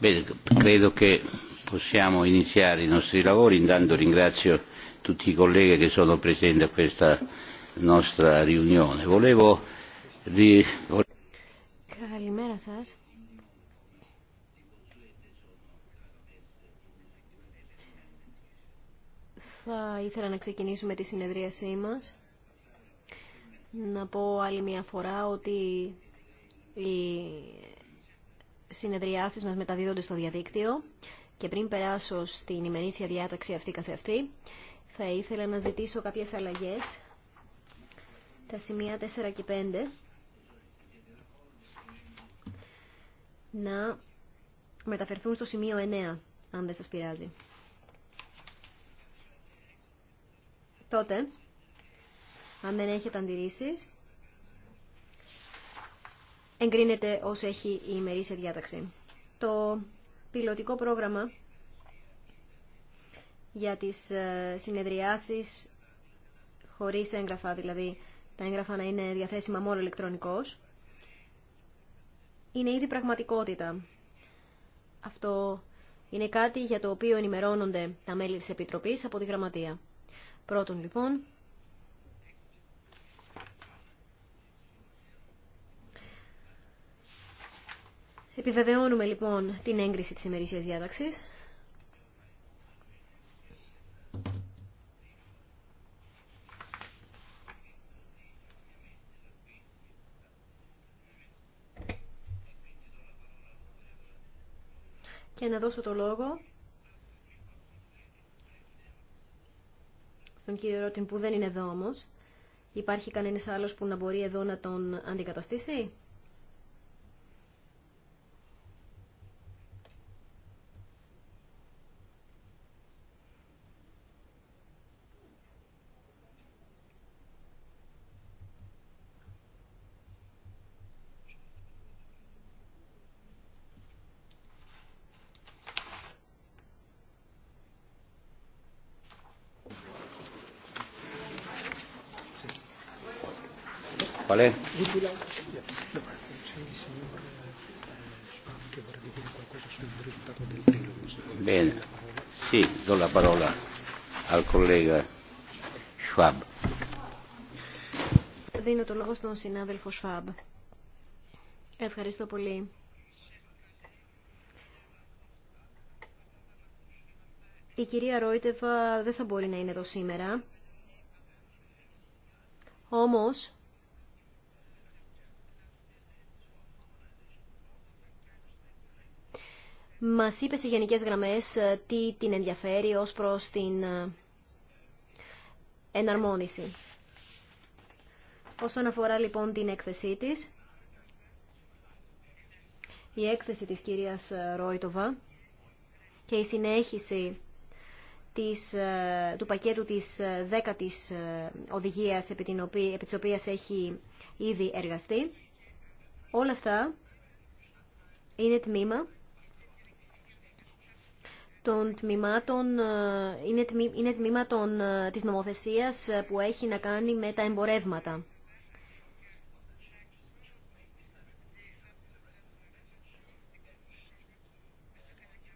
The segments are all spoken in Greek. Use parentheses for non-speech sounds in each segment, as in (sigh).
Bene, credo che possiamo iniziare i nostri lavori. Intanto ringrazio tutti i colleghi che sono presenti a questa nostra riunione. Volevo... Καλημέρα σας. Θα ήθελα να ξεκινήσουμε τη συνεδρίασή μας. Να πω άλλη μια φορά ότι οι συνεδριάσεις μας μεταδίδονται στο διαδίκτυο και πριν περάσω στην ημερήσια διάταξη αυτή αυτή θα ήθελα να ζητήσω κάποιες αλλαγές. Τα σημεία 4 και 5 να μεταφερθούν στο σημείο 9, αν δεν σας πειράζει. Τότε αν δεν έχετε αντιρρήσεις, εγκρίνεται όσο έχει η ημερήσια διάταξη. Το πιλωτικό πρόγραμμα για τις ε, συνεδριάσεις χωρίς έγγραφα, δηλαδή τα έγγραφα να είναι διαθέσιμα μόνο ηλεκτρονικός, είναι ήδη πραγματικότητα. Αυτό είναι κάτι για το οποίο ενημερώνονται τα μέλη της Επιτροπής από τη Γραμματεία. Πρώτον, λοιπόν, Επιβεβαιώνουμε λοιπόν την έγκριση της ημερήσιας διάταξης. Και να δώσω το λόγο στον κύριο Ρότιν που δεν είναι εδώ όμως. Υπάρχει κανένας άλλος που να μπορεί εδώ να τον αντικαταστήσει. κολέγα ε, Δίνω το λόγο στον συνάδελφο Σφάμπ. Ευχαριστώ πολύ. Η κυρία Ρόιτεβα δεν θα μπορεί να είναι εδώ σήμερα. Όμως, μας είπε σε γενικές γραμμές τι την ενδιαφέρει ως προς την εναρμόνιση. Όσον αφορά λοιπόν την έκθεσή της, η έκθεση της κυρίας Ρόιτοβα και η συνέχιση της, ε, του πακέτου της ε, δέκατης ε, οδηγίας επί, την οποία, επί της έχει ήδη εργαστεί. Όλα αυτά είναι τμήμα των τμήματων, ε, είναι, τμήμα, είναι τμήμα της νομοθεσίας ε, που έχει να κάνει με τα εμπορεύματα.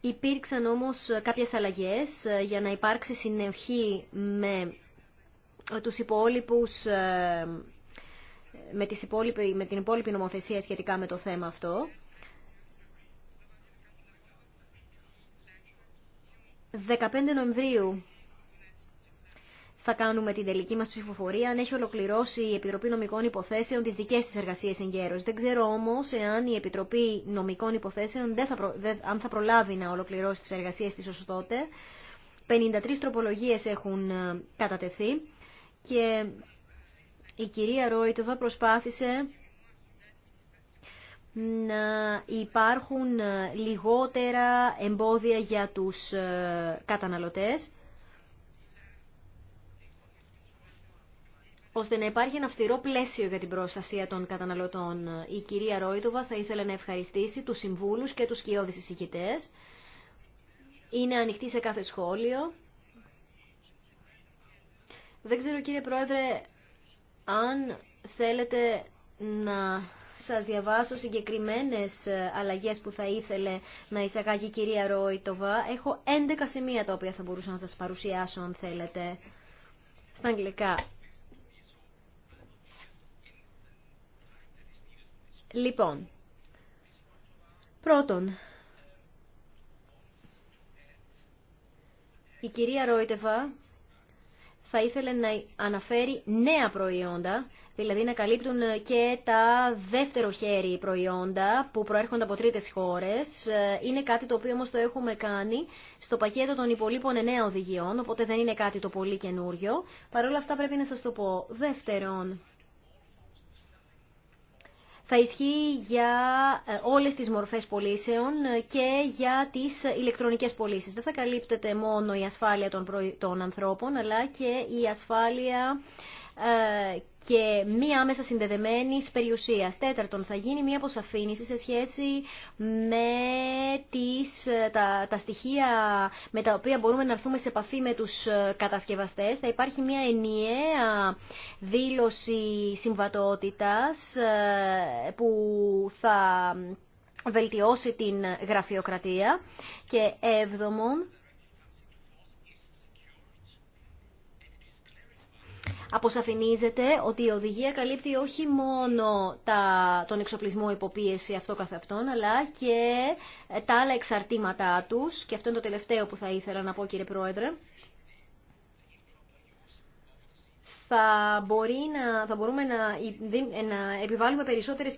Υπήρξαν όμως ε, κάποιες αλλαγές για να υπάρξει συνεχή με τους υπόλοιπους με, τις με την υπόλοιπη νομοθεσία σχετικά με το θέμα αυτό. 15 Νοεμβρίου θα κάνουμε την τελική μας ψηφοφορία αν έχει ολοκληρώσει η Επιτροπή Νομικών Υποθέσεων τις δικές της εργασίες εγκαίρως. Δεν ξέρω όμως εάν η Επιτροπή Νομικών Υποθέσεων δεν θα αν θα προλάβει να ολοκληρώσει τις εργασίες της ως τότε. 53 τροπολογίες έχουν ε, κατατεθεί και η κυρία Ρόιτοβα προσπάθησε να υπάρχουν ε, λιγότερα εμπόδια για τους ε, καταναλωτές, ώστε να υπάρχει ένα αυστηρό πλαίσιο για την προστασία των καταναλωτών. Η κυρία Ρόιτοβα θα ήθελε να ευχαριστήσει τους συμβούλους και τους κοιόδης εισηγητέ. Είναι ανοιχτή σε κάθε σχόλιο. Δεν ξέρω κύριε Πρόεδρε αν θέλετε να σας διαβάσω συγκεκριμένες ε, αλλαγές που θα ήθελε να εισαγάγει η κυρία Ρόιτοβα. Έχω 11 σημεία τα οποία θα μπορούσα να σας παρουσιάσω αν θέλετε. Στα αγγλικά. Λοιπόν, πρώτον, η κυρία Ρόιτεβα θα ήθελε να αναφέρει νέα προϊόντα, δηλαδή να καλύπτουν και τα δεύτερο χέρι προϊόντα που προέρχονται από τρίτες χώρες. Ε, είναι κάτι το οποίο όμως το έχουμε κάνει στο πακέτο των υπολείπων εννέα οδηγιών, οπότε δεν είναι κάτι το πολύ καινούριο. Παρ' όλα αυτά πρέπει να σας το πω. Δεύτερον, θα ισχύει για ε, όλες τις μορφές πωλήσεων ε, και για τις ηλεκτρονικές πωλήσει. Δεν θα καλύπτεται μόνο η ασφάλεια των, ανθρώπων, αλλά και η ασφάλεια ε, και μία άμεσα συνδεδεμένη περιουσία. Τέταρτον, θα γίνει μία αποσαφήνιση σε σχέση με τις, τα, τα στοιχεία με τα οποία μπορούμε να έρθουμε σε επαφή με τους ε, κατασκευαστές. Θα υπάρχει μία ενιαία δήλωση συμβατότητας ε, που θα βελτιώσει την γραφειοκρατία. Και έβδομον, αποσαφηνίζεται ότι η οδηγία καλύπτει όχι μόνο τα, τον εξοπλισμό υποπίεση αυτό καθ' αυτόν, αλλά και τα άλλα εξαρτήματά τους. Και αυτό είναι το τελευταίο που θα ήθελα να πω κύριε Πρόεδρε. θα, θα μπορούμε να, να επιβάλλουμε περισσότερες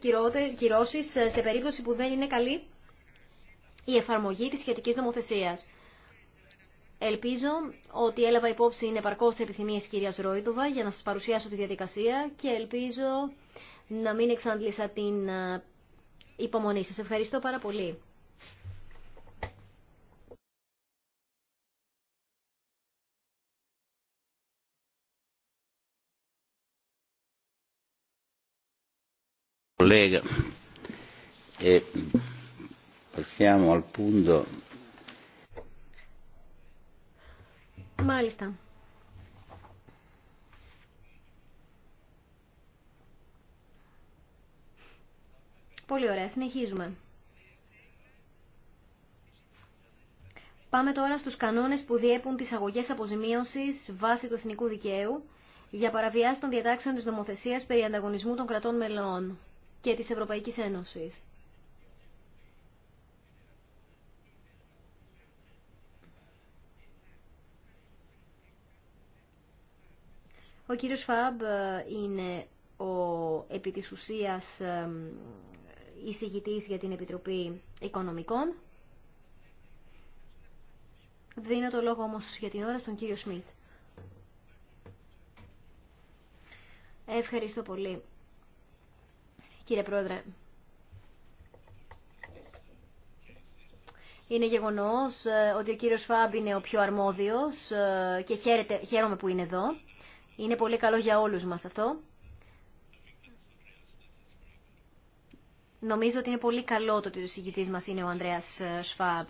κυρώσεις σε περίπτωση που δεν είναι καλή η εφαρμογή της σχετικής νομοθεσίας. Ελπίζω ότι έλαβα υπόψη είναι παρκώς επιθυμίε τη κυρίας Ρόιτοβα για να σας παρουσιάσω τη διαδικασία και ελπίζω να μην εξαντλήσα την ε, υπομονή σας. Ευχαριστώ πάρα πολύ. Collega, e, passiamo al Μάλιστα. Πολύ ωραία, συνεχίζουμε. Πάμε τώρα στους κανόνες που διέπουν τις αγωγές αποζημίωσης βάσει του εθνικού δικαίου για παραβιάση των διατάξεων της νομοθεσίας περί ανταγωνισμού των κρατών μελών και της Ευρωπαϊκής Ένωσης. Ο κύριος Φαμπ ε, είναι ο επί της ουσίας ε, εισηγητής για την Επιτροπή Οικονομικών. Δίνω το λόγο όμως για την ώρα στον κύριο Σμιτ. Ευχαριστώ πολύ, κύριε Πρόεδρε. Είναι γεγονός ε, ότι ο κύριος Φάμπ είναι ο πιο αρμόδιος και χαίρομαι που είναι εδώ. Είναι πολύ καλό για όλους μας αυτό. Νομίζω ότι είναι πολύ καλό το ότι ο συγκητής μας είναι ο Ανδρέας ε, Σφάμπ.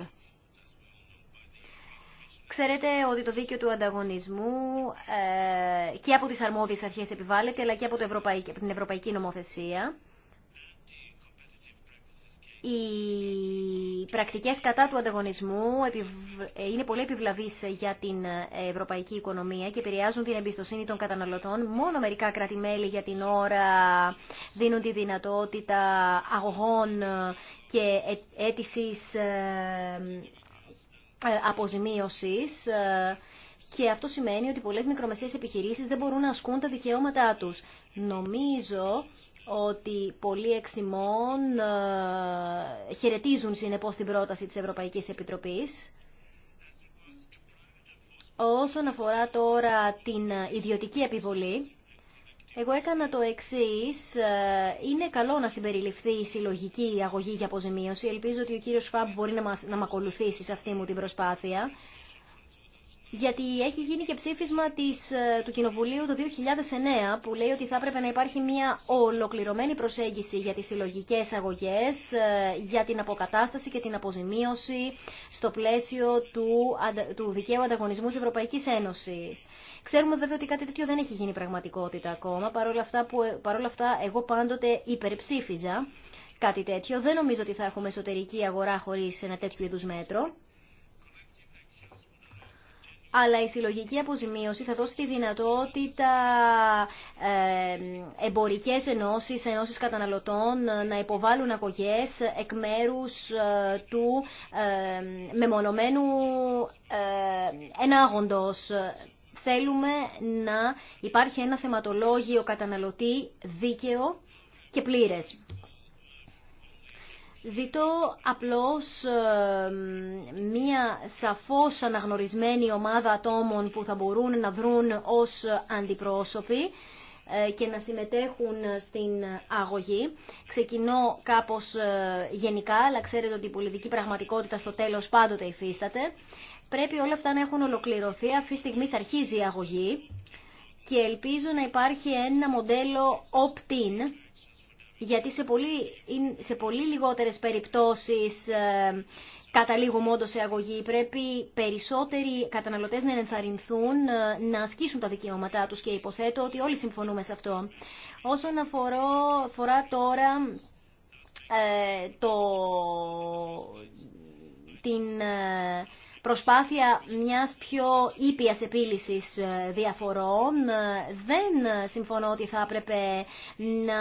Ξέρετε ότι το δίκαιο του ανταγωνισμού ε, και από τις αρμόδιες αρχές επιβάλλεται, αλλά και από την Ευρωπαϊκή Νομοθεσία οι πρακτικές κατά του ανταγωνισμού είναι πολύ επιβλαβείς για την ευρωπαϊκή οικονομία και επηρεάζουν την εμπιστοσύνη των καταναλωτών. Μόνο μερικά κράτη-μέλη για την ώρα δίνουν τη δυνατότητα αγωγών και ε- αίτησης ε, ε, αποζημίωσης και αυτό σημαίνει ότι πολλές μικρομεσαίες επιχειρήσεις δεν μπορούν να ασκούν τα δικαιώματά τους. Νομίζω ότι πολλοί εξημών ε, χαιρετίζουν συνεπώς την πρόταση της Ευρωπαϊκής Επιτροπής. Όσον αφορά τώρα την ιδιωτική επιβολή, εγώ έκανα το εξή. Ε, είναι καλό να συμπεριληφθεί η συλλογική αγωγή για αποζημίωση. Ελπίζω ότι ο κύριος Φαμπ μπορεί να, μας, να με ακολουθήσει σε αυτή μου την προσπάθεια γιατί έχει γίνει και ψήφισμα της, ε, του Κοινοβουλίου το 2009 που λέει ότι θα έπρεπε να υπάρχει μια ολοκληρωμένη προσέγγιση για τις συλλογικέ αγωγές, ε, για την αποκατάσταση και την αποζημίωση στο πλαίσιο του, του δικαίου ανταγωνισμού της Ευρωπαϊκής Ένωσης. Ξέρουμε βέβαια ότι κάτι τέτοιο δεν έχει γίνει πραγματικότητα ακόμα, παρόλα αυτά, που, ε, παρόλα αυτά εγώ πάντοτε υπερψήφιζα κάτι τέτοιο. Δεν νομίζω ότι θα έχουμε εσωτερική αγορά χωρίς ένα τέτοιο είδους μέτρο αλλά η συλλογική αποζημίωση θα δώσει τη δυνατότητα ε, εμπορικές ενώσεις, ενώσεις καταναλωτών ε, να υποβάλουν αγωγές εκ μέρους ε, του μεμονωμένου ενάγοντος θέλουμε να υπάρχει ένα θεματολόγιο καταναλωτή δίκαιο και πλήρες. Ζητώ απλώς μία σαφώς αναγνωρισμένη ομάδα ατόμων που θα μπορούν να δρουν ως αντιπρόσωποι ε, και να συμμετέχουν στην αγωγή. Ξεκινώ κάπως ε, γενικά, αλλά ξέρετε ότι η πολιτική πραγματικότητα στο τέλος πάντοτε υφίσταται. Πρέπει όλα αυτά να έχουν ολοκληρωθεί. Αυτή τη στιγμή αρχίζει η αγωγή και ελπίζω να υπάρχει ένα μοντέλο opt-in γιατί σε πολύ, σε πολύ λιγότερες περιπτώσεις ε, καταλήγουμε όντως σε αγωγή. Πρέπει περισσότεροι καταναλωτές να ενθαρρυνθούν, ε, να ασκήσουν τα δικαιώματά τους και υποθέτω ότι όλοι συμφωνούμε σε αυτό. Όσον αφορά τώρα ε, το, την... Ε, προσπάθεια μιας πιο ήπιας επίλυσης διαφορών. Δεν συμφωνώ ότι θα έπρεπε να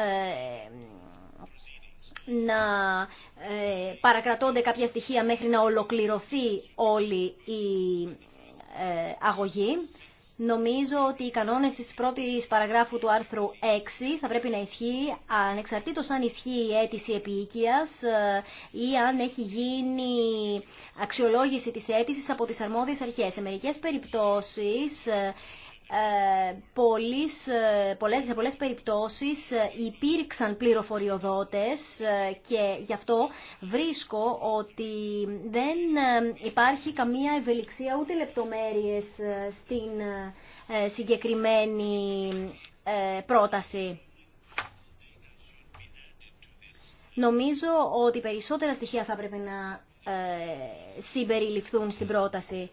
ε, να ε, παρακρατώνται κάποια στοιχεία μέχρι να ολοκληρωθεί όλη η ε, αγωγή. Νομίζω ότι οι κανόνες της πρώτης παραγράφου του άρθρου 6 θα πρέπει να ισχύει ανεξαρτήτως αν ισχύει η αίτηση επίοικιας ή αν έχει γίνει αξιολόγηση της αίτησης από τις αρμόδιες αρχές. Σε μερικές περιπτώσεις ε, ε, πολλές, σε πολλές περιπτώσεις ε, υπήρξαν πληροφοριοδότες και γι' αυτό βρίσκω ότι δεν υπάρχει καμία ευελιξία ούτε λεπτομέρειες στην συγκεκριμένη πρόταση. Νομίζω ότι περισσότερα στοιχεία θα πρέπει να συμπεριληφθούν στην πρόταση.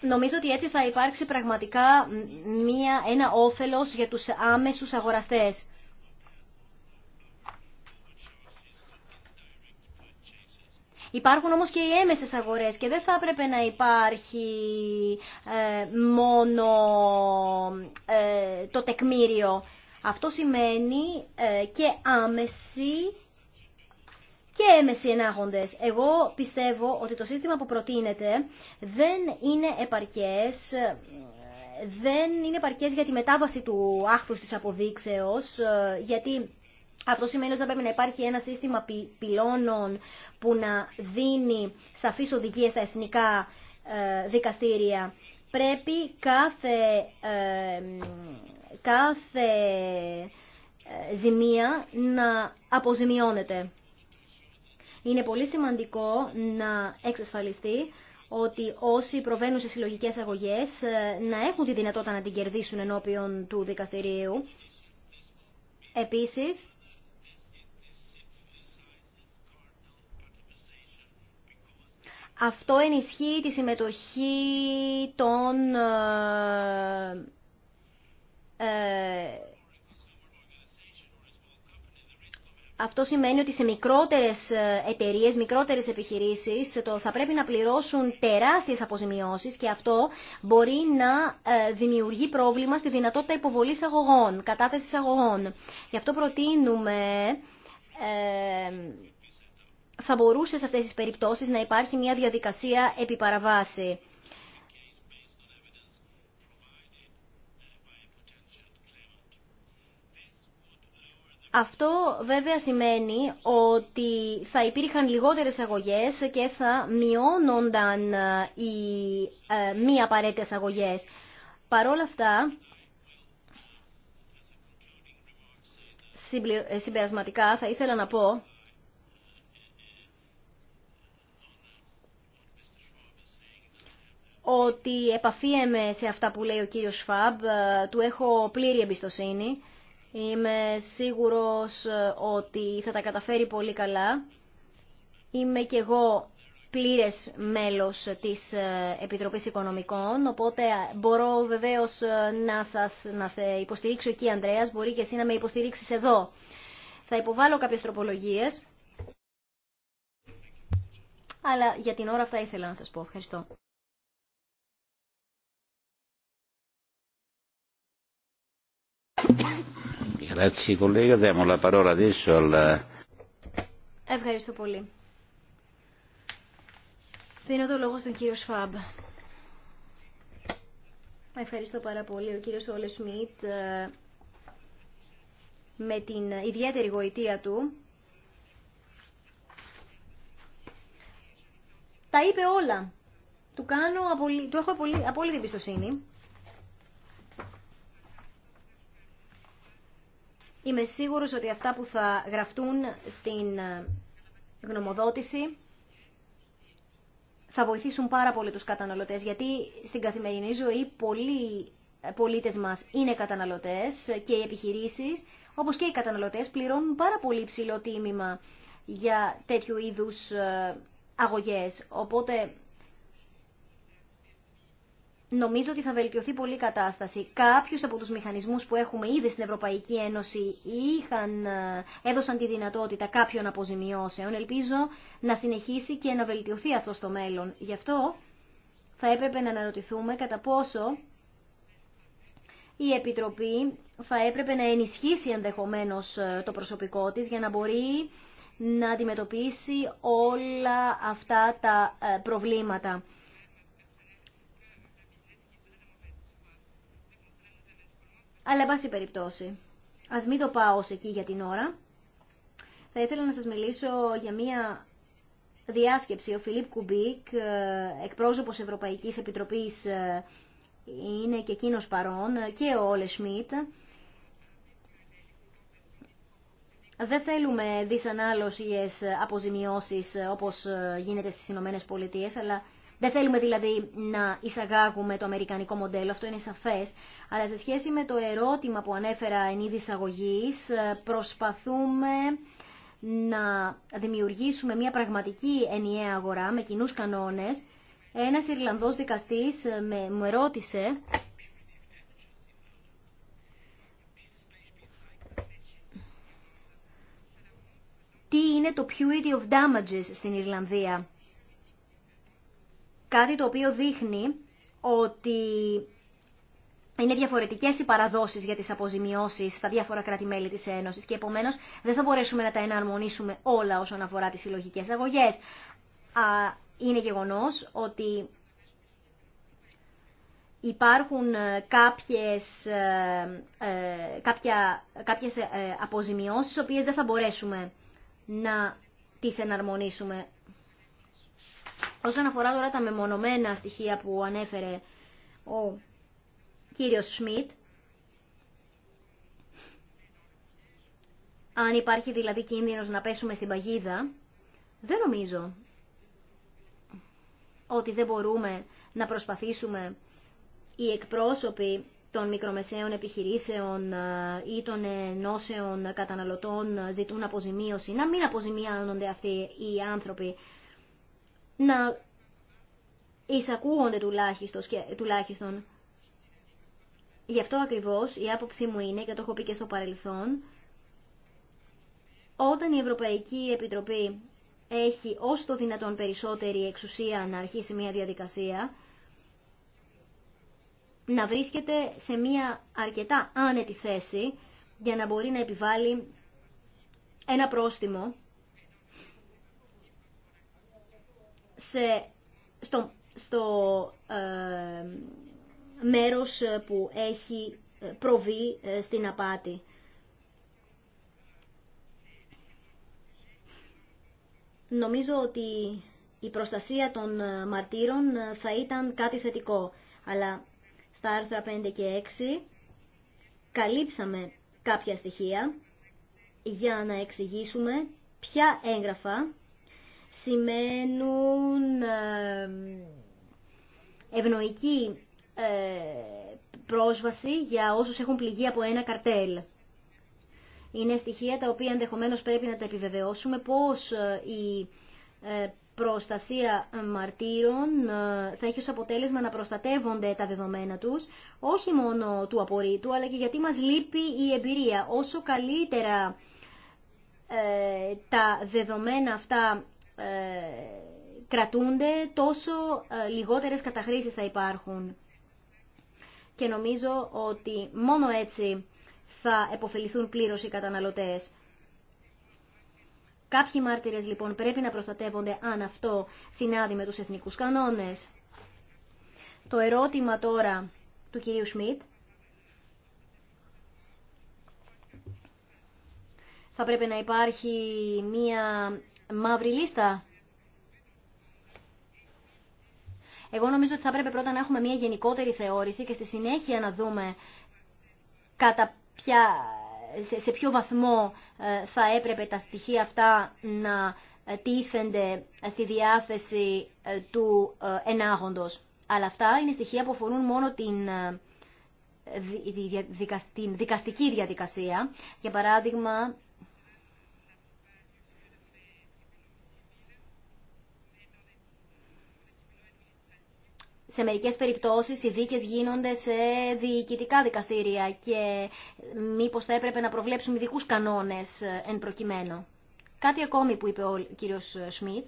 Νομίζω ότι έτσι θα υπάρξει πραγματικά μία, ένα όφελος για τους άμεσους αγοραστές. Υπάρχουν όμως και οι έμεσες αγορές και δεν θα έπρεπε να υπάρχει ε, μόνο ε, το τεκμήριο. Αυτό σημαίνει ε, και άμεση και έμεση ενάγοντες. Εγώ πιστεύω ότι το σύστημα που προτείνεται δεν είναι επαρκές δεν είναι επαρκές για τη μετάβαση του άχθους της αποδείξεως, γιατί αυτό σημαίνει ότι θα πρέπει να υπάρχει ένα σύστημα πυλώνων που να δίνει σαφείς οδηγίες στα εθνικά ε, δικαστήρια. Πρέπει κάθε, ε, κάθε ε, ζημία να αποζημιώνεται. Είναι πολύ σημαντικό να εξασφαλιστεί ότι όσοι προβαίνουν σε συλλογικέ αγωγέ ε, να έχουν τη δυνατότητα να την κερδίσουν ενώπιον του δικαστηρίου. Επίσης, αυτό ενισχύει τη συμμετοχή των ε, ε, Αυτό σημαίνει ότι σε μικρότερες ε, εταιρείε, μικρότερες επιχειρήσεις ε, θα πρέπει να πληρώσουν τεράστιες αποζημιώσεις και αυτό μπορεί να ε, δημιουργεί πρόβλημα στη δυνατότητα υποβολής αγωγών, κατάθεσης αγωγών. Γι' αυτό προτείνουμε θα μπορούσε σε αυτές τις περιπτώσεις να υπάρχει μια διαδικασία επιπαραβάση. Αυτό βέβαια σημαίνει ότι θα υπήρχαν λιγότερες αγωγές και θα μειώνονταν ε, οι ε, μη απαραίτητες αγωγές. Παρ' όλα αυτά, ε, συμπερασματικά θα ήθελα να πω ότι επαφίεμαι σε αυτά που λέει ο κύριος Σφαμπ, του έχω πλήρη εμπιστοσύνη Είμαι σίγουρος ε, ότι θα τα καταφέρει πολύ καλά. Είμαι και εγώ πλήρες μέλος της ε, Επιτροπής Οικονομικών, οπότε ε, μπορώ βεβαίως να, σας, να σε υποστηρίξω εκεί, Ανδρέας, μπορεί και εσύ να με υποστηρίξεις εδώ. Θα υποβάλω κάποιες τροπολογίες, αλλά για την ώρα αυτά ήθελα να σας πω. Ευχαριστώ. (coughs) Ευχαριστώ πολύ. Δίνω το λόγο στον κύριο Σφάμπ. Ευχαριστώ πάρα πολύ. Ο κύριος Όλε Σμιτ ε, με την ιδιαίτερη γοητεία του τα είπε όλα. Του, κάνω, του έχω απόλυτη εμπιστοσύνη. Είμαι σίγουρος ότι αυτά που θα γραφτούν στην ε, γνωμοδότηση θα βοηθήσουν πάρα πολύ τους καταναλωτές, γιατί στην καθημερινή ζωή πολλοί ε, πολίτες μας είναι καταναλωτές και οι επιχειρήσεις, όπως και οι καταναλωτές, πληρώνουν πάρα πολύ ψηλό τίμημα για τέτοιου είδους ε, αγωγές. Οπότε Νομίζω ότι θα βελτιωθεί πολύ η κατάσταση. Κάποιους από τους μηχανισμούς που έχουμε ήδη στην Ευρωπαϊκή Ένωση είχαν, ε, έδωσαν τη δυνατότητα κάποιων αποζημιώσεων. Ελπίζω να συνεχίσει και να βελτιωθεί αυτό στο μέλλον. Γι' αυτό θα έπρεπε να αναρωτηθούμε κατά πόσο η Επιτροπή θα έπρεπε να ενισχύσει ενδεχομένως ε, το προσωπικό της για να μπορεί να αντιμετωπίσει όλα αυτά τα ε, προβλήματα. Αλλά, εν πάση περιπτώσει, ας μην το πάω ως εκεί για την ώρα. Θα ήθελα να σας μιλήσω για μία διάσκεψη. Ο Φιλίπ Κουμπίκ, ε, εκπρόσωπος Ευρωπαϊκής Επιτροπής, ε, είναι και εκείνο παρόν ε, και ο Όλε Σμιτ. Δεν θέλουμε δυσανάλωσιες αποζημιώσεις όπως γίνεται στις Ηνωμένε Πολιτείες, αλλά δεν θέλουμε δηλαδή να εισαγάγουμε το αμερικανικό μοντέλο, αυτό είναι σαφές, αλλά σε σχέση με το ερώτημα που ανέφερα εν είδη εισαγωγής, ε, προσπαθούμε να δημιουργήσουμε μια πραγματική ενιαία αγορά με κοινούς κανόνες. Ένας Ιρλανδός δικαστής ε, με, μου ερώτησε τι είναι το purity of damages στην Ιρλανδία. Κάτι το οποίο δείχνει ότι είναι διαφορετικέ οι παραδόσει για τι αποζημιώσει στα διάφορα κράτη-μέλη τη Ένωση και επομένω δεν θα μπορέσουμε να τα εναρμονίσουμε όλα όσον αφορά τι συλλογικέ αγωγέ. Είναι γεγονό ότι υπάρχουν ε, κάποιες, ε, ε, κάποια, κάποιες αποζημιώσεις, οποίες δεν θα μπορέσουμε να τις εναρμονίσουμε Όσον αφορά τώρα τα μεμονωμένα στοιχεία που ανέφερε ο κύριος Σμιτ, αν υπάρχει δηλαδή κίνδυνος να πέσουμε στην παγίδα, δεν νομίζω ότι δεν μπορούμε να προσπαθήσουμε οι εκπρόσωποι των μικρομεσαίων επιχειρήσεων ε, ή των ενώσεων καταναλωτών ε, ζητούν αποζημίωση, να μην αποζημιώνονται αυτοί οι άνθρωποι να εισακούγονται τουλάχιστον, τουλάχιστον. Γι' αυτό ακριβώς η άποψή μου είναι, και το έχω πει και στο παρελθόν, όταν η Ευρωπαϊκή Επιτροπή έχει ως το δυνατόν περισσότερη εξουσία να αρχίσει μια διαδικασία, να βρίσκεται σε μια αρκετά άνετη θέση για να μπορεί να επιβάλλει ένα πρόστιμο σε, στο, στο ε, μέρος που έχει ε, προβεί ε, στην απάτη. Νομίζω ότι η προστασία των ε, μαρτύρων θα ήταν κάτι θετικό, αλλά στα άρθρα 5 και 6 καλύψαμε κάποια στοιχεία για να εξηγήσουμε ποια έγγραφα σημαίνουν ε, ευνοϊκή ε, πρόσβαση για όσους έχουν πληγεί από ένα καρτέλ. Είναι στοιχεία τα οποία ενδεχομένως πρέπει να τα επιβεβαιώσουμε πώς ε, η προστασία μαρτύρων θα έχει ως αποτέλεσμα να προστατεύονται τα δεδομένα τους, όχι μόνο του απορρίτου, αλλά και γιατί μας λείπει η εμπειρία. Όσο καλύτερα τα δεδομένα αυτά ε, κρατούνται, τόσο ε, λιγότερες καταχρήσεις θα υπάρχουν. Και νομίζω ότι μόνο έτσι θα επωφεληθούν πλήρως οι καταναλωτές. Κάποιοι μάρτυρες λοιπόν πρέπει να προστατεύονται αν αυτό συνάδει με τους εθνικούς κανόνες. Το ερώτημα τώρα του κυρίου Σμιτ θα πρέπει να υπάρχει μία μαύρη λίστα. Εγώ νομίζω ότι θα πρέπει πρώτα να έχουμε μια γενικότερη θεώρηση και στη συνέχεια να δούμε κατά ποια, σε, ποιο βαθμό ε, θα έπρεπε τα στοιχεία αυτά να ε, τίθενται στη διάθεση ε, του ενάγοντος. Αλλά αυτά είναι στοιχεία που αφορούν μόνο την, την δικαστική διαδικασία. Για παράδειγμα, σε μερικές περιπτώσεις οι δίκες γίνονται σε διοικητικά δικαστήρια και μήπως θα έπρεπε να προβλέψουμε ειδικού κανόνες εν προκειμένου. Κάτι ακόμη που είπε ο κύριος Σμιτ.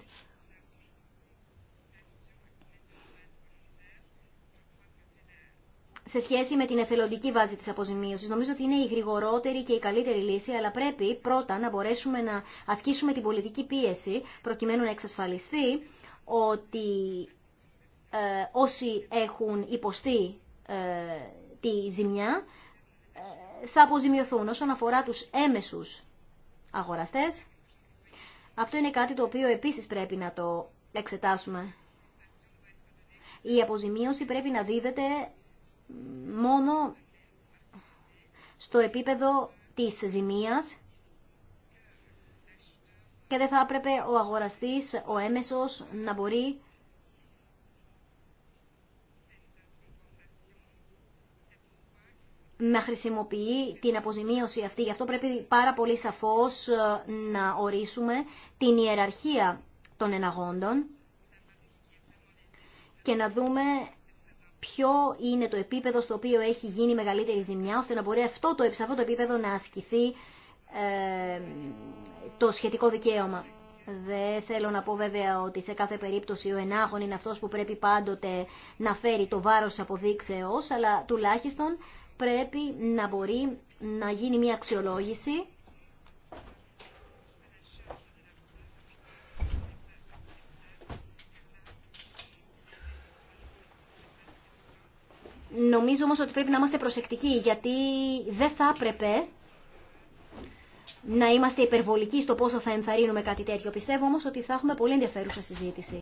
σε σχέση με την εθελοντική βάση της αποζημίωσης. Νομίζω ότι είναι η γρηγορότερη και η καλύτερη λύση, αλλά πρέπει πρώτα να μπορέσουμε να ασκήσουμε την πολιτική πίεση, προκειμένου να εξασφαλιστεί ότι ε, όσοι έχουν υποστεί ε, τη ζημιά ε, θα αποζημιωθούν όσον αφορά τους έμεσους αγοραστές. Αυτό είναι κάτι το οποίο επίσης πρέπει να το εξετάσουμε. Η αποζημίωση πρέπει να δίδεται μόνο στο επίπεδο της ζημίας και δεν θα έπρεπε ο αγοραστής, ο έμεσος, να μπορεί να χρησιμοποιεί την αποζημίωση αυτή. Γι' αυτό πρέπει πάρα πολύ σαφώς ε, να ορίσουμε την ιεραρχία των εναγόντων και να δούμε ποιο είναι το επίπεδο στο οποίο έχει γίνει μεγαλύτερη ζημιά, ώστε να μπορεί αυτό το, σε αυτό το επίπεδο να ασκηθεί ε, το σχετικό δικαίωμα. Δεν θέλω να πω βέβαια ότι σε κάθε περίπτωση ο ενάγων είναι αυτός που πρέπει πάντοτε να φέρει το βάρος αποδείξεως, αλλά τουλάχιστον πρέπει να μπορεί να γίνει μια αξιολόγηση Νομίζω όμως ότι πρέπει να είμαστε προσεκτικοί γιατί δεν θα έπρεπε να είμαστε υπερβολικοί στο πόσο θα ενθαρρύνουμε κάτι τέτοιο. Πιστεύω όμως ότι θα έχουμε πολύ ενδιαφέρουσα συζήτηση.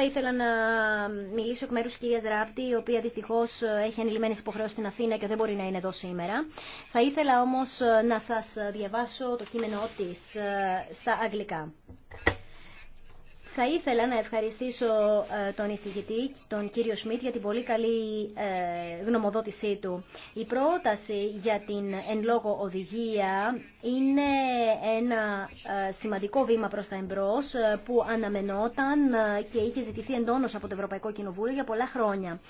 Θα ήθελα να μιλήσω εκ μέρου τη κυρία Ράπτη, η οποία δυστυχώ ε, έχει ανηλυμένε υποχρεώσει στην Αθήνα και δεν μπορεί να είναι εδώ σήμερα. Θα ήθελα όμω ε, να σα διαβάσω το κείμενό τη ε, στα αγγλικά. Θα ήθελα να ευχαριστήσω ε, τον εισηγητή, τον κύριο Σμιτ, για την πολύ καλή ε, γνωμοδότησή του. Η πρόταση για την εν λόγω οδηγία είναι ένα ε, σημαντικό βήμα προς τα εμπρός που αναμενόταν και είχε ζητηθεί εντόνως από το Ευρωπαϊκό Κοινοβούλιο για πολλά χρόνια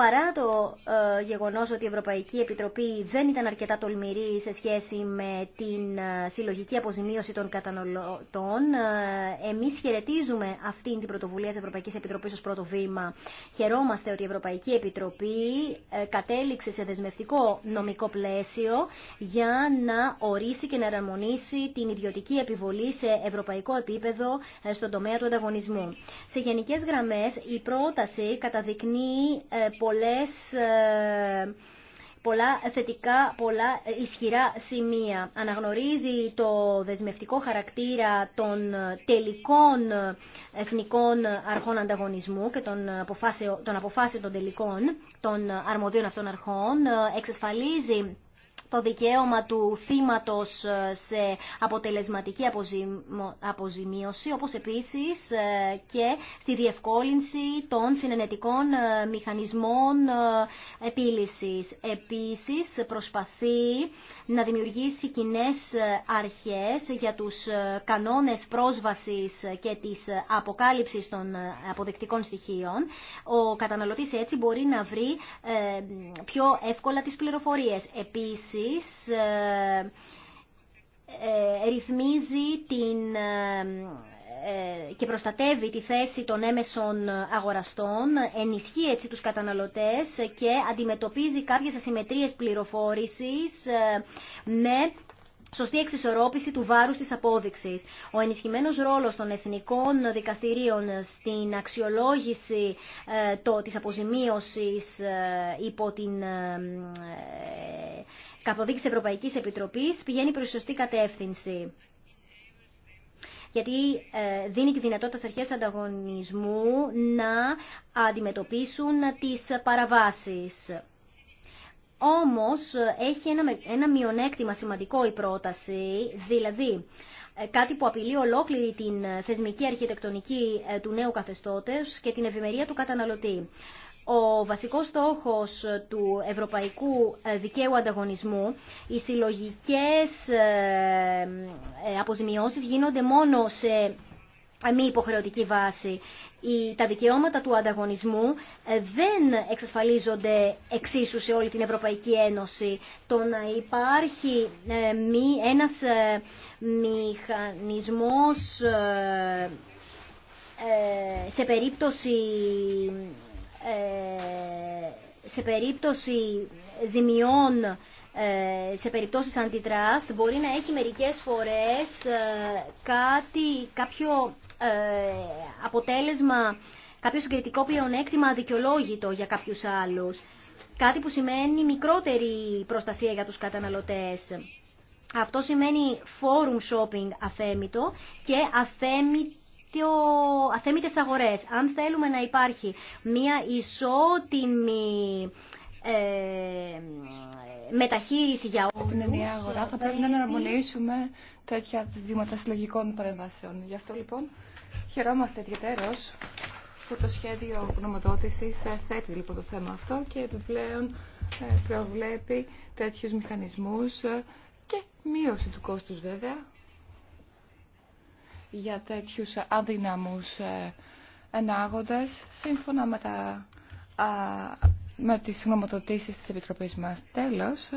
παρά το ε, γεγονός ότι η Ευρωπαϊκή Επιτροπή δεν ήταν αρκετά τολμηρή σε σχέση με την ε, συλλογική αποζημίωση των καταναλωτών, ε, εμείς χαιρετίζουμε αυτήν την πρωτοβουλία της Ευρωπαϊκής Επιτροπής ως πρώτο βήμα. Χαιρόμαστε ότι η Ευρωπαϊκή Επιτροπή κατέληξε σε δεσμευτικό νομικό πλαίσιο για να ορίσει και να εραμονήσει την ιδιωτική επιβολή σε ευρωπαϊκό επίπεδο στον τομέα του ανταγωνισμού. Σε γενικές γραμμές η πρόταση καταδεικνύει πολλές ε, πολλά θετικά, πολλά ισχυρά σημεία. Αναγνωρίζει το δεσμευτικό χαρακτήρα των τελικών εθνικών αρχών ανταγωνισμού και των αποφάσεων των, αποφάσεων των τελικών των αρμοδίων αυτών αρχών. Ε, εξασφαλίζει το δικαίωμα του θύματος ε, σε αποτελεσματική αποζημίωση, όπως επίσης ε, και στη διευκόλυνση των συνενετικών ε, μηχανισμών επίλυσης. Επίσης, προσπαθεί να δημιουργήσει κοινέ αρχές για τους κανόνες πρόσβασης και της αποκάλυψης των αποδεκτικών στοιχείων. Ο καταναλωτής έτσι μπορεί να βρει πιο εύκολα τις πληροφορίες. Επίσης, επίσης ε, ε, ρυθμίζει την ε, και προστατεύει τη θέση των έμεσων αγοραστών, ενισχύει έτσι τους καταναλωτές και αντιμετωπίζει κάποιες ασυμμετρίες πληροφόρησης με σωστή εξισορρόπηση του βάρους της απόδειξης. Ο ενισχυμένος ρόλος των εθνικών δικαστηρίων στην αξιολόγηση ε, το, της αποζημίωσης ε, υπό την ε, ε καθοδήγηση Ευρωπαϊκής Επιτροπής πηγαίνει προς σωστή κατεύθυνση γιατί ε, δίνει τη δυνατότητα σε αρχές ανταγωνισμού να αντιμετωπίσουν τις παραβάσεις. Όμως έχει ένα, ένα μειονέκτημα σημαντικό η πρόταση, δηλαδή ε, κάτι που απειλεί ολόκληρη την ε, θεσμική αρχιτεκτονική ε, του νέου καθεστώτες και την ευημερία του καταναλωτή. Ο βασικός στόχος του ευρωπαϊκού δικαίου ανταγωνισμού, οι συλλογικές αποζημιώσεις γίνονται μόνο σε μη υποχρεωτική βάση. Τα δικαιώματα του ανταγωνισμού ε, δεν εξασφαλίζονται εξίσου σε όλη την Ευρωπαϊκή Ένωση. Το να υπάρχει ε, ένας ε, μηχανισμός σε περίπτωση σε περίπτωση ζημιών σε περιπτώσεις αντιτράστ μπορεί να έχει μερικές φορές κάτι, κάποιο ε, αποτέλεσμα κάποιο συγκριτικό πλεονέκτημα αδικαιολόγητο για κάποιου άλλους. Κάτι που σημαίνει μικρότερη προστασία για τους καταναλωτές. Αυτό σημαίνει forum shopping αθέμητο και αθέμητο αθέμητες αγορές. Αν θέλουμε να υπάρχει μία ισότιμη ε, μεταχείριση για όλους... Στην ενιαία αγορά θα πρέπει να εναρμονίσουμε τέτοια ζητήματα συλλογικών παρεμβάσεων. Γι' αυτό λοιπόν Χαιρόμαστε ιδιαίτερως που το σχέδιο γνωμοδότησης ε, θέτει λοιπόν το θέμα αυτό και επιπλέον ε, προβλέπει τέτοιους μηχανισμούς ε, και μείωση του κόστους βέβαια για τέτοιους αδύναμους ενάγοντες σύμφωνα με, τα, με τις γνωμοδοτήσεις της Επιτροπής μας. Τέλος,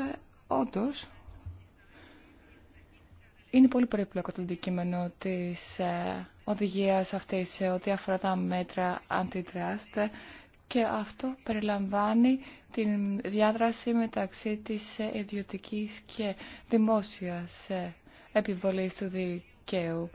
όντως, είναι πολύ περίπλοκο το αντικείμενο της οδηγίας αυτή σε ό,τι αφορά τα μέτρα αντιτράστ και αυτό περιλαμβάνει την διάδραση μεταξύ της ιδιωτικής και δημόσιας επιβολής του δικαίου.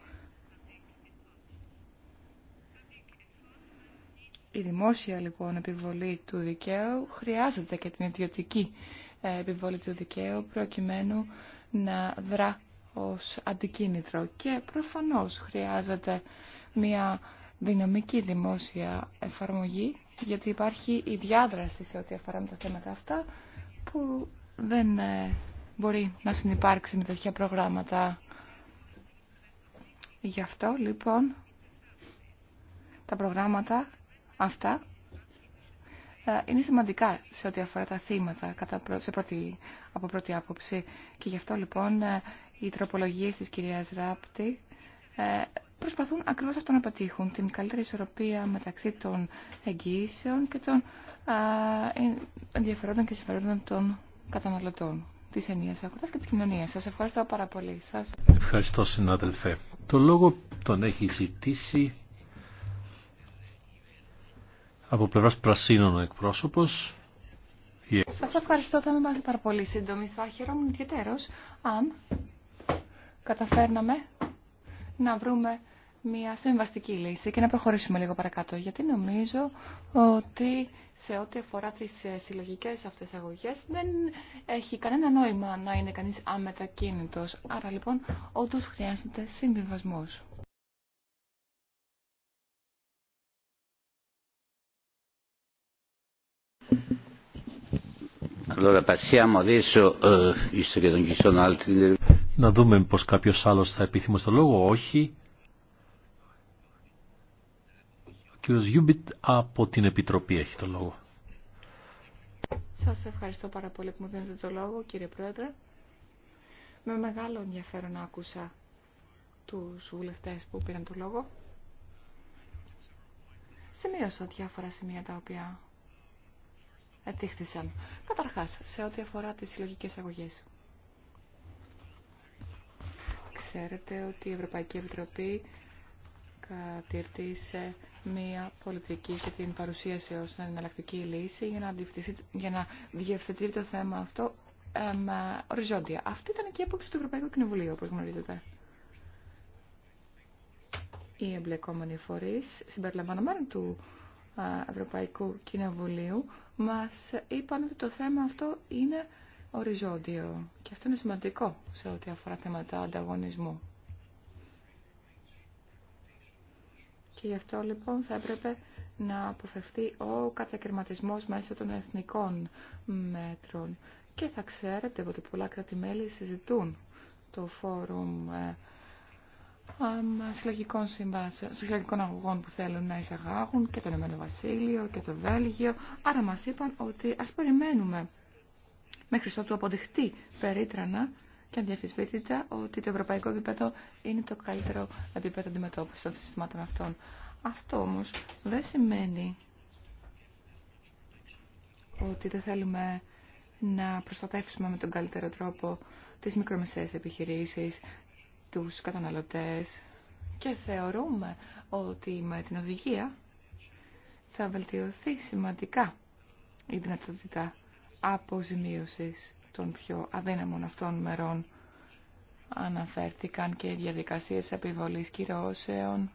Η δημόσια λοιπόν επιβολή του δικαίου χρειάζεται και την ιδιωτική ε, επιβολή του δικαίου προκειμένου να δρά ως αντικίνητρο και προφανώς χρειάζεται μια δυναμική δημόσια εφαρμογή γιατί υπάρχει η διάδραση σε ό,τι αφορά με τα θέματα αυτά που δεν ε, μπορεί να συνεπάρξει με τέτοια προγράμματα. Γι' αυτό λοιπόν τα προγράμματα αυτά ε, είναι σημαντικά σε ό,τι αφορά τα θύματα κατά, σε πρώτη, από πρώτη άποψη και γι' αυτό λοιπόν ε, οι τροπολογίες της κυρίας Ράπτη ε, προσπαθούν ακριβώς αυτό να πετύχουν, την καλύτερη ισορροπία μεταξύ των εγγυήσεων και των ενδιαφερόντων και συμφερόντων των καταναλωτών της ενίας αγοράς και της κοινωνίας. Σας ευχαριστώ πάρα πολύ. Σας... Ευχαριστώ συνάδελφε. Το λόγο τον έχει ζητήσει από πλευράς πρασίνων ο εκπρόσωπος. Σας ευχαριστώ, θα είμαι πάρα πολύ σύντομη. Θα χαιρόμουν ιδιαίτερος αν καταφέρναμε να βρούμε μια συμβαστική λύση και να προχωρήσουμε λίγο παρακάτω. Γιατί νομίζω ότι σε ό,τι αφορά τι ε, συλλογικέ αυτές αγωγέ, δεν έχει κανένα νόημα να είναι κανεί αμετακίνητο. Άρα λοιπόν όντω χρειάζεται συμβιβασμό. Να δούμε πως κάποιος άλλος θα επιθυμεί το λόγο. Όχι. Ο κύριος Γιούμπιτ από την Επιτροπή έχει το λόγο. Σας ευχαριστώ πάρα πολύ που μου δίνετε το λόγο κύριε Πρόεδρε. Με μεγάλο ενδιαφέρον άκουσα τους βουλευτές που πήραν το λόγο. Σημείωσα διάφορα σημεία τα οποία ετήχθησαν. Καταρχάς, σε ό,τι αφορά τις συλλογικέ αγωγές. Ξέρετε ότι η Ευρωπαϊκή Επιτροπή κατηρτήσε μία πολιτική και την παρουσίασε ως εναλλακτική λύση για να, για να διευθετεί το θέμα αυτό με οριζόντια. Αυτή ήταν και η άποψη του Ευρωπαϊκού Κοινοβουλίου, όπως γνωρίζετε. Οι εμπλεκόμενοι φορείς, συμπεριλαμβανομένου του Ευρωπαϊκού Κοινοβουλίου μας είπαν ότι το θέμα αυτό είναι οριζόντιο και αυτό είναι σημαντικό σε ό,τι αφορά θέματα ανταγωνισμού. Και γι' αυτό λοιπόν θα έπρεπε να αποφευθεί ο κατακαιρματισμός μέσω των εθνικών μέτρων. Και θα ξέρετε ότι πολλά κρατημέλη συζητούν το φόρουμ ε, συλλογικών συμβάσεων, συλλογικών αγωγών που θέλουν να εισαγάγουν και το Ηνωμένο Βασίλειο και το Βέλγιο. Άρα μας είπαν ότι ας περιμένουμε μέχρι ότου αποδειχτεί περίτρανα και ανδιαφυσβήτητα ότι το ευρωπαϊκό επίπεδο είναι το καλύτερο επίπεδο αντιμετώπιση των συστημάτων αυτών. Αυτό όμως δεν σημαίνει ότι δεν θέλουμε να προστατεύσουμε με τον καλύτερο τρόπο τις μικρομεσαίες επιχειρήσεις, τους καταναλωτές και θεωρούμε ότι με την οδηγία θα βελτιωθεί σημαντικά η δυνατότητα αποζημίωσης των πιο αδύναμων αυτών μερών. Αναφέρθηκαν και οι διαδικασίες επιβολής κυρώσεων.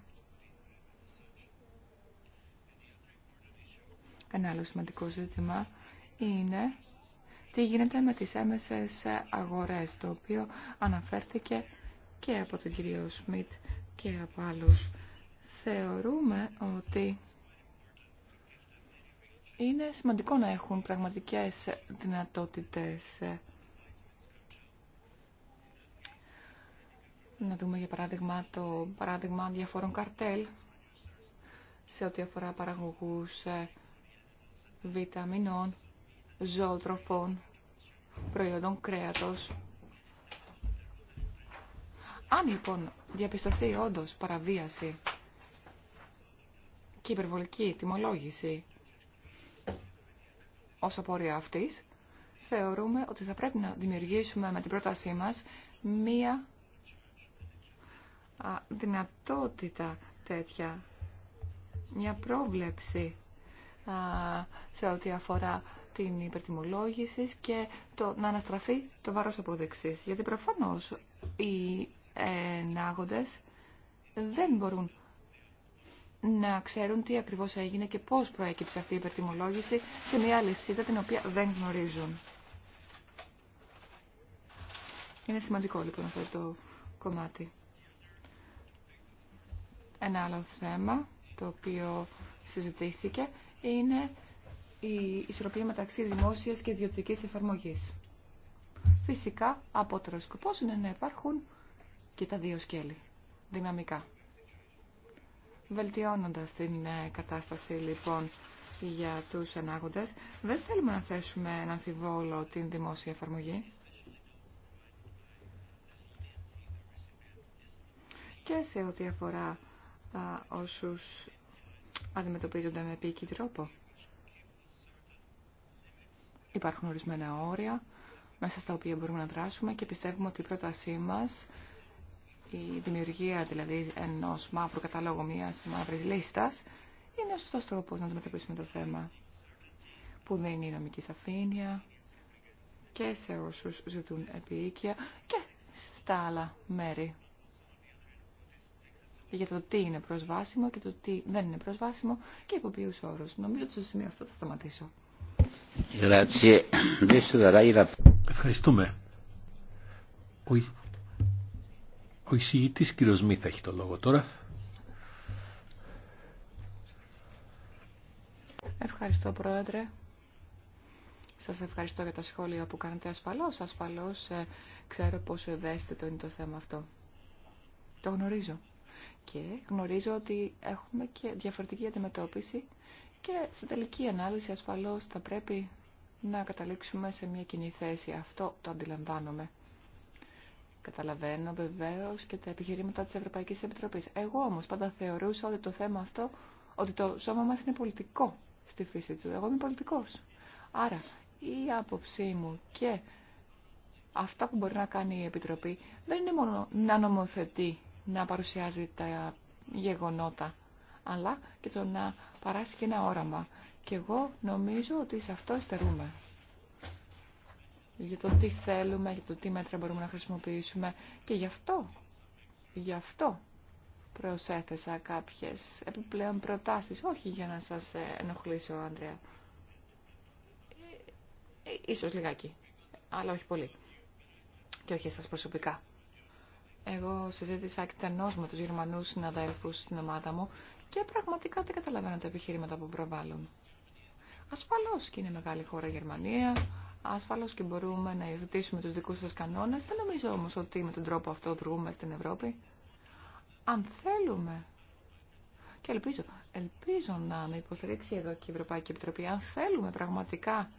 Ένα άλλο σημαντικό ζήτημα είναι τι γίνεται με τις έμεσες αγορές, το οποίο αναφέρθηκε και από τον κύριο Σμιτ και από άλλους. Θεωρούμε ότι είναι σημαντικό να έχουν πραγματικές δυνατότητες. Να δούμε για παράδειγμα το παράδειγμα διαφόρων καρτέλ σε ό,τι αφορά παραγωγούς ε, βιταμινών, ζωοτροφών, προϊόντων κρέατος αν λοιπόν διαπιστωθεί όντω παραβίαση και υπερβολική τιμολόγηση ω απορία αυτή, θεωρούμε ότι θα πρέπει να δημιουργήσουμε με την πρότασή μα μια πρόβλεψη σε ό,τι αφορά την υπερτιμολόγηση και το να αναστραφεί το βάρος αποδεξής. Γιατί προφανώς η ενάγοντες δεν μπορούν να ξέρουν τι ακριβώς έγινε και πώς προέκυψε αυτή η υπερτιμολόγηση σε μια λυσίδα την οποία δεν γνωρίζουν. Είναι σημαντικό λοιπόν αυτό το κομμάτι. Ένα άλλο θέμα το οποίο συζητήθηκε είναι η ισορροπία μεταξύ δημόσιας και ιδιωτικής εφαρμογής. Φυσικά, απότερο σκοπό είναι να υπάρχουν και τα δύο σκέλη δυναμικά. Βελτιώνοντας την ε, κατάσταση λοιπόν για τους ανάγοντες, δεν θέλουμε να θέσουμε να αμφιβόλο την δημόσια εφαρμογή. Και σε ό,τι αφορά α, όσους αντιμετωπίζονται με επίκη τρόπο. Υπάρχουν ορισμένα όρια μέσα στα οποία μπορούμε να δράσουμε και πιστεύουμε ότι η πρότασή μας η δημιουργία δηλαδή ενός μαύρου καταλόγου μιας μαύρη λίστας είναι ο σωστό τρόπος να αντιμετωπίσουμε το θέμα που δίνει η νομική σαφήνεια και σε όσου ζητούν επίοικια και στα άλλα μέρη για το τι είναι προσβάσιμο και το τι δεν είναι προσβάσιμο και υπό ποιου όρου. Νομίζω ότι στο σημείο αυτό θα σταματήσω. Ευχαριστούμε. Ο εισηγητής κύριος Μήθα έχει το λόγο τώρα. Ευχαριστώ Πρόεδρε. Σας ευχαριστώ για τα σχόλια που κάνετε ασφαλώς. Ασφαλώς ε, ξέρω πόσο ευαίσθητο είναι το θέμα αυτό. Το γνωρίζω. Και γνωρίζω ότι έχουμε και διαφορετική αντιμετώπιση και σε τελική ανάλυση ασφαλώς θα πρέπει να καταλήξουμε σε μια κοινή θέση. Αυτό το αντιλαμβάνομαι. Καταλαβαίνω βεβαίω και τα επιχειρήματα της Ευρωπαϊκής Επιτροπής. Εγώ όμως πάντα θεωρούσα ότι το θέμα αυτό, ότι το σώμα μας είναι πολιτικό στη φύση του. Εγώ είμαι πολιτικός. Άρα η άποψή μου και αυτά που μπορεί να κάνει η Επιτροπή δεν είναι μόνο να νομοθετεί, να παρουσιάζει τα γεγονότα, αλλά και το να παράσχει ένα όραμα. Και εγώ νομίζω ότι σε αυτό εστερούμε για το τι θέλουμε, για το τι μέτρα μπορούμε να χρησιμοποιήσουμε και γι' αυτό, γι' αυτό προσέθεσα κάποιες επιπλέον προτάσεις, όχι για να σας ε, ενοχλήσω, Άντρια ε, ε, Ίσως λιγάκι, αλλά όχι πολύ. Και όχι σας προσωπικά. Εγώ συζήτησα εκτενώς με τους Γερμανούς συναδέλφους στην ομάδα μου και πραγματικά δεν καταλαβαίνω τα επιχειρήματα που προβάλλουν. Ασφαλώς και είναι μεγάλη χώρα Γερμανία, Ασφαλώς και μπορούμε να υιοθετήσουμε τους δικούς σας κανόνες. Δεν νομίζω όμως ότι με τον τρόπο αυτό οδηγούμε στην Ευρώπη. Αν θέλουμε, και ελπίζω, ελπίζω να με υποστηρίξει εδώ και η Ευρωπαϊκή Επιτροπή, αν θέλουμε πραγματικά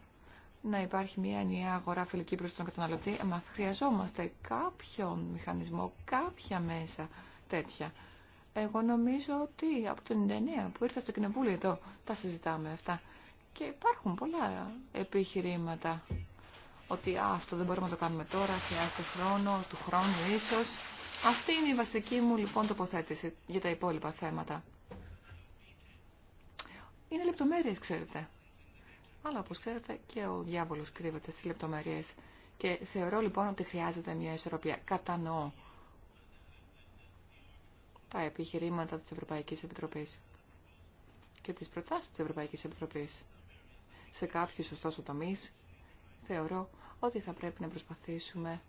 να υπάρχει μια ενιαία αγορά φιλική προς τον καταναλωτή, μα χρειαζόμαστε κάποιον μηχανισμό, κάποια μέσα τέτοια. Εγώ νομίζω ότι από το 99 που ήρθα στο κοινοβούλιο εδώ τα συζητάμε αυτά. Και υπάρχουν πολλά επιχειρήματα ότι α, αυτό δεν μπορούμε να το κάνουμε τώρα, χρειάζεται χρόνο, του χρόνου ίσως. Αυτή είναι η βασική μου λοιπόν τοποθέτηση για τα υπόλοιπα θέματα. Είναι λεπτομέρειες, ξέρετε. Αλλά όπως ξέρετε και ο διάβολος κρύβεται στις λεπτομέρειες. Και θεωρώ λοιπόν ότι χρειάζεται μια ισορροπία. Κατανοώ τα επιχειρήματα της Ευρωπαϊκής Επιτροπής και τις προτάσεις της Ευρωπαϊκής Επιτροπής. Σε κάποιους ωστόσο τομείς θεωρώ ότι θα πρέπει να προσπαθήσουμε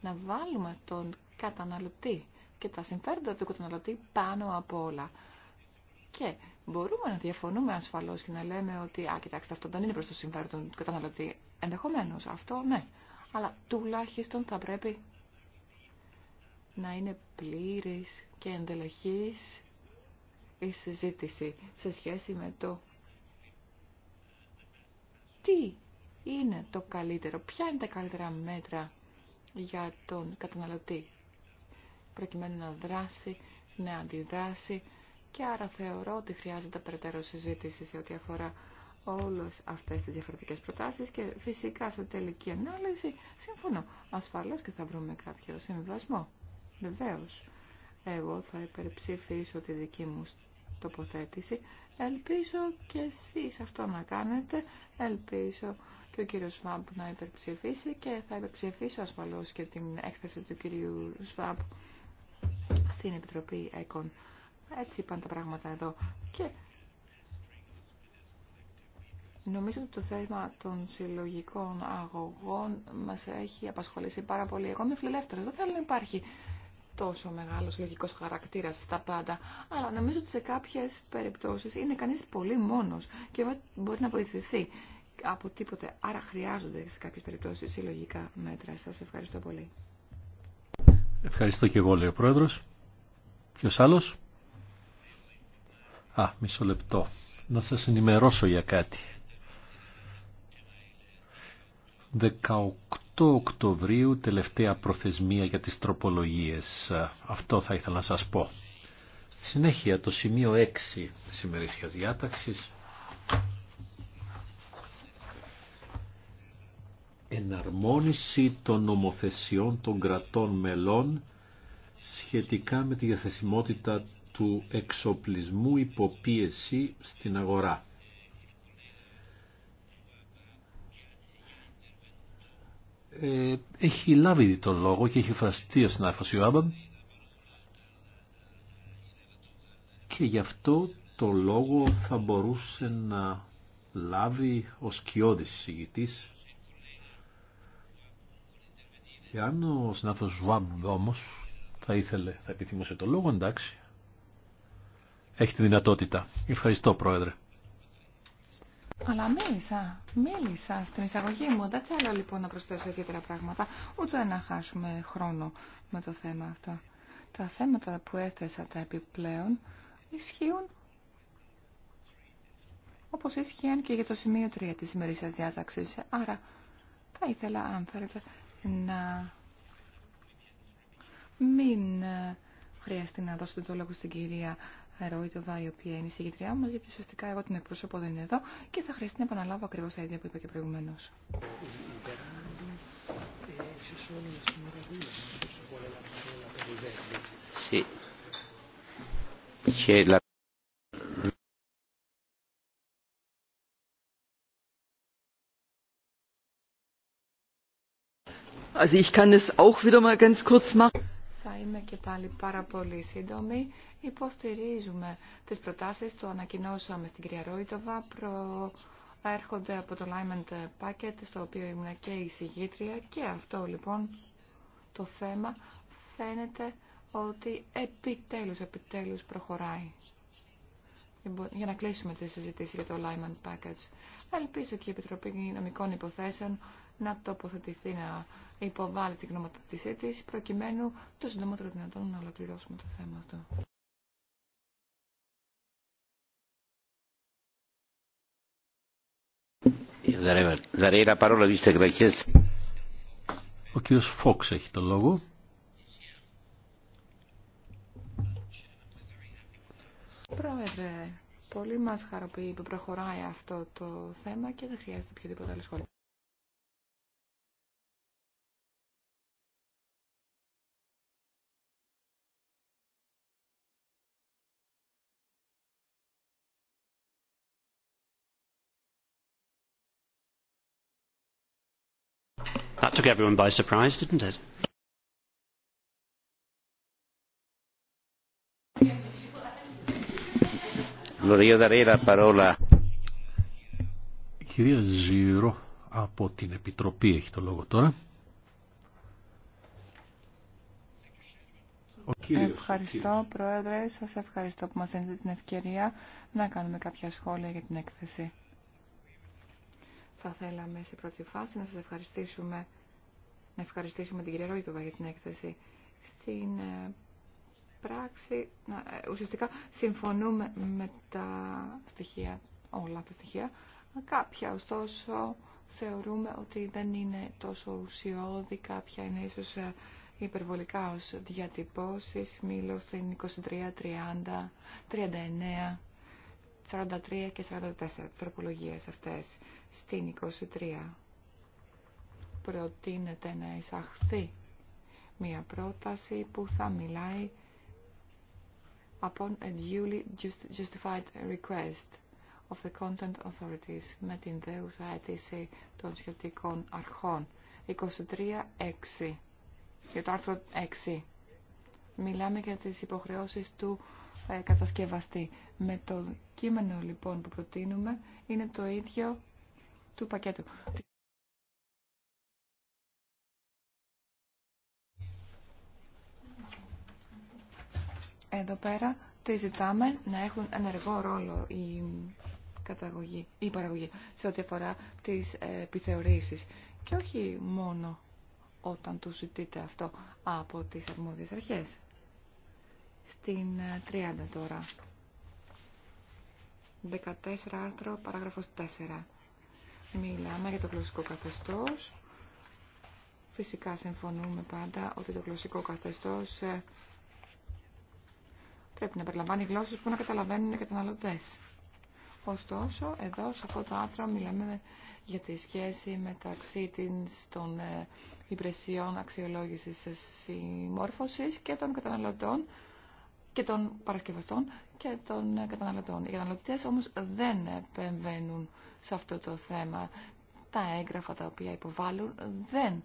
να βάλουμε τον καταναλωτή και τα συμφέροντα του καταναλωτή πάνω από όλα. Και μπορούμε να διαφωνούμε ασφαλώς και να λέμε ότι «Α, κοιτάξτε, αυτό δεν είναι προς το συμφέρον του καταναλωτή». Ενδεχομένως, αυτό ναι. Αλλά τουλάχιστον θα πρέπει να είναι πλήρης και εντελεχής η συζήτηση σε σχέση με το τι είναι το καλύτερο, ποια είναι τα καλύτερα μέτρα για τον καταναλωτή προκειμένου να δράσει, να αντιδράσει και άρα θεωρώ ότι χρειάζεται περαιτέρω συζήτηση σε ό,τι αφορά όλες αυτές τις διαφορετικές προτάσεις και φυσικά σε τελική ανάλυση σύμφωνο Ασφαλώς και θα βρούμε κάποιο συμβασμό. Βεβαίως. Εγώ θα υπερψηφίσω τη δική μου τοποθέτηση Ελπίζω και εσείς αυτό να κάνετε. Ελπίζω και ο κύριος Σβάμπ να υπερψηφίσει και θα υπερψηφίσω ασφαλώς και την έκθεση του κυρίου Σβάμπ στην Επιτροπή ΕΚΟΝ. Έτσι είπαν τα πράγματα εδώ. Και Νομίζω ότι το θέμα των συλλογικών αγωγών μας έχει απασχολήσει πάρα πολύ. Εγώ είμαι φιλελεύθερος, δεν θέλω να υπάρχει τόσο μεγάλος λογικό χαρακτήρας στα πάντα, αλλά νομίζω ότι σε κάποιες περιπτώσεις είναι κανείς πολύ μόνος και μπορεί να βοηθηθεί από τίποτε. Άρα χρειάζονται σε κάποιες περιπτώσεις συλλογικά μέτρα. Σας ευχαριστώ πολύ. Ευχαριστώ και εγώ, λέει ο Πρόεδρος. Ποιο άλλο. Α, μισό λεπτό. Να σας ενημερώσω για κάτι. 18 Οκτωβρίου τελευταία προθεσμία για τις τροπολογίες. Αυτό θα ήθελα να σας πω. Στη συνέχεια το σημείο 6 της ημερήσιας διάταξης. Εναρμόνιση των νομοθεσιών των κρατών μελών σχετικά με τη διαθεσιμότητα του εξοπλισμού υποπίεση στην αγορά. Ε, έχει λάβει το λόγο και έχει φραστεί ο συνάδελφος Ιωάμπαμ και γι' αυτό το λόγο θα μπορούσε να λάβει ο σκιώδης εισηγητής και αν ο συνάδελφος Ζουάμπ όμως θα ήθελε, θα επιθυμούσε το λόγο, εντάξει. Έχει τη δυνατότητα. Ευχαριστώ, Πρόεδρε. Αλλά μίλησα, μίλησα στην εισαγωγή μου. Δεν θέλω λοιπόν να προσθέσω ιδιαίτερα πράγματα, ούτε να χάσουμε χρόνο με το θέμα αυτό. Τα θέματα που έθεσα τα επιπλέον ισχύουν όπως ισχύαν και για το σημείο 3 της σημερινής διάταξης. Άρα θα ήθελα, αν θέλετε, να μην ε, χρειαστεί να δώσετε το λόγο στην κυρία Ροϊτοβά, η οποία είναι η συγκεκριά μα, γιατί ουσιαστικά εγώ την εκπρόσωπο δεν είναι εδώ και θα χρειαστεί να επαναλάβω ακριβώ τα ίδια που είπα και προηγουμένω. Also ich kann es auch wieder mal ganz kurz machen. Θα είμαι και πάλι πάρα πολύ σύντομη. Υποστηρίζουμε τις προτάσεις, το ανακοινώσαμε στην κυρία Ρόιτοβα, προέρχονται από το Liment Packet, στο οποίο ήμουν και η συγγήτρια και αυτό λοιπόν το θέμα φαίνεται ότι επιτέλους, επιτέλους προχωράει. Για να κλείσουμε τη συζήτηση για το Lyman Package. Ελπίζω και η Επιτροπή Νομικών Υποθέσεων να τοποθετηθεί, να υποβάλει την γνωματοτησή τη, προκειμένου το συντομότερο δυνατόν να ολοκληρώσουμε το θέμα αυτό. Ο κύριος Φόξ έχει το λόγο. Πρόεδρε, πολύ μας χαροποιεί που προχωράει αυτό το θέμα και δεν χρειάζεται οποιοδήποτε άλλο σχόλιο. took everyone by surprise, didn't it? Κυρία Ζήρο, από την Επιτροπή έχει το λόγο τώρα. Ο κύριος, ευχαριστώ, ο Πρόεδρε. Σας ευχαριστώ που μας δίνετε την ευκαιρία να κάνουμε κάποια σχόλια για την έκθεση. Θα θέλαμε σε πρώτη φάση να σας ευχαριστήσουμε να ευχαριστήσουμε την κυρία Ρόιτοβα για την έκθεση. Στην ε, πράξη, να, ε, ουσιαστικά συμφωνούμε με τα στοιχεία, όλα τα στοιχεία. Κάποια, ωστόσο, θεωρούμε ότι δεν είναι τόσο ουσιώδη, κάποια είναι ίσως ε, υπερβολικά ως διατυπώσεις, μίλω στην 23, 30, 39, 43 και 44 τροπολογίες αυτές. Στην 23 προτείνεται να εισαχθεί μια πρόταση που θα μιλάει upon a duly justified request of the content authorities με την δέουσα αίτηση των σχετικών αρχών. 23.6 για το άρθρο 6. Μιλάμε για τις υποχρεώσεις του ε, κατασκευαστή. Με το κείμενο λοιπόν που προτείνουμε είναι το ίδιο του πακέτου. Εδώ πέρα τη ζητάμε να έχουν ενεργό ρόλο η, καταγωγή, η παραγωγή σε ό,τι αφορά τις ε, επιθεωρήσεις και όχι μόνο όταν του ζητείτε αυτό από τις αρμόδιες αρχές. Στην 30 ε, τώρα. 14 άρθρο, παράγραφος 4. Μιλάμε για το γλωσσικό καθεστώς. Φυσικά συμφωνούμε πάντα ότι το γλωσσικό καθεστώς ε, πρέπει να περιλαμβάνει γλώσσες που να καταλαβαίνουν οι καταναλωτές. Ωστόσο, εδώ σε αυτό το άρθρο μιλάμε για τη σχέση μεταξύ των ε, υπηρεσιών αξιολόγησης ε, συμμόρφωσης και των καταναλωτών και των παρασκευαστών και των ε, καταναλωτών. Οι καταναλωτές όμως δεν επεμβαίνουν σε αυτό το θέμα. Τα έγγραφα τα οποία υποβάλλουν δεν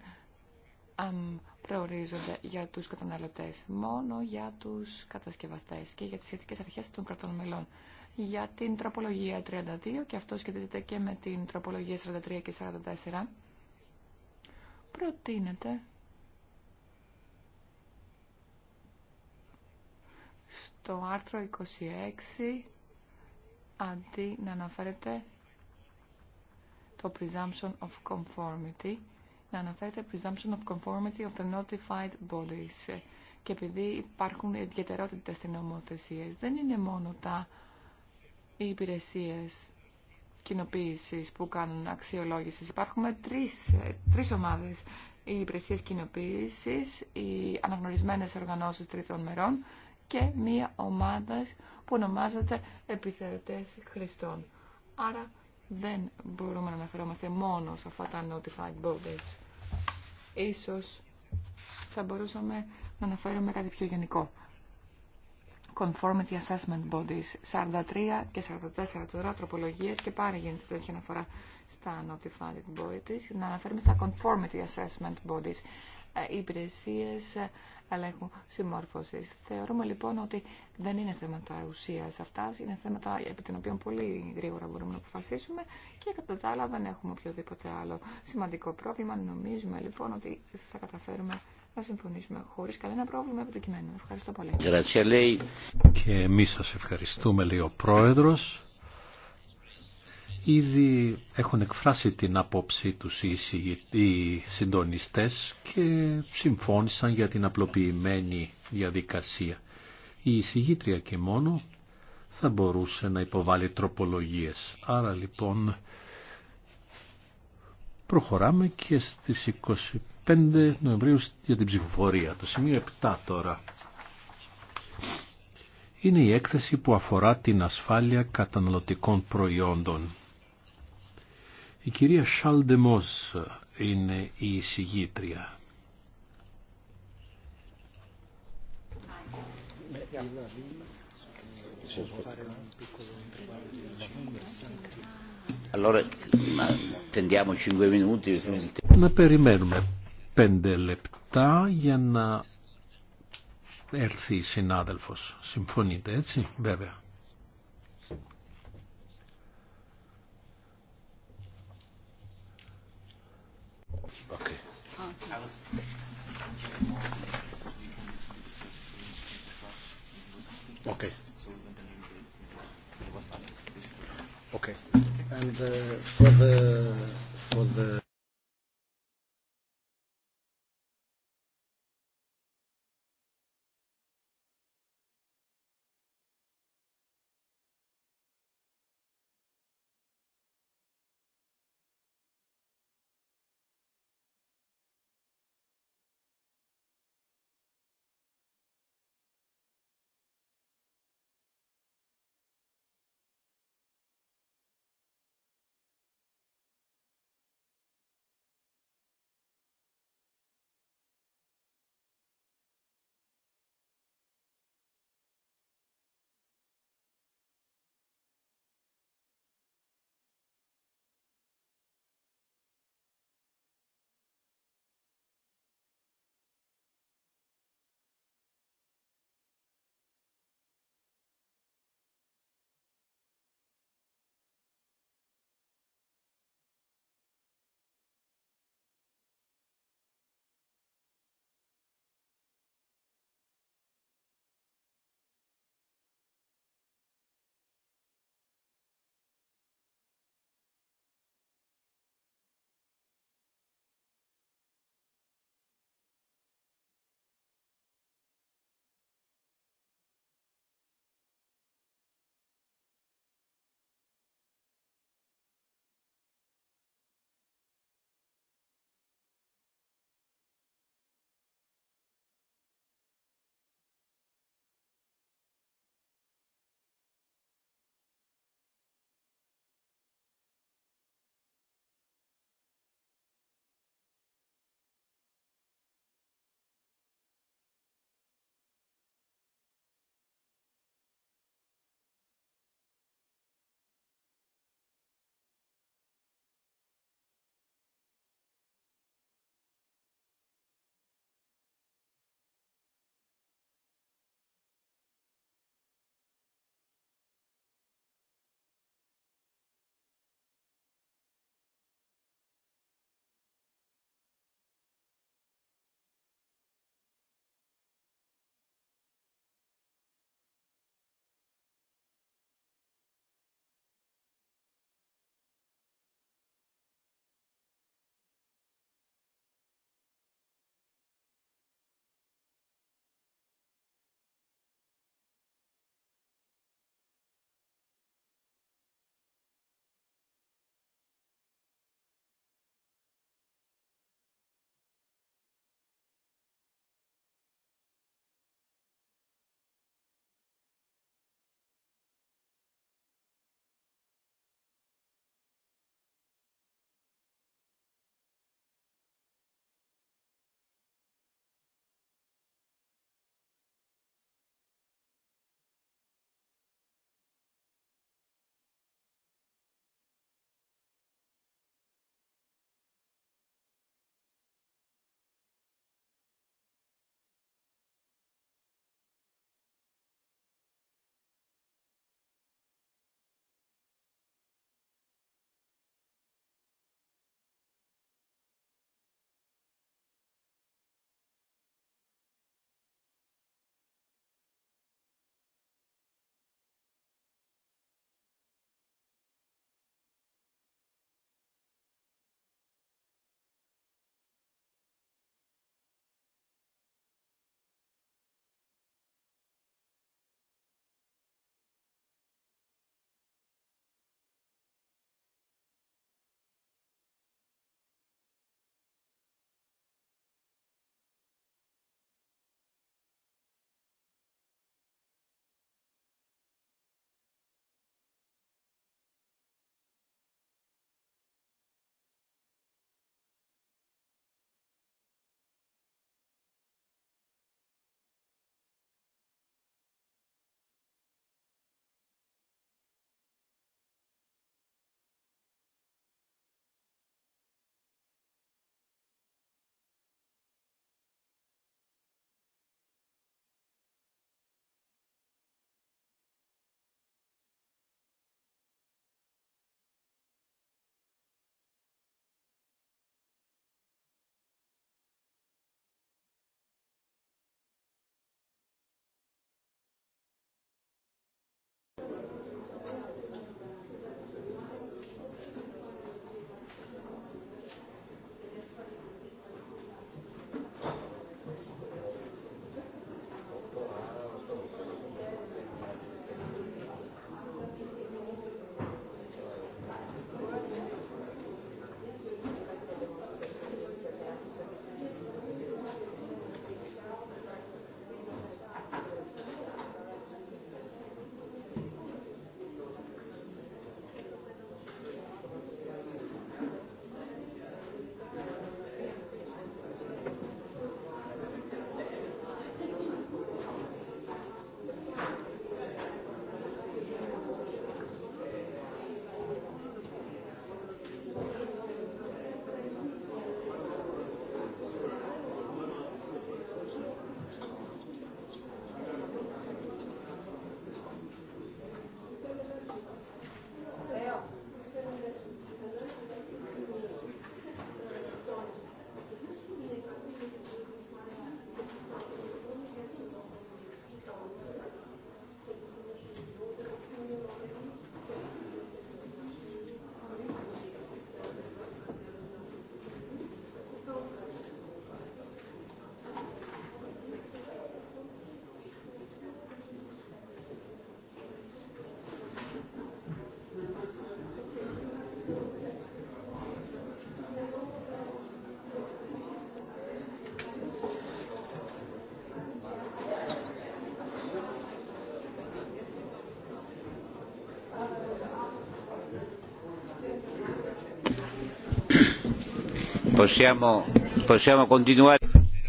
προορίζονται για τους καταναλωτές, μόνο για τους κατασκευαστές και για τις σχετικές αρχές των κρατών μελών. Για την τροπολογία 32, και αυτό σχετίζεται και με την τροπολογία 43 και 44, προτείνεται στο άρθρο 26 αντί να αναφέρεται το presumption of conformity να αναφέρεται presumption of conformity of the notified bodies. Και επειδή υπάρχουν ιδιαιτερότητε στην νομοθεσία, δεν είναι μόνο τα οι κοινοποίηση που κάνουν αξιολόγηση. Υπάρχουν τρει ομάδε ομάδες. Οι υπηρεσίε κοινοποίηση, οι αναγνωρισμένε οργανώσει τρίτων μερών και μία ομάδα που ονομάζεται επιθεωρητέ χρηστών. Άρα δεν μπορούμε να αναφερόμαστε μόνο σε αυτά τα notified bodies. Ίσως θα μπορούσαμε να αναφέρουμε κάτι πιο γενικό. Conformity Assessment Bodies, 43 και 44 τώρα τροπολογίες και πάλι γίνεται τέτοια αναφορά στα Notified Bodies, να αναφέρουμε στα Conformity Assessment Bodies υπηρεσίες ελέγχου συμμόρφωση. Θεωρούμε λοιπόν ότι δεν είναι θέματα ουσίας αυτά, είναι θέματα επί των οποίων πολύ γρήγορα μπορούμε να αποφασίσουμε και κατά τα άλλα δεν έχουμε οποιοδήποτε άλλο σημαντικό πρόβλημα. Νομίζουμε λοιπόν ότι θα καταφέρουμε να συμφωνήσουμε χωρίς κανένα πρόβλημα από το κειμένο. Ευχαριστώ πολύ. Και εμείς σας ευχαριστούμε, λέει ο Πρόεδρος. Ήδη έχουν εκφράσει την άποψή τους οι συντονιστές και συμφώνησαν για την απλοποιημένη διαδικασία. Η εισηγήτρια και μόνο θα μπορούσε να υποβάλει τροπολογίες. Άρα λοιπόν προχωράμε και στις 25 Νοεμβρίου για την ψηφοφορία. Το σημείο 7 τώρα. Είναι η έκθεση που αφορά την ασφάλεια καταναλωτικών προϊόντων. Η κυρία Σαλδεμός είναι η εισηγήτρια. Να περιμένουμε πέντε λεπτά για να έρθει η συνάδελφος. Συμφωνείτε έτσι, βέβαια. Okay. Okay. Okay. And uh, for the for the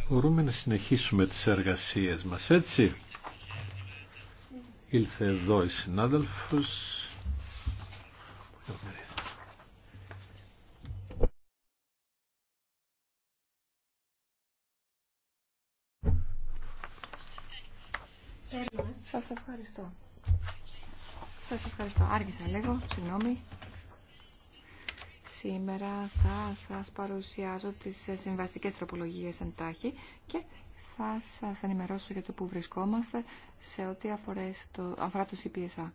Μπορούμε να συνεχίσουμε τις εργασίες μας, έτσι. Ήλθε εδώ η συνάδελφος. Σας ευχαριστώ. Σας ευχαριστώ. Άργησα λίγο, συγγνώμη σας παρουσιάζω τις ε, συμβαστικές τροπολογίες εντάχει και θα σας ενημερώσω για το που βρισκόμαστε σε ό,τι αφορά το CPSA.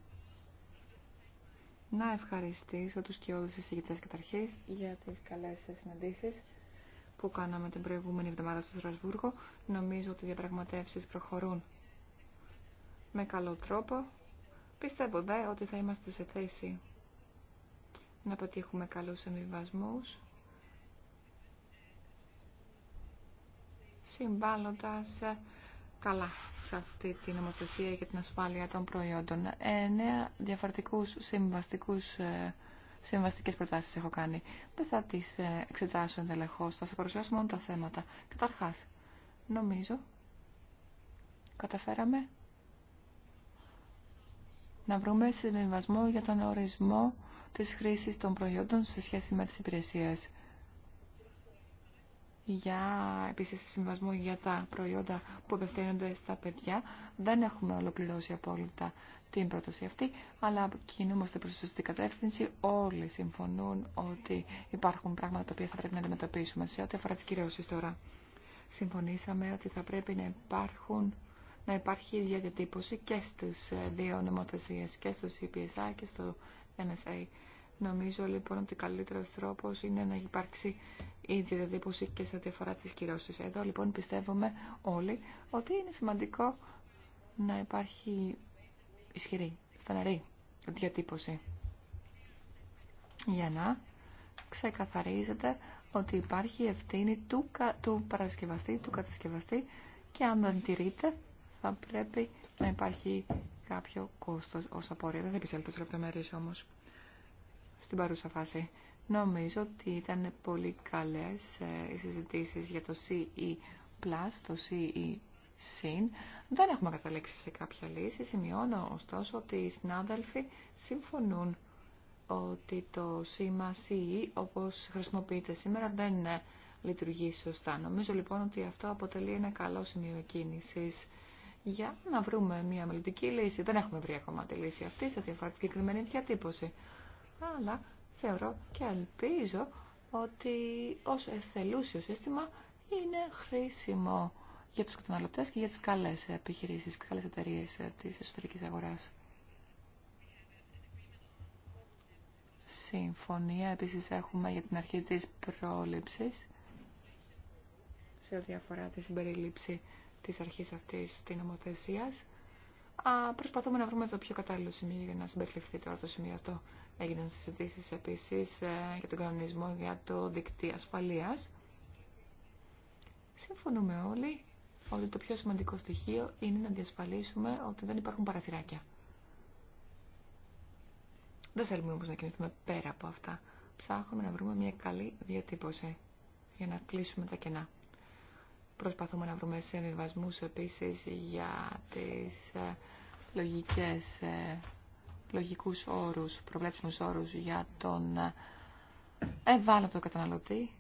Να ευχαριστήσω τους κοιόδους εισηγητές καταρχής για τις καλές συναντήσεις που κάναμε την προηγούμενη εβδομάδα στο Στρασβούργο. Νομίζω ότι οι διαπραγματεύσεις προχωρούν με καλό τρόπο. Πιστεύω δε ότι θα είμαστε σε θέση να πετύχουμε καλούς εμβιβασμούς συμβάλλοντας ε, καλά σε αυτή την νομοθεσία για την ασφάλεια των προϊόντων. Εννέα διαφορετικούς συμβαστικούς ε, Συμβαστικέ προτάσει έχω κάνει. Δεν θα τι ε, εξετάσω ενδελεχώ. Θα σα παρουσιάσω μόνο τα θέματα. Καταρχά, νομίζω καταφέραμε να βρούμε συμβιβασμό για τον ορισμό της χρήσης των προϊόντων σε σχέση με τις υπηρεσίες για επίσης συμβασμό για τα προϊόντα που απευθύνονται στα παιδιά. Δεν έχουμε ολοκληρώσει απόλυτα την πρόταση αυτή, αλλά κινούμαστε προς τη σωστή κατεύθυνση. Όλοι συμφωνούν ότι υπάρχουν πράγματα τα οποία θα πρέπει να αντιμετωπίσουμε σε ό,τι αφορά τις κυρώσεις τώρα. Συμφωνήσαμε ότι θα πρέπει να υπάρχουν να υπάρχει ίδια διατύπωση και στις ε, δύο νομοθεσίες, και στο CPSA και στο NSA. Νομίζω λοιπόν ότι ο καλύτερος τρόπος είναι να υπάρξει η διατύπωση και σε ό,τι αφορά τις κυρώσει. Εδώ λοιπόν πιστεύουμε όλοι ότι είναι σημαντικό να υπάρχει ισχυρή, στεναρή διατύπωση για να ξεκαθαρίζεται ότι υπάρχει ευθύνη του, κα, του παρασκευαστή, του κατασκευαστή και αν δεν τηρείται θα πρέπει να υπάρχει κάποιο κόστος ως απορία. Δεν θα επισέλθω σε λεπτομέρειες όμως στην παρούσα φάση. Νομίζω ότι ήταν πολύ καλές ε, οι συζητήσεις για το CE+, το CE συν. Δεν έχουμε καταλήξει σε κάποια λύση. Σημειώνω ωστόσο ότι οι συνάδελφοι συμφωνούν ότι το σήμα CE όπως χρησιμοποιείται σήμερα δεν ε, λειτουργεί σωστά. Νομίζω λοιπόν ότι αυτό αποτελεί ένα καλό σημείο κίνηση για να βρούμε μια μελλοντική λύση. Δεν έχουμε βρει ακόμα τη λύση αυτή σε ό,τι αφορά τη συγκεκριμένη διατύπωση αλλά θεωρώ και ελπίζω ότι ως εθελούσιο σύστημα είναι χρήσιμο για τους καταναλωτές και για τις καλές επιχειρήσεις, τις καλές εταιρείες ε, της εσωτερικής αγοράς. Συμφωνία επίσης έχουμε για την αρχή της πρόληψης σε ό,τι αφορά τη συμπερίληψη της αρχής αυτής της νομοθεσίας. Α, προσπαθούμε να βρούμε το πιο κατάλληλο σημείο για να συμπεριληφθεί τώρα το σημείο αυτό Έγιναν συζητήσεις επίσης ε, για τον κανονισμό για το δικτύο ασφαλείας. Συμφωνούμε όλοι ότι το πιο σημαντικό στοιχείο είναι να διασφαλίσουμε ότι δεν υπάρχουν παραθυράκια. Δεν θέλουμε όμως να κινηθούμε πέρα από αυτά. Ψάχνουμε να βρούμε μια καλή διατύπωση για να κλείσουμε τα κενά. Προσπαθούμε να βρούμε συμβιβασμούς επίσης για τις ε, λογικές ε, λογικούς όρους, προβλέψιμους όρους για τον ευάλωτο καταναλωτή.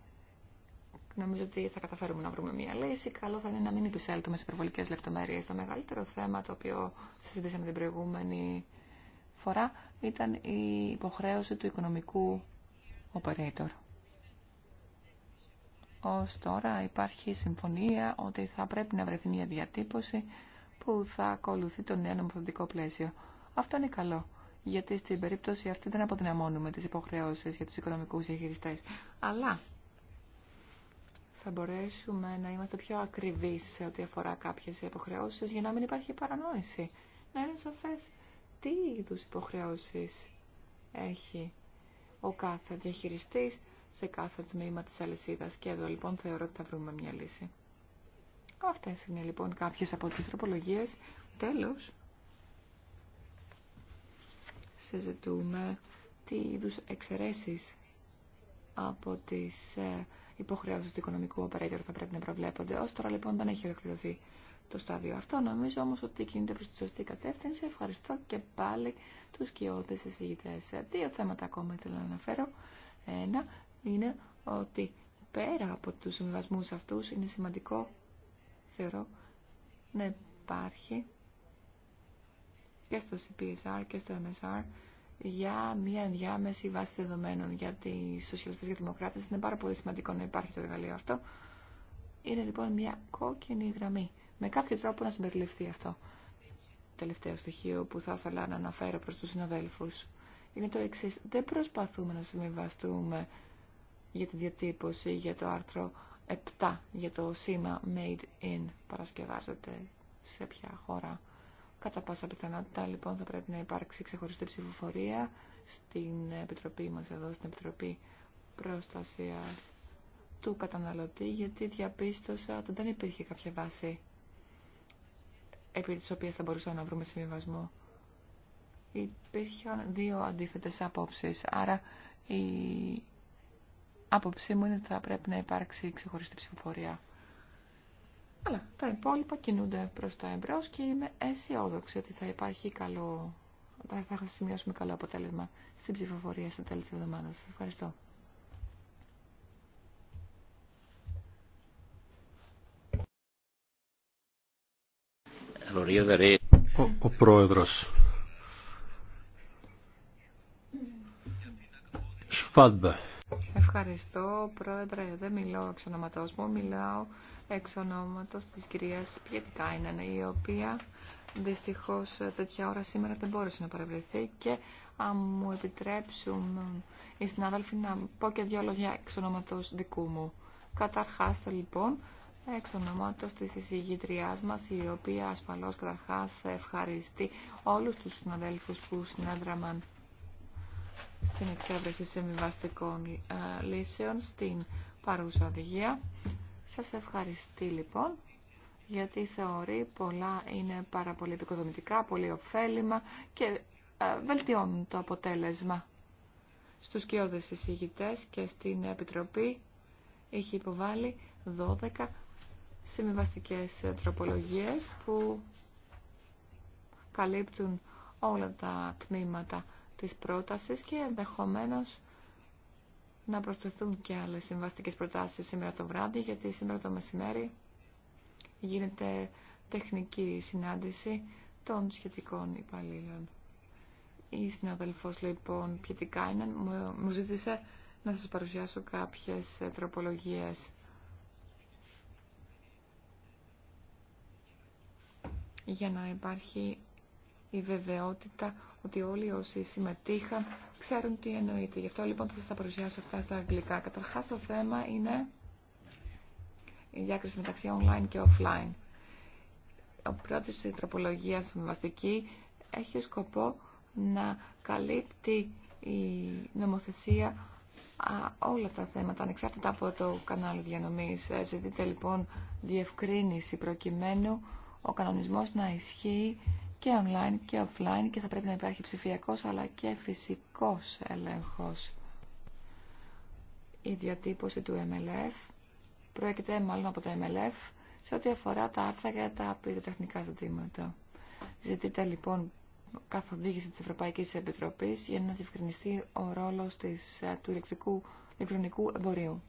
Νομίζω ότι θα καταφέρουμε να βρούμε μια λύση. Καλό θα είναι να μην επισέλθουμε σε υπερβολικέ λεπτομέρειε. Το μεγαλύτερο θέμα το οποίο συζητήσαμε την προηγούμενη φορά ήταν η υποχρέωση του οικονομικού operator. Ως τώρα υπάρχει συμφωνία ότι θα πρέπει να βρεθεί μια διατύπωση που θα ακολουθεί το νέο νομοθετικό πλαίσιο. Αυτό είναι καλό γιατί στην περίπτωση αυτή δεν αποδυναμώνουμε τις υποχρεώσεις για τους οικονομικούς διαχειριστές. Αλλά θα μπορέσουμε να είμαστε πιο ακριβείς σε ό,τι αφορά κάποιες υποχρεώσεις για να μην υπάρχει παρανόηση. Να είναι σαφές τι είδους υποχρεώσεις έχει ο κάθε διαχειριστής σε κάθε τμήμα της αλυσίδας. Και εδώ λοιπόν θεωρώ ότι θα βρούμε μια λύση. Αυτές είναι λοιπόν κάποιες από τις τροπολογίες. Τέλος σε ζητούμε τι είδου εξαιρέσει από τι ε, υποχρεώσει του οικονομικού operator θα πρέπει να προβλέπονται. Ω τώρα λοιπόν δεν έχει ολοκληρωθεί το στάδιο αυτό. Νομίζω όμω ότι κινείται προ τη σωστή κατεύθυνση. Ευχαριστώ και πάλι του κοιόδε εισηγητέ. Ε, δύο θέματα ακόμα ήθελα να αναφέρω. Ένα είναι ότι πέρα από του συμβιβασμού αυτού είναι σημαντικό, θεωρώ, να υπάρχει και στο CPSR και στο MSR για μια ενδιάμεση βάση δεδομένων για τις σοσιαλιστές και δημοκράτες. Είναι πάρα πολύ σημαντικό να υπάρχει το εργαλείο αυτό. Είναι λοιπόν μια κόκκινη γραμμή. Με κάποιο τρόπο να συμπεριληφθεί αυτό. Τελευταίο στοιχείο που θα ήθελα να αναφέρω προς τους συναδέλφου. είναι το εξή. Δεν προσπαθούμε να συμβιβαστούμε για τη διατύπωση, για το άρθρο 7, για το σήμα Made in παρασκευάζεται σε ποια χώρα. Κατά πάσα πιθανότητα λοιπόν θα πρέπει να υπάρξει ξεχωριστή ψηφοφορία στην Επιτροπή μας εδώ, στην Επιτροπή Προστασίας του καταναλωτή, γιατί διαπίστωσα ότι δεν υπήρχε κάποια βάση επί της οποίας θα μπορούσαμε να βρούμε συμβιβασμό. Υπήρχαν δύο αντίθετες απόψεις, άρα η άποψή μου είναι ότι θα πρέπει να υπάρξει ξεχωριστή ψηφοφορία. Αλλά τα υπόλοιπα κινούνται προς το εμπρός και είμαι αισιόδοξη ότι θα υπάρχει καλό, θα σημειώσουμε καλό αποτέλεσμα στην ψηφοφορία στα τέλη της εβδομάδας. Σας ευχαριστώ. Ο, ο πρόεδρος Ευχαριστώ πρόεδρε, δεν μιλάω εξ μου, μιλάω εξ ονόματος της κυρίας είναι η οποία δυστυχώς τέτοια ώρα σήμερα δεν μπόρεσε να παρευρεθεί και αν μου επιτρέψουν οι συνάδελφοι να πω και δύο λόγια εξ ονόματος δικού μου. Καταρχάς λοιπόν, εξ ονόματος της εισηγήτριάς μας, η οποία ασφαλώς καταρχάς ευχαριστεί όλους τους συναδέλφους που συνέδραμαν στην εξέβρεση συμβιβαστικών ε, λύσεων στην παρούσα οδηγία. Σας ευχαριστεί λοιπόν γιατί θεωρεί πολλά είναι πάρα πολύ επικοδομητικά, πολύ ωφέλιμα και ε, βελτιώνουν το αποτέλεσμα. Στους κοιόδες εισηγητές και στην Επιτροπή έχει υποβάλει 12 συμβιβαστικέ τροπολογίες που καλύπτουν όλα τα τμήματα της πρότασης και ενδεχομένως να προσθεθούν και άλλες συμβαστικές προτάσεις σήμερα το βράδυ, γιατί σήμερα το μεσημέρι γίνεται τεχνική συνάντηση των σχετικών υπαλλήλων. Η συναδελφός λοιπόν Πιετικάινεν μου ζήτησε να σας παρουσιάσω κάποιες ε, τροπολογίες. για να υπάρχει η βεβαιότητα ότι όλοι όσοι συμμετείχαν ξέρουν τι εννοείται. Γι' αυτό λοιπόν θα σας τα παρουσιάσω αυτά στα αγγλικά. Καταρχάς το θέμα είναι η διάκριση μεταξύ online και offline. Ο πρώτος η τροπολογία συμβαστική έχει σκοπό να καλύπτει η νομοθεσία όλα τα θέματα, ανεξάρτητα από το κανάλι διανομής. Ε, Ζητείτε λοιπόν διευκρίνηση προκειμένου ο κανονισμός να ισχύει και online και offline και θα πρέπει να υπάρχει ψηφιακός αλλά και φυσικός έλεγχος. Η διατύπωση του MLF προέρχεται μάλλον από το MLF σε ό,τι αφορά τα άρθρα για τα πυροτεχνικά ζητήματα. Ζητείται λοιπόν καθοδήγηση της Ευρωπαϊκής Επιτροπής για να διευκρινιστεί ο ρόλος της, ε, του ηλεκτρικού, ηλεκτρονικού εμπορίου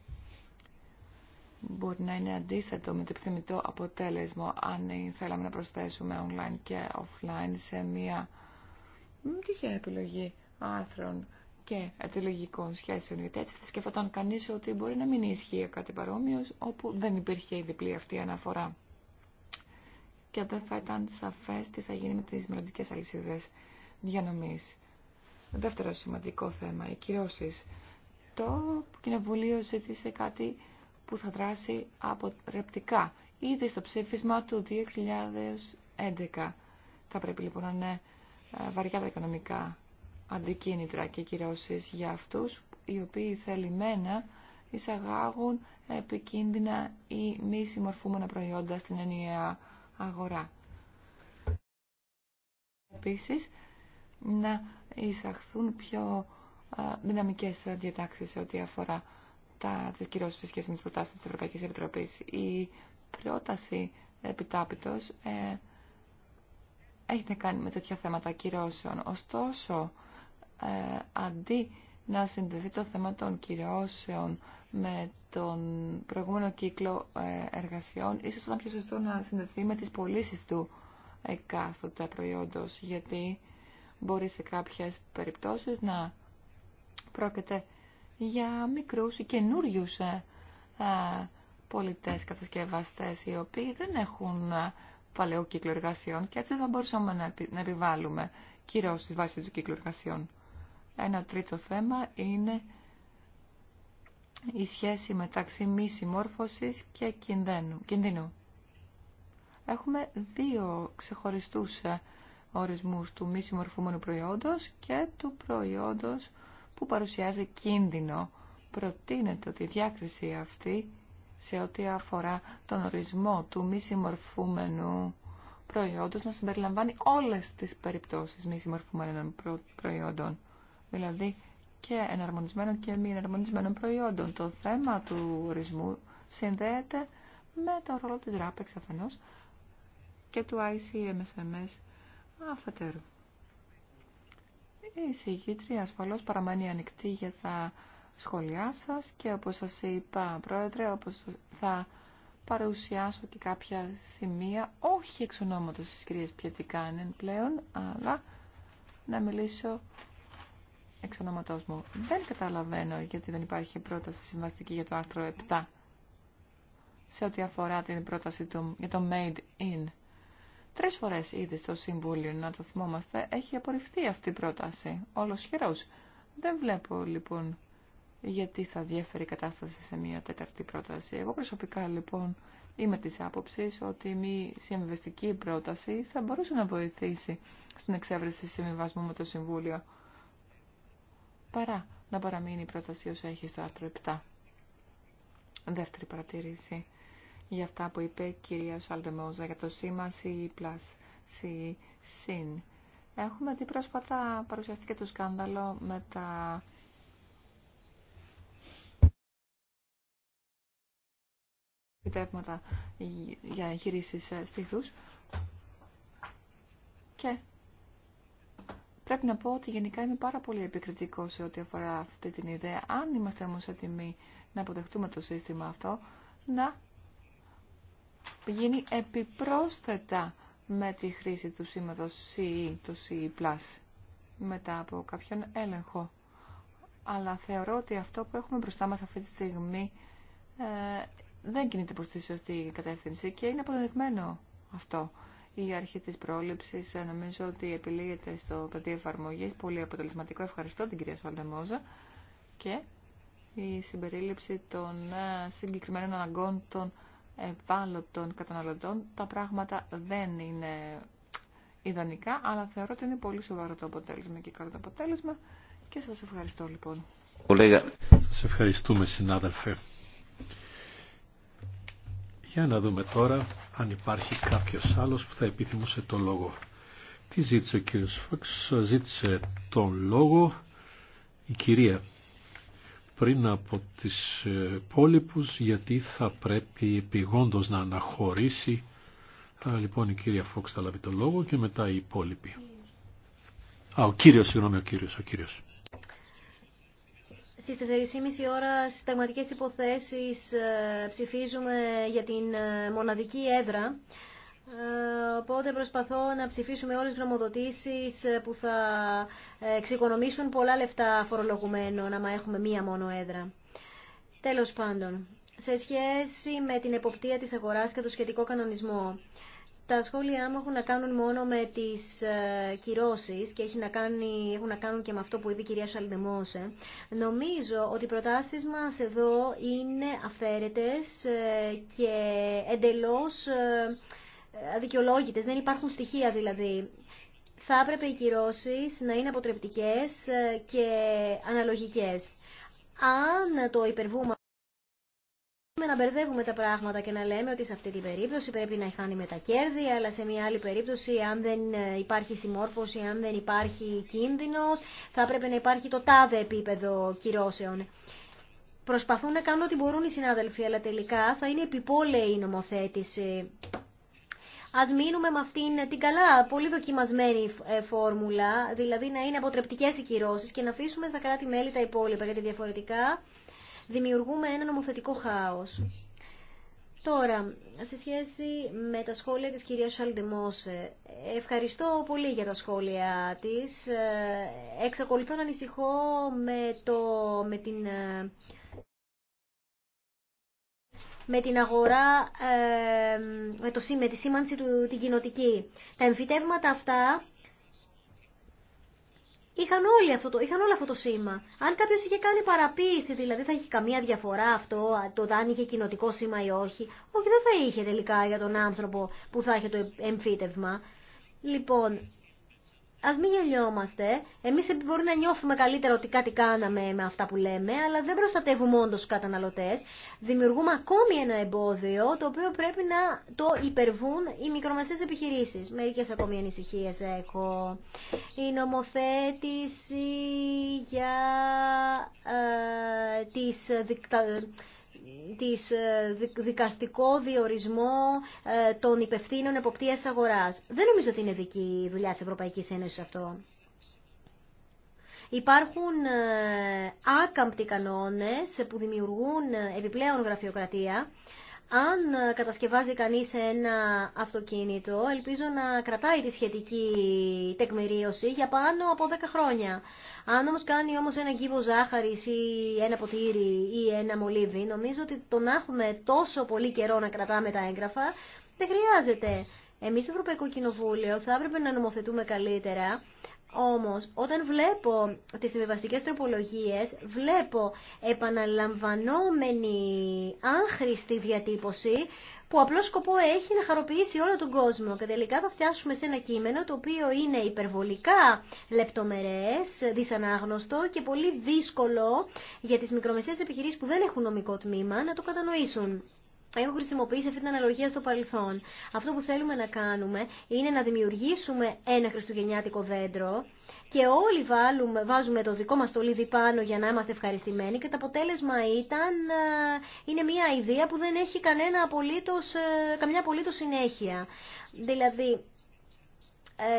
μπορεί να είναι αντίθετο με το επιθυμητό αποτέλεσμα αν θέλαμε να προσθέσουμε online και offline σε μία τυχαία επιλογή άρθρων και αιτηλογικών σχέσεων. Γιατί έτσι θα σκεφτόταν κανεί ότι μπορεί να μην ισχύει κάτι παρόμοιο όπου δεν υπήρχε η διπλή αυτή αναφορά. Και δεν θα ήταν σαφέ τι θα γίνει με τι μελλοντικέ αλυσίδε διανομή. Δεύτερο σημαντικό θέμα, οι κυρώσει. Το Κοινοβουλίο ζήτησε κάτι που θα δράσει αποτρεπτικά ήδη στο ψήφισμα του 2011. Θα πρέπει λοιπόν να είναι ε, βαριά τα οικονομικά αντικίνητρα και κυρώσεις για αυτούς οι οποίοι θελημένα εισαγάγουν επικίνδυνα ή μη συμμορφούμενα προϊόντα στην ενιαία αγορά. Επίσης, να εισαχθούν πιο ε, δυναμικές διατάξεις σε ό,τι αφορά τα, τις κυρώσεις σε σχέση με τις προτάσεις της Ευρωπαϊκής Επιτροπής. Η πρόταση επιτάπητος ε, έχει να κάνει με τέτοια θέματα κυρώσεων. Ωστόσο, ε, αντί να συνδεθεί το θέμα των κυρώσεων με τον προηγούμενο κύκλο ε, εργασιών, ίσως ήταν πιο σωστό να συνδεθεί με τις πωλήσει του εκάστοτε προϊόντος, γιατί μπορεί σε κάποιες περιπτώσεις να πρόκειται για μικρούς ή καινούριους ε, ε, πολιτές κατασκευαστές οι οποίοι δεν έχουν ε, παλαιό κύκλο εργασιών και έτσι θα μπορούσαμε να επιβάλλουμε κυρώσεις βάσει του κύκλου εργασιών. Ένα τρίτο θέμα είναι η σχέση μεταξύ μη συμμόρφωσης και κινδύνου. Έχουμε δύο ξεχωριστούς ορισμούς του μη συμμορφούμενου προϊόντος και του προϊόντος που παρουσιάζει κίνδυνο. Προτείνεται ότι η διάκριση αυτή σε ό,τι αφορά τον ορισμό του μη συμμορφούμενου προϊόντος να συμπεριλαμβάνει όλες τις περιπτώσεις μη συμμορφούμενων προϊόντων. Δηλαδή και εναρμονισμένων και μη εναρμονισμένων προϊόντων. Το θέμα του ορισμού συνδέεται με το ρόλο της RAPEX αφενός και του ICMSMS αφετέρου. Η εισηγήτρια ασφαλώς παραμένει ανοιχτή για τα σχόλιά σας και όπως σας είπα πρόεδρε, όπως θα παρουσιάσω και κάποια σημεία, όχι εξ ονόματος της κυρίας Πιατικάνεν πλέον, αλλά να μιλήσω εξ ονόματός μου. Δεν καταλαβαίνω γιατί δεν υπάρχει πρόταση συμβαστική για το άρθρο 7 σε ό,τι αφορά την πρόταση του, για το made in. Τρεις φορές ήδη στο Συμβούλιο, να το θυμόμαστε, έχει απορριφθεί αυτή η πρόταση, όλος χειρός. Δεν βλέπω λοιπόν γιατί θα διέφερε η κατάσταση σε μια τέταρτη πρόταση. Εγώ προσωπικά λοιπόν είμαι της άποψης ότι μη συμβιβαστική πρόταση θα μπορούσε να βοηθήσει στην εξέβρεση συμβιβασμού με το Συμβούλιο παρά να παραμείνει η πρόταση όσο έχει στο άρθρο 7. Δεύτερη παρατήρηση για αυτά που είπε η κυρία Σαλτεμόζα για το σήμα C+, συν. Έχουμε δει πρόσφατα παρουσιαστήκε το σκάνδαλο με τα επιτεύγματα για εγχειρήσεις ε, στήθους και πρέπει να πω ότι γενικά είμαι πάρα πολύ επικριτικό σε ό,τι αφορά αυτή την ιδέα. Αν είμαστε όμως έτοιμοι να αποδεχτούμε το σύστημα αυτό, να γίνει επιπρόσθετα με τη χρήση του σήματος CE, το CE+, μετά από κάποιον έλεγχο. Αλλά θεωρώ ότι αυτό που έχουμε μπροστά μας αυτή τη στιγμή ε, δεν κινείται προς τη σωστή κατεύθυνση και είναι αποδεδειγμένο αυτό. Η αρχή της πρόληψης ε, νομίζω ότι επιλύεται στο πεδίο εφαρμογής, πολύ αποτελεσματικό. Ευχαριστώ την κυρία Σολτεμόζα και η συμπερίληψη των ε, συγκεκριμένων αναγκών των ευάλωτων καταναλωτών τα πράγματα δεν είναι ιδανικά, αλλά θεωρώ ότι είναι πολύ σοβαρό το αποτέλεσμα και καλό το αποτέλεσμα και σας ευχαριστώ λοιπόν. Σας ευχαριστούμε συνάδελφε. Για να δούμε τώρα αν υπάρχει κάποιος άλλος που θα επιθυμούσε το λόγο. Τι ζήτησε ο κύριος Φόξ, ζήτησε τον λόγο η κυρία πριν από τις ε, υπόλοιπους γιατί θα πρέπει επιγόντως να αναχωρήσει. Α, λοιπόν η κυρία Φόξ θα λάβει το λόγο και μετά οι υπόλοιποι. Α, ο κύριος, συγγνώμη, ο κύριος, ο κύριος. Στις ώρα στις ταγματικές υποθέσεις ε, ψηφίζουμε για την ε, μοναδική έδρα ε, οπότε προσπαθώ να ψηφίσουμε όλες τις γνωμοδοτήσεις ε, που θα ε, εξοικονομήσουν πολλά λεφτά φορολογουμένων, άμα έχουμε μία μόνο έδρα. Τέλος πάντων, σε σχέση με την εποπτεία της αγοράς και το σχετικό κανονισμό, τα σχόλιά μου έχουν να κάνουν μόνο με τις κυρώσεις και έχει να κάνει, έχουν να κάνουν και με αυτό που είπε η κυρία Σαλντεμόσε. Νομίζω ότι οι προτάσεις μας εδώ είναι αυθαίρετες και εντελώς δεν υπάρχουν στοιχεία δηλαδή. Θα έπρεπε οι κυρώσει να είναι αποτρεπτικέ ε, και αναλογικέ. Αν το υπερβούμε να μπερδεύουμε τα πράγματα και να λέμε ότι σε αυτή την περίπτωση πρέπει να χάνει με τα κέρδη, αλλά σε μια άλλη περίπτωση, αν δεν ε, υπάρχει συμμόρφωση, αν δεν υπάρχει κίνδυνο, θα έπρεπε να υπάρχει το τάδε επίπεδο κυρώσεων. Προσπαθούν να κάνουν ό,τι μπορούν οι συνάδελφοι, αλλά τελικά θα είναι επιπόλαιη η νομοθέτηση. Α μείνουμε με αυτήν την καλά, πολύ δοκιμασμένη ε, φόρμουλα, δηλαδή να είναι αποτρεπτικέ οι κυρώσεις και να αφήσουμε στα κράτη-μέλη τα υπόλοιπα, γιατί διαφορετικά δημιουργούμε ένα νομοθετικό χάος. Τώρα, σε σχέση με τα σχόλια της κυρίας Σαλντεμόσε, ευχαριστώ πολύ για τα σχόλια της. Ε, εξακολουθώ να ανησυχώ με, το, με την ε, με την αγορά, με, το, με τη σήμανση του, την κοινοτική. Τα εμφυτεύματα αυτά είχαν, όλοι αυτό το, είχαν όλο αυτό το σήμα. Αν κάποιος είχε κάνει παραποίηση, δηλαδή θα είχε καμία διαφορά αυτό, το αν είχε κοινοτικό σήμα ή όχι. Όχι, δεν θα είχε τελικά για τον άνθρωπο που θα είχε το εμφύτευμα. Λοιπόν, ας μην γελιόμαστε. Εμείς μπορεί να νιώθουμε καλύτερα ότι κάτι κάναμε με αυτά που λέμε, αλλά δεν προστατεύουμε όντω του καταναλωτές. Δημιουργούμε ακόμη ένα εμπόδιο, το οποίο πρέπει να το υπερβούν οι μικρομεσαίες επιχειρήσεις. Μερικές ακόμη ανησυχίε έχω. Η νομοθέτηση για ε, τις της ε, δικαστικό διορισμό ε, των υπευθύνων εποπτείας αγοράς. Δεν νομίζω ότι είναι δική δουλειά της Ευρωπαϊκής Ένωσης αυτό. Υπάρχουν ε, άκαμπτοι κανόνες που δημιουργούν επιπλέον γραφειοκρατία αν ε, κατασκευάζει κανείς ένα αυτοκίνητο, ελπίζω να κρατάει τη σχετική τεκμηρίωση για πάνω από 10 χρόνια. Αν όμως κάνει όμως ένα κύβο ζάχαρης ή ένα ποτήρι ή ένα μολύβι, νομίζω ότι το να έχουμε τόσο πολύ καιρό να κρατάμε τα έγγραφα δεν χρειάζεται. Εμείς στο Ευρωπαϊκό Κοινοβούλιο θα έπρεπε να νομοθετούμε καλύτερα όμως, όταν βλέπω τις συμβιβαστικές τροπολογίες, βλέπω επαναλαμβανόμενη άχρηστη διατύπωση που απλό σκοπό έχει να χαροποιήσει όλο τον κόσμο. Και τελικά θα φτιάσουμε σε ένα κείμενο το οποίο είναι υπερβολικά λεπτομερές, δυσανάγνωστο και πολύ δύσκολο για τις μικρομεσαίες επιχειρήσεις που δεν έχουν νομικό τμήμα να το κατανοήσουν. Έχω χρησιμοποιήσει αυτή την αναλογία στο παρελθόν. Αυτό που θέλουμε να κάνουμε είναι να δημιουργήσουμε ένα χριστουγεννιάτικο δέντρο και όλοι βάλουμε, βάζουμε το δικό μας στολίδι πάνω για να είμαστε ευχαριστημένοι και το αποτέλεσμα ήταν, είναι μια ιδέα που δεν έχει κανένα απολύτως, ε, καμιά απολύτως συνέχεια. Δηλαδή,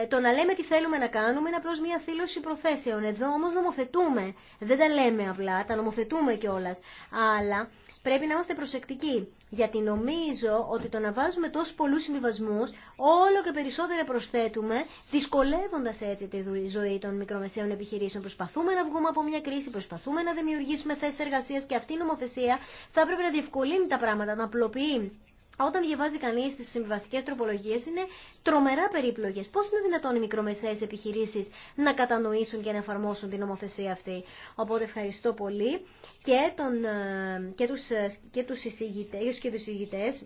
ε, το να λέμε τι θέλουμε να κάνουμε είναι απλώ μια θήλωση προθέσεων. Εδώ όμω νομοθετούμε. Δεν τα λέμε απλά, τα νομοθετούμε κιόλα. Αλλά πρέπει να είμαστε προσεκτικοί. Γιατί νομίζω ότι το να βάζουμε τόσου πολλού συμβιβασμού, όλο και περισσότερο προσθέτουμε, δυσκολεύοντα έτσι τη ζωή των μικρομεσαίων επιχειρήσεων. Προσπαθούμε να βγούμε από μια κρίση, προσπαθούμε να δημιουργήσουμε θέσει εργασία και αυτή η νομοθεσία θα έπρεπε να διευκολύνει τα πράγματα, να απλοποιεί όταν διαβάζει κανείς τις συμβιβαστικές τροπολογίες είναι τρομερά περίπλογες. Πώς είναι δυνατόν οι μικρομεσαίες επιχειρήσεις να κατανοήσουν και να εφαρμόσουν την νομοθεσία αυτή. Οπότε ευχαριστώ πολύ και, τον, ε, και τους, ε, και τους, εισηγητές, και τους εισηγητές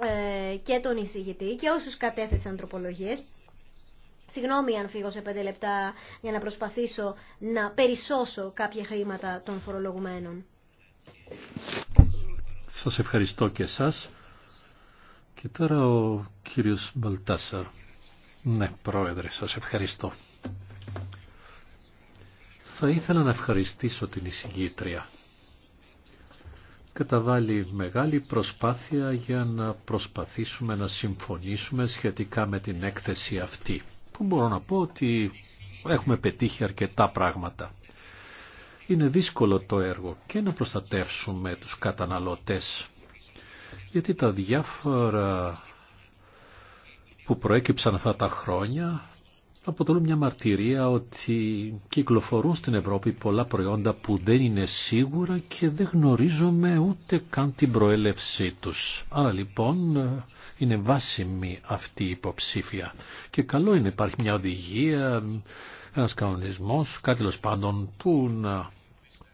ε, και τον εισηγητή και όσους κατέθεσαν τροπολογίες. Συγγνώμη αν φύγω σε πέντε λεπτά για να προσπαθήσω να περισσώσω κάποια χρήματα των φορολογουμένων. Σας ευχαριστώ και εσάς. Και τώρα ο κύριος Μπαλτάσαρ. Ναι, πρόεδρε, σας ευχαριστώ. Θα ήθελα να ευχαριστήσω την εισηγήτρια. Καταβάλει μεγάλη προσπάθεια για να προσπαθήσουμε να συμφωνήσουμε σχετικά με την έκθεση αυτή. Που μπορώ να πω ότι έχουμε πετύχει αρκετά πράγματα είναι δύσκολο το έργο και να προστατεύσουμε τους καταναλωτές. Γιατί τα διάφορα που προέκυψαν αυτά τα χρόνια αποτελούν μια μαρτυρία ότι κυκλοφορούν στην Ευρώπη πολλά προϊόντα που δεν είναι σίγουρα και δεν γνωρίζουμε ούτε καν την προέλευσή τους. Άρα λοιπόν είναι βάσιμη αυτή η υποψήφια και καλό είναι υπάρχει μια οδηγία, ένας κανονισμός, κάτι πάντων που να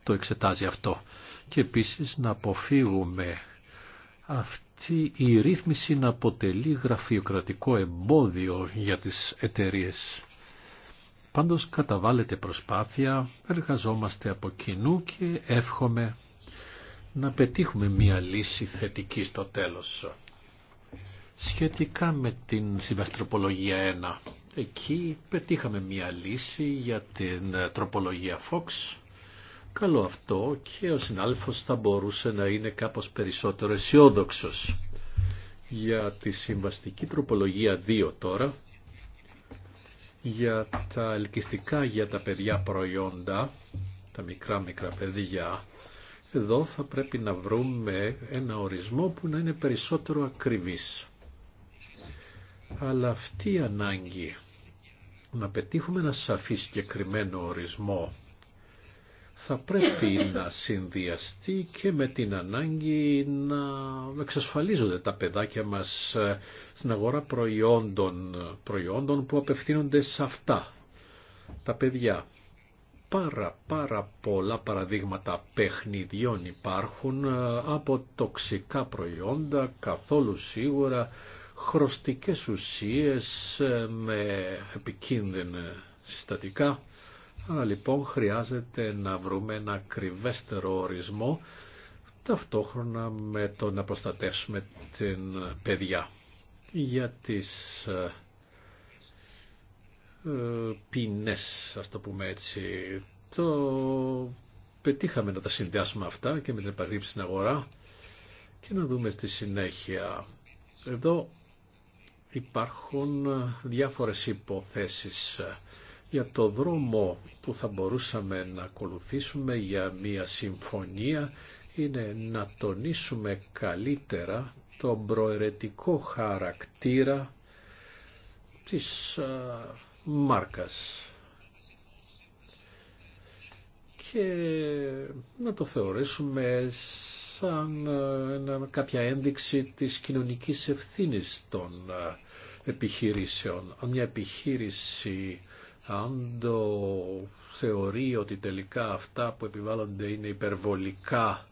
το εξετάζει αυτό. Και επίσης να αποφύγουμε αυτή η ρύθμιση να αποτελεί γραφειοκρατικό εμπόδιο για τις εταιρείες. Πάντως καταβάλλεται προσπάθεια, εργαζόμαστε από κοινού και εύχομαι να πετύχουμε μία λύση θετική στο τέλος. Σχετικά με την συμβαστροπολογία 1, εκεί πετύχαμε μία λύση για την τροπολογία Fox καλό αυτό και ο συνάλφος θα μπορούσε να είναι κάπως περισσότερο αισιόδοξο. Για τη συμβαστική τροπολογία 2 τώρα, για τα ελκυστικά για τα παιδιά προϊόντα, τα μικρά μικρά παιδιά, εδώ θα πρέπει να βρούμε ένα ορισμό που να είναι περισσότερο ακριβής. Αλλά αυτή η ανάγκη να πετύχουμε ένα σαφή συγκεκριμένο ορισμό θα πρέπει να συνδυαστεί και με την ανάγκη να εξασφαλίζονται τα παιδάκια μας ε, στην αγορά προϊόντων, προϊόντων που απευθύνονται σε αυτά, τα παιδιά. Πάρα πάρα πολλά παραδείγματα παιχνιδιών υπάρχουν ε, από τοξικά προϊόντα, καθόλου σίγουρα χρωστικές ουσίες ε, με επικίνδυνα συστατικά αλλά λοιπόν χρειάζεται να βρούμε ένα ακριβέστερο ορισμό ταυτόχρονα με το να προστατεύσουμε την παιδιά για τις ε, ε ποινές, ας το πούμε έτσι. Το πετύχαμε να τα συνδυάσουμε αυτά και με την επαγρύπνηση στην αγορά και να δούμε στη συνέχεια. Εδώ υπάρχουν ε, διάφορες υποθέσεις για το δρόμο που θα μπορούσαμε να ακολουθήσουμε για μια συμφωνία είναι να τονίσουμε καλύτερα τον προαιρετικό χαρακτήρα της α, μάρκας και να το θεωρήσουμε σαν ένα, κάποια ένδειξη της κοινωνικής ευθύνης των επιχειρήσεων. Αν μια επιχείρηση αν το θεωρεί ότι τελικά αυτά που επιβάλλονται είναι υπερβολικά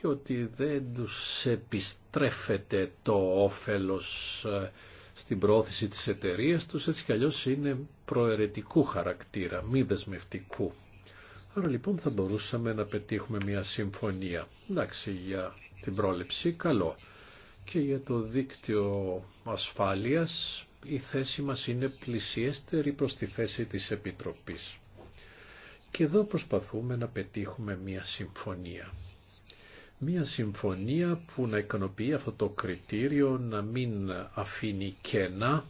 και ότι δεν τους επιστρέφεται το όφελος ε, στην πρόθεση της εταιρείας τους, έτσι κι αλλιώς είναι προαιρετικού χαρακτήρα, μη δεσμευτικού. Άρα λοιπόν θα μπορούσαμε να πετύχουμε μια συμφωνία. Εντάξει, για την πρόληψη, καλό. Και για το δίκτυο ασφάλειας, η θέση μας είναι πλησιέστερη προς τη θέση της Επιτροπής. Και εδώ προσπαθούμε να πετύχουμε μία συμφωνία. Μία συμφωνία που να ικανοποιεί αυτό το κριτήριο, να μην αφήνει κένα,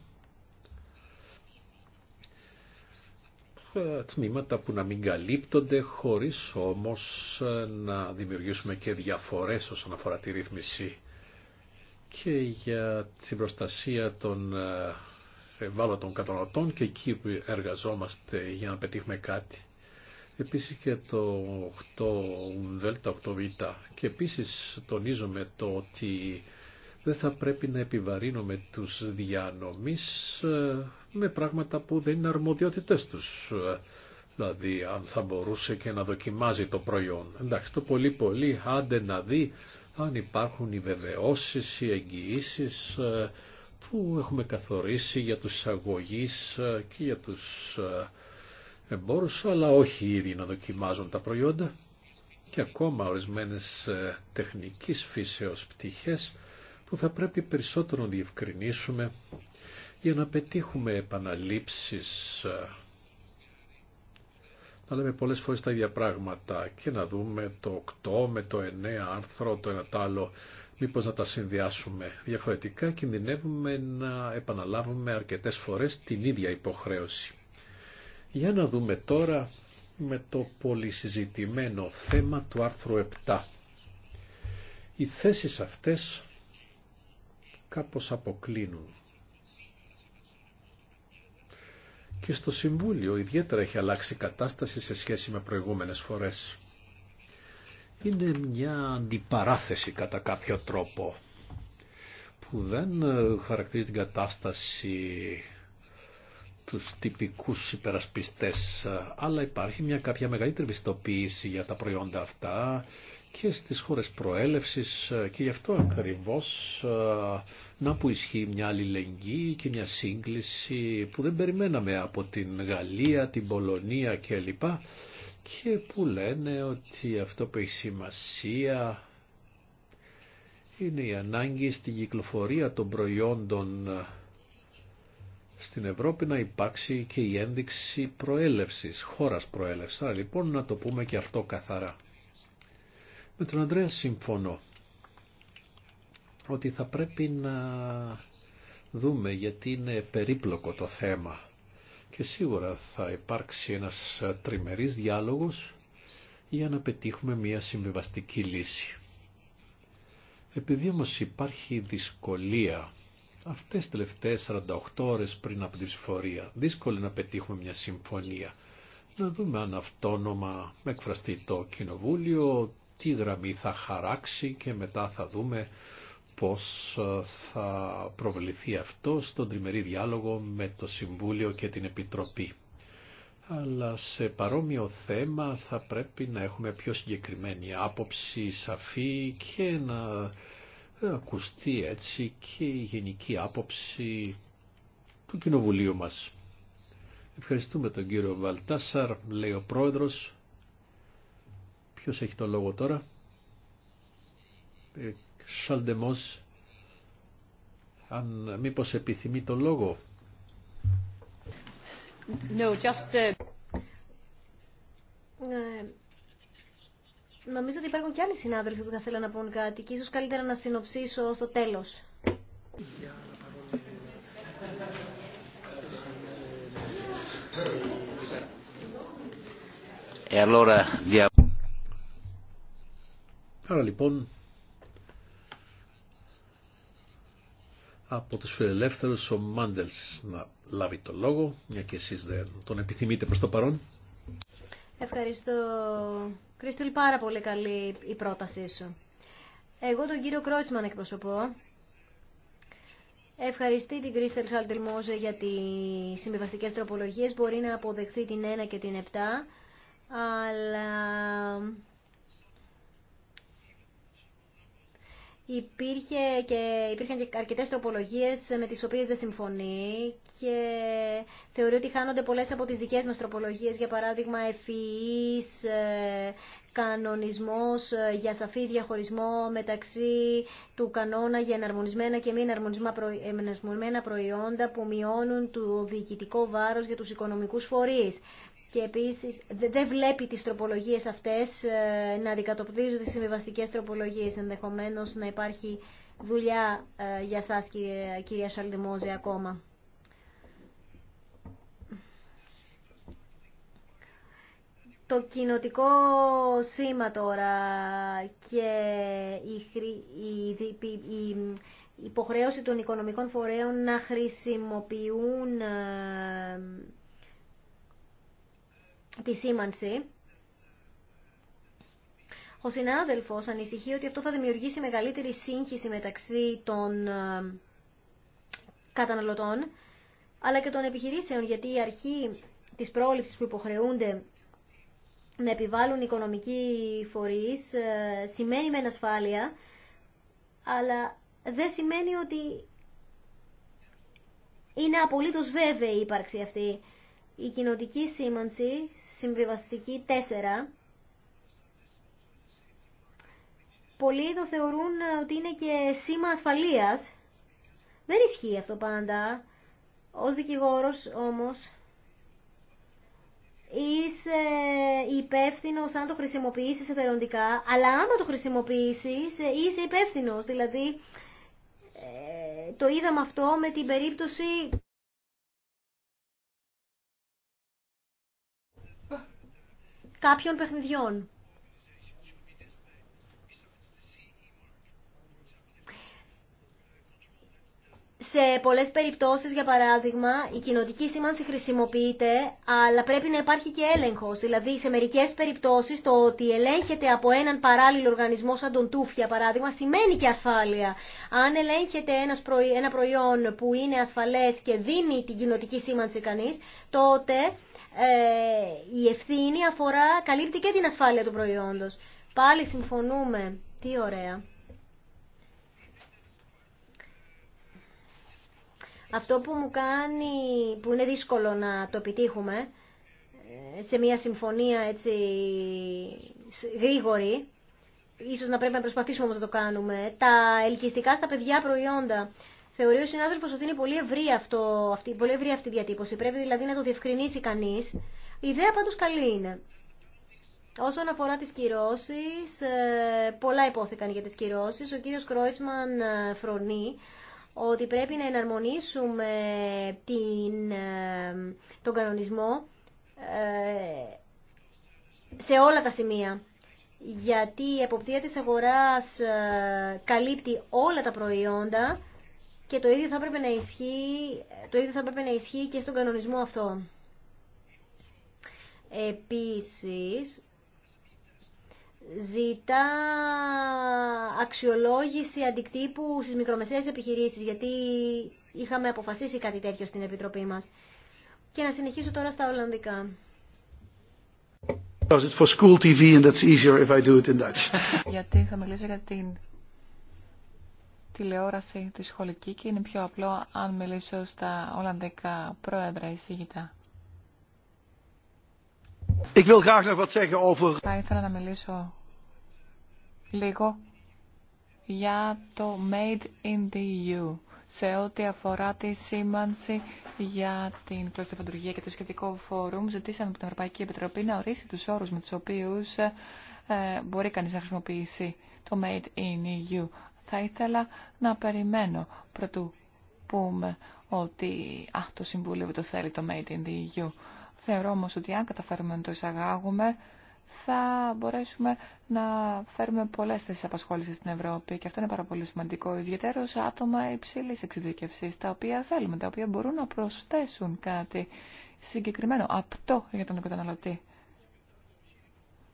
τμήματα που να μην καλύπτονται χωρίς όμως να δημιουργήσουμε και διαφορές όσον αφορά τη ρύθμιση και για την προστασία των ε, ευάλωτων καταναλωτών και εκεί που εργαζόμαστε για να πετύχουμε κάτι. Επίσης και το 8 Δέλτα 8 Β και επίσης τονίζουμε το ότι δεν θα πρέπει να επιβαρύνουμε τους διανομής ε, με πράγματα που δεν είναι αρμοδιότητές τους. Δηλαδή αν θα μπορούσε και να δοκιμάζει το προϊόν. Εντάξει το πολύ πολύ άντε να δει αν υπάρχουν οι βεβαιώσεις, οι εγγυήσει ε, που έχουμε καθορίσει για τους εισαγωγείς ε, και για τους ε, εμπόρους, αλλά όχι ήδη να δοκιμάζουν τα προϊόντα και ακόμα ορισμένες τεχνικής φύσεως πτυχές που θα πρέπει περισσότερο να διευκρινίσουμε για να πετύχουμε επαναλήψεις να λέμε πολλές φορές τα ίδια πράγματα και να δούμε το 8 με το 9 άρθρο, το ένα το άλλο, μήπως να τα συνδυάσουμε. Διαφορετικά κινδυνεύουμε να επαναλάβουμε αρκετές φορές την ίδια υποχρέωση. Για να δούμε τώρα με το πολυσυζητημένο θέμα του άρθρου 7. Οι θέσεις αυτές κάπως αποκλίνουν. και στο Συμβούλιο ιδιαίτερα έχει αλλάξει κατάσταση σε σχέση με προηγούμενες φορές. Είναι μια αντιπαράθεση κατά κάποιο τρόπο που δεν ε, χαρακτηρίζει την κατάσταση τους τυπικούς υπερασπιστές, ε, αλλά υπάρχει μια κάποια μεγαλύτερη βιστοποίηση για τα προϊόντα αυτά, και στις χώρες προέλευσης ε, και γι' αυτό ακριβώς ε, να που ισχύει μια αλληλεγγύη και μια σύγκληση που δεν περιμέναμε από την Γαλλία, την Πολωνία κλπ. Και που λένε ότι αυτό που έχει σημασία είναι η ανάγκη στην κυκλοφορία των προϊόντων ε, στην Ευρώπη να υπάρξει και η ένδειξη προέλευσης, χώρας προέλευσης. λοιπόν να το πούμε και αυτό καθαρά. Με τον Ανδρέα συμφωνώ ότι θα πρέπει να δούμε γιατί είναι περίπλοκο το θέμα και σίγουρα θα υπάρξει ένας τριμερής διάλογος για να πετύχουμε μια συμβιβαστική λύση. Επειδή όμως υπάρχει δυσκολία αυτές τις τελευταίες 48 ώρες πριν από την ψηφορία, δύσκολο να πετύχουμε μια συμφωνία. Να δούμε αν αυτόνομα με εκφραστεί το Κοινοβούλιο, τι γραμμή θα χαράξει και μετά θα δούμε πώς ε, θα προβληθεί αυτό στον τριμερή διάλογο με το Συμβούλιο και την Επιτροπή. Αλλά σε παρόμοιο θέμα θα πρέπει να έχουμε πιο συγκεκριμένη άποψη, σαφή και να ακουστεί έτσι και η γενική άποψη του Κοινοβουλίου μας. Ευχαριστούμε τον κύριο Βαλτάσαρ, λέει ο πρόεδρος. Ποιος έχει το λόγο τώρα. Ε, αν μήπως επιθυμεί το λόγο. Ε, ναι. Νομίζω ότι υπάρχουν και άλλοι συνάδελφοι που θα θέλουν να πούν κάτι και ίσως καλύτερα να συνοψίσω στο τέλος. Ε, Άρα λοιπόν από τους φιλελεύθερους ο Μάντελς να λάβει το λόγο, μια και εσείς δεν τον επιθυμείτε προς το παρόν. Ευχαριστώ. Κρίστελ, πάρα πολύ καλή η πρότασή σου. Εγώ τον κύριο Κρότσμαν εκπροσωπώ. Ευχαριστεί την Κρίστελ Σαλτελμόζε για τι συμβιβαστικέ τροπολογίες. Μπορεί να αποδεχθεί την 1 και την 7, αλλά υπήρχε και, υπήρχαν και αρκετέ τροπολογίε με τις οποίες δεν συμφωνεί και θεωρεί ότι χάνονται πολλές από τις δικές μας τροπολογίε, για παράδειγμα ευφυής, ε, κανονισμό ε, για σαφή διαχωρισμό μεταξύ του κανόνα για εναρμονισμένα και μη ε, εναρμονισμένα προϊόντα που μειώνουν το διοικητικό βάρος για του οικονομικού φορεί και επίσης δεν βλέπει τις τροπολογίες αυτές ε, να αντικατοπτρίζουν τις συμβιβαστικές τροπολογίες. Ενδεχομένως να υπάρχει δουλειά ε, για σας κυρία Σαλδημόζη ακόμα. Το κοινοτικό σήμα τώρα και η υποχρέωση των οικονομικών φορέων να χρησιμοποιούν ε, τη σήμανση. Ο συνάδελφος ανησυχεί ότι αυτό θα δημιουργήσει μεγαλύτερη σύγχυση μεταξύ των ε, καταναλωτών αλλά και των επιχειρήσεων, γιατί η αρχή της πρόληψης που υποχρεούνται να επιβάλλουν οικονομικοί φορείς ε, σημαίνει με ασφάλεια, αλλά δεν σημαίνει ότι είναι απολύτως βέβαιη η ύπαρξη αυτή. Η κοινοτική σήμανση, συμβιβαστική 4, πολλοί το θεωρούν ε, ότι είναι και σήμα ασφαλείας. Δεν ισχύει αυτό πάντα. Ως δικηγόρος όμως είσαι υπεύθυνο αν το χρησιμοποιήσεις εθελοντικά, αλλά άμα το χρησιμοποιήσεις ε, είσαι υπεύθυνο. Δηλαδή ε, το είδαμε αυτό με την περίπτωση κάποιων παιχνιδιών. Σε πολλές περιπτώσεις, για παράδειγμα, η κοινοτική σήμανση χρησιμοποιείται, αλλά πρέπει να υπάρχει και έλεγχος. Δηλαδή, σε μερικές περιπτώσεις, το ότι ελέγχεται από έναν παράλληλο οργανισμό σαν τον τούφ, για παράδειγμα, σημαίνει και ασφάλεια. Αν ελέγχεται ένα προϊόν που είναι ασφαλές και δίνει την κοινοτική σήμανση κανείς, τότε ε, η ευθύνη αφορά, καλύπτει και την ασφάλεια του προϊόντος. Πάλι συμφωνούμε. Τι ωραία. Αυτό που μου κάνει, που είναι δύσκολο να το επιτύχουμε, ε, σε μια συμφωνία έτσι γρήγορη, ίσως να πρέπει να προσπαθήσουμε όμως να το κάνουμε, τα ελκυστικά στα παιδιά προϊόντα. Θεωρεί ο συνάδελφος ότι είναι πολύ ευρύ, αυτό, αυτή, πολύ ευρύ αυτή η διατύπωση. Πρέπει δηλαδή να το διευκρινίσει κανείς. Η ιδέα πάντως καλή είναι. Όσον αφορά τις κυρώσεις, ε, πολλά υπόθηκαν για τις κυρώσεις. Ο κύριος Κρόιτσμαν ε, φρονεί ότι πρέπει να εναρμονίσουμε την, ε, τον κανονισμό σε όλα τα σημεία. Γιατί η εποπτεία της αγοράς καλύπτει όλα τα προϊόντα και το ίδιο θα έπρεπε να ισχύει, το ίδιο θα έπρεπε να ισχύει και στον κανονισμό αυτό. Επίσης, ζητά αξιολόγηση αντικτύπου στις μικρομεσαίες επιχειρήσεις, γιατί είχαμε αποφασίσει κάτι τέτοιο στην Επιτροπή μας. Και να συνεχίσω τώρα στα Ολλανδικά. Γιατί θα μιλήσω για την τηλεόραση τη σχολική και είναι πιο απλό αν μιλήσω στα Ολλανδικά πρόεδρα εισηγητά. Ik wil graag nog wat zeggen over... Θα ήθελα να μιλήσω λίγο για το Made in the EU σε ό,τι αφορά τη σήμανση για την κλωστοφαντουργία και το σχετικό φόρουμ. Ζητήσαμε από την Ευρωπαϊκή Επιτροπή να ορίσει τους όρου με τους οποίους ε, μπορεί κανείς να χρησιμοποιήσει το Made in EU. Θα ήθελα να περιμένω πρωτού πούμε ότι α, το Συμβούλιο το θέλει το Made in the EU. Θεωρώ όμως ότι αν καταφέρουμε να το εισαγάγουμε θα μπορέσουμε να φέρουμε πολλές θέσεις απασχόλησης στην Ευρώπη και αυτό είναι πάρα πολύ σημαντικό, ιδιαίτερα σε άτομα υψηλής εξειδικευσής, τα οποία θέλουμε, τα οποία μπορούν να προσθέσουν κάτι συγκεκριμένο, απτό για τον καταναλωτή.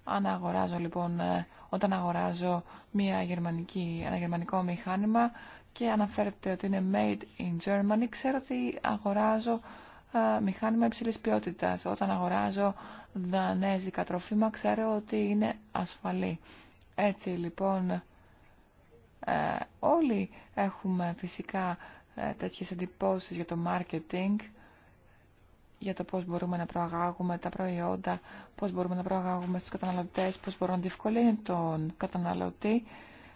Αν αγοράζω λοιπόν, ε, όταν αγοράζω μια γερμανική, ένα γερμανικό μηχάνημα και αναφέρεται ότι είναι made in Germany, ξέρω ότι αγοράζω ε, μηχάνημα υψηλής ποιότητας. Όταν αγοράζω δανέζικα τροφίμα, ξέρω ότι είναι ασφαλή. Έτσι λοιπόν, ε, όλοι έχουμε φυσικά τέτοιες εντυπώσεις για το marketing για το πώς μπορούμε να προαγάγουμε τα προϊόντα, πώς μπορούμε να προαγάγουμε στους καταναλωτές, πώς μπορούμε να διευκολύνει τον καταναλωτή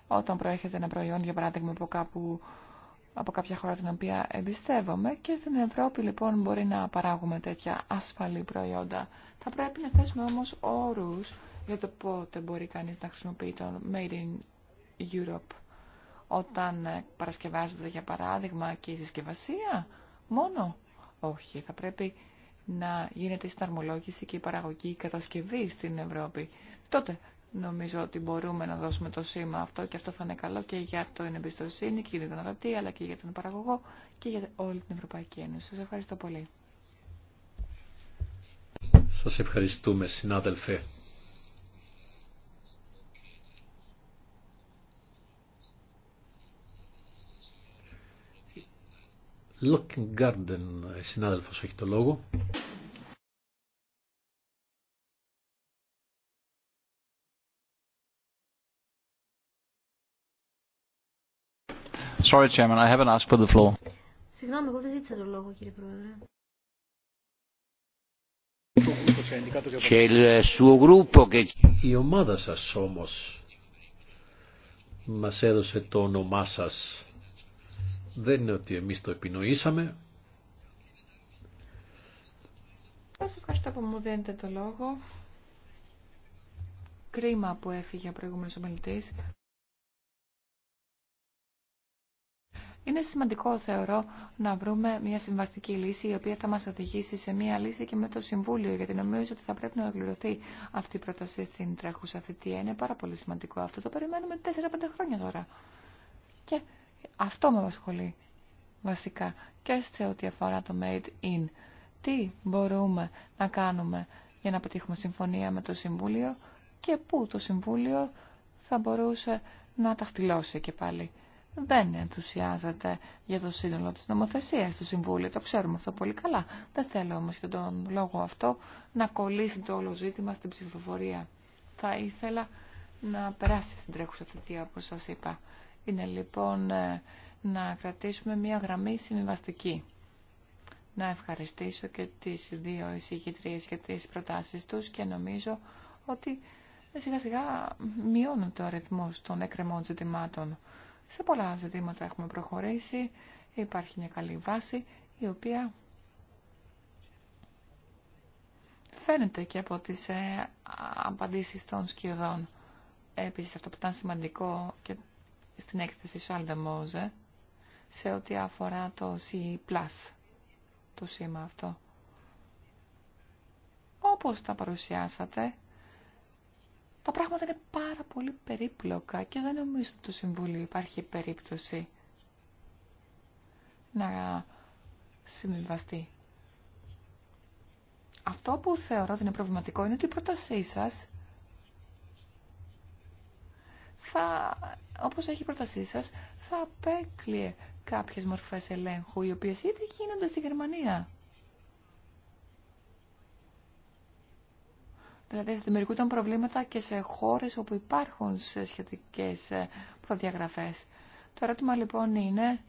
όταν προέρχεται ένα προϊόν, για παράδειγμα, από, κάπου, από κάποια χώρα την οποία εμπιστεύομαι και στην Ευρώπη λοιπόν μπορεί να παράγουμε τέτοια ασφαλή προϊόντα. Θα πρέπει να θέσουμε όμως όρους για το πότε μπορεί κανείς να χρησιμοποιεί το Made in Europe όταν ε, παρασκευάζεται για παράδειγμα και η συσκευασία μόνο. Όχι, θα πρέπει να γίνεται η σταρμολόγηση και η παραγωγή, η κατασκευή στην Ευρώπη. Τότε νομίζω ότι μπορούμε να δώσουμε το σήμα αυτό και αυτό θα είναι καλό και για το εμπιστοσύνη και για τον αγαπητή αλλά και για τον παραγωγό και για όλη την Ευρωπαϊκή Ένωση. Σας ευχαριστώ πολύ. Σας ευχαριστούμε συνάδελφε. Locking Garden, συνάδελφος, έχει το λόγο. Sorry, Chairman, I haven't asked for the floor. Συγγνώμη, εγώ δεν ζήτησα το λόγο, κύριε Πρόεδρε. Η ομάδα σας όμως μας έδωσε το όνομά σας δεν είναι ότι εμείς το επινοήσαμε. Σας ευχαριστώ που μου δίνετε το λόγο. Κρίμα που έφυγε ο προηγούμενος ομιλητής. Είναι σημαντικό, θεωρώ, να βρούμε μια συμβαστική λύση η οποία θα μας οδηγήσει σε μια λύση και με το Συμβούλιο, γιατί νομίζω ότι θα πρέπει να ολοκληρωθεί αυτή η πρόταση στην τρέχουσα θητεία. Είναι πάρα πολύ σημαντικό αυτό. Το περιμένουμε 4-5 χρόνια τώρα. Και αυτό με απασχολεί βασικά και σε ό,τι αφορά το made in. Τι μπορούμε να κάνουμε για να πετύχουμε συμφωνία με το Συμβούλιο και πού το Συμβούλιο θα μπορούσε να τα ταχτυλώσει και πάλι. Δεν ενθουσιάζεται για το σύνολο της νομοθεσίας του Συμβούλιο, το ξέρουμε αυτό πολύ καλά. Δεν θέλω όμως για τον λόγο αυτό να κολλήσει το όλο ζήτημα στην ψηφοφορία. Θα ήθελα να περάσει στην τρέχουσα θητεία όπως σας είπα είναι λοιπόν ε, να κρατήσουμε μια γραμμή συμβιβαστική. Να ευχαριστήσω και τις δύο εισηγητρίες για τις προτάσεις τους και νομίζω ότι ε, σιγά σιγά μειώνουν το αριθμό των εκκρεμών ζητημάτων. Σε πολλά ζητήματα έχουμε προχωρήσει, υπάρχει μια καλή βάση η οποία φαίνεται και από τις ε, απαντήσεις των σκιωδών. Επίσης αυτό που ήταν σημαντικό στην έκθεση Μόζε σε ό,τι αφορά το C+, το σήμα αυτό. Όπως τα παρουσιάσατε, τα πράγματα είναι πάρα πολύ περίπλοκα και δεν νομίζω ότι το Συμβούλιο υπάρχει περίπτωση να συμβιβαστεί. Αυτό που θεωρώ ότι είναι προβληματικό είναι ότι η πρότασή σας θα, όπως έχει η πρότασή σας, θα απέκλειε κάποιες μορφές ελέγχου, οι οποίες ήδη γίνονται στη Γερμανία. Δηλαδή θα δημιουργούνταν προβλήματα και σε χώρες όπου υπάρχουν σχετικές ε, προδιαγραφές. Το ερώτημα λοιπόν είναι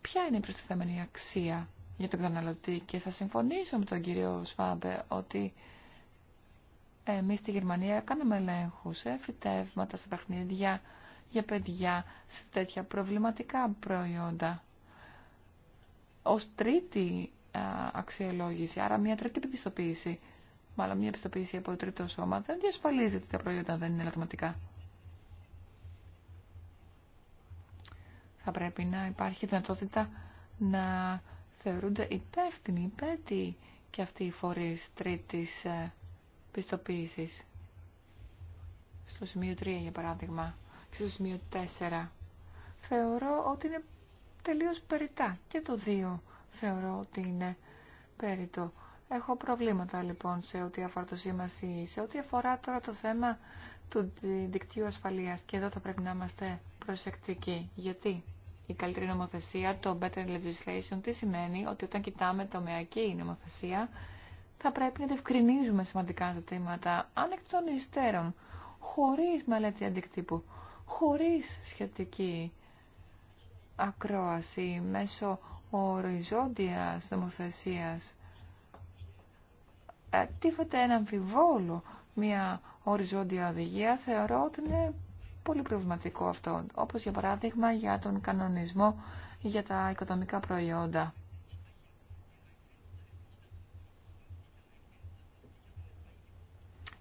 ποια είναι η προστιθέμενη αξία για τον καταναλωτή και θα συμφωνήσω με τον κύριο Σφάμπε ότι εμείς στη Γερμανία κάναμε ελέγχου σε φυτεύματα, σε παιχνίδια, για παιδιά, σε τέτοια προβληματικά προϊόντα. ω τρίτη αξιολόγηση, άρα μια τρίτη πιστοποίηση, μάλλον μια πιστοποίηση από το τρίτο σώμα, δεν διασφαλίζει ότι τα προϊόντα δεν είναι ελαττωματικά. Θα πρέπει να υπάρχει δυνατότητα να θεωρούνται υπεύθυνοι, υπέτοιοι και αυτοί οι φορείς τρίτης ε, πιστοποίησης. Στο σημείο 3 για παράδειγμα και στο σημείο 4 θεωρώ ότι είναι τελείως περιτά και το 2 θεωρώ ότι είναι περιτό. Έχω προβλήματα λοιπόν σε ό,τι αφορά το σήμαση, σε ό,τι αφορά τώρα το θέμα του δικτύου ασφαλείας και εδώ θα πρέπει να είμαστε προσεκτικοί. Γιατί η καλύτερη νομοθεσία, το better legislation, τι σημαίνει ότι όταν κοιτάμε τομεακή νομοθεσία, θα πρέπει να διευκρινίζουμε σημαντικά ζητήματα άνεκ των υστέρων, χωρίς μελέτη αντικτύπου, χωρίς σχετική ακρόαση μέσω οριζόντιας νομοθεσίας. Ε, τίθεται ένα αμφιβόλο μια οριζόντια οδηγία, θεωρώ ότι είναι πολύ προβληματικό αυτό, όπως για παράδειγμα για τον κανονισμό για τα οικοδομικά προϊόντα.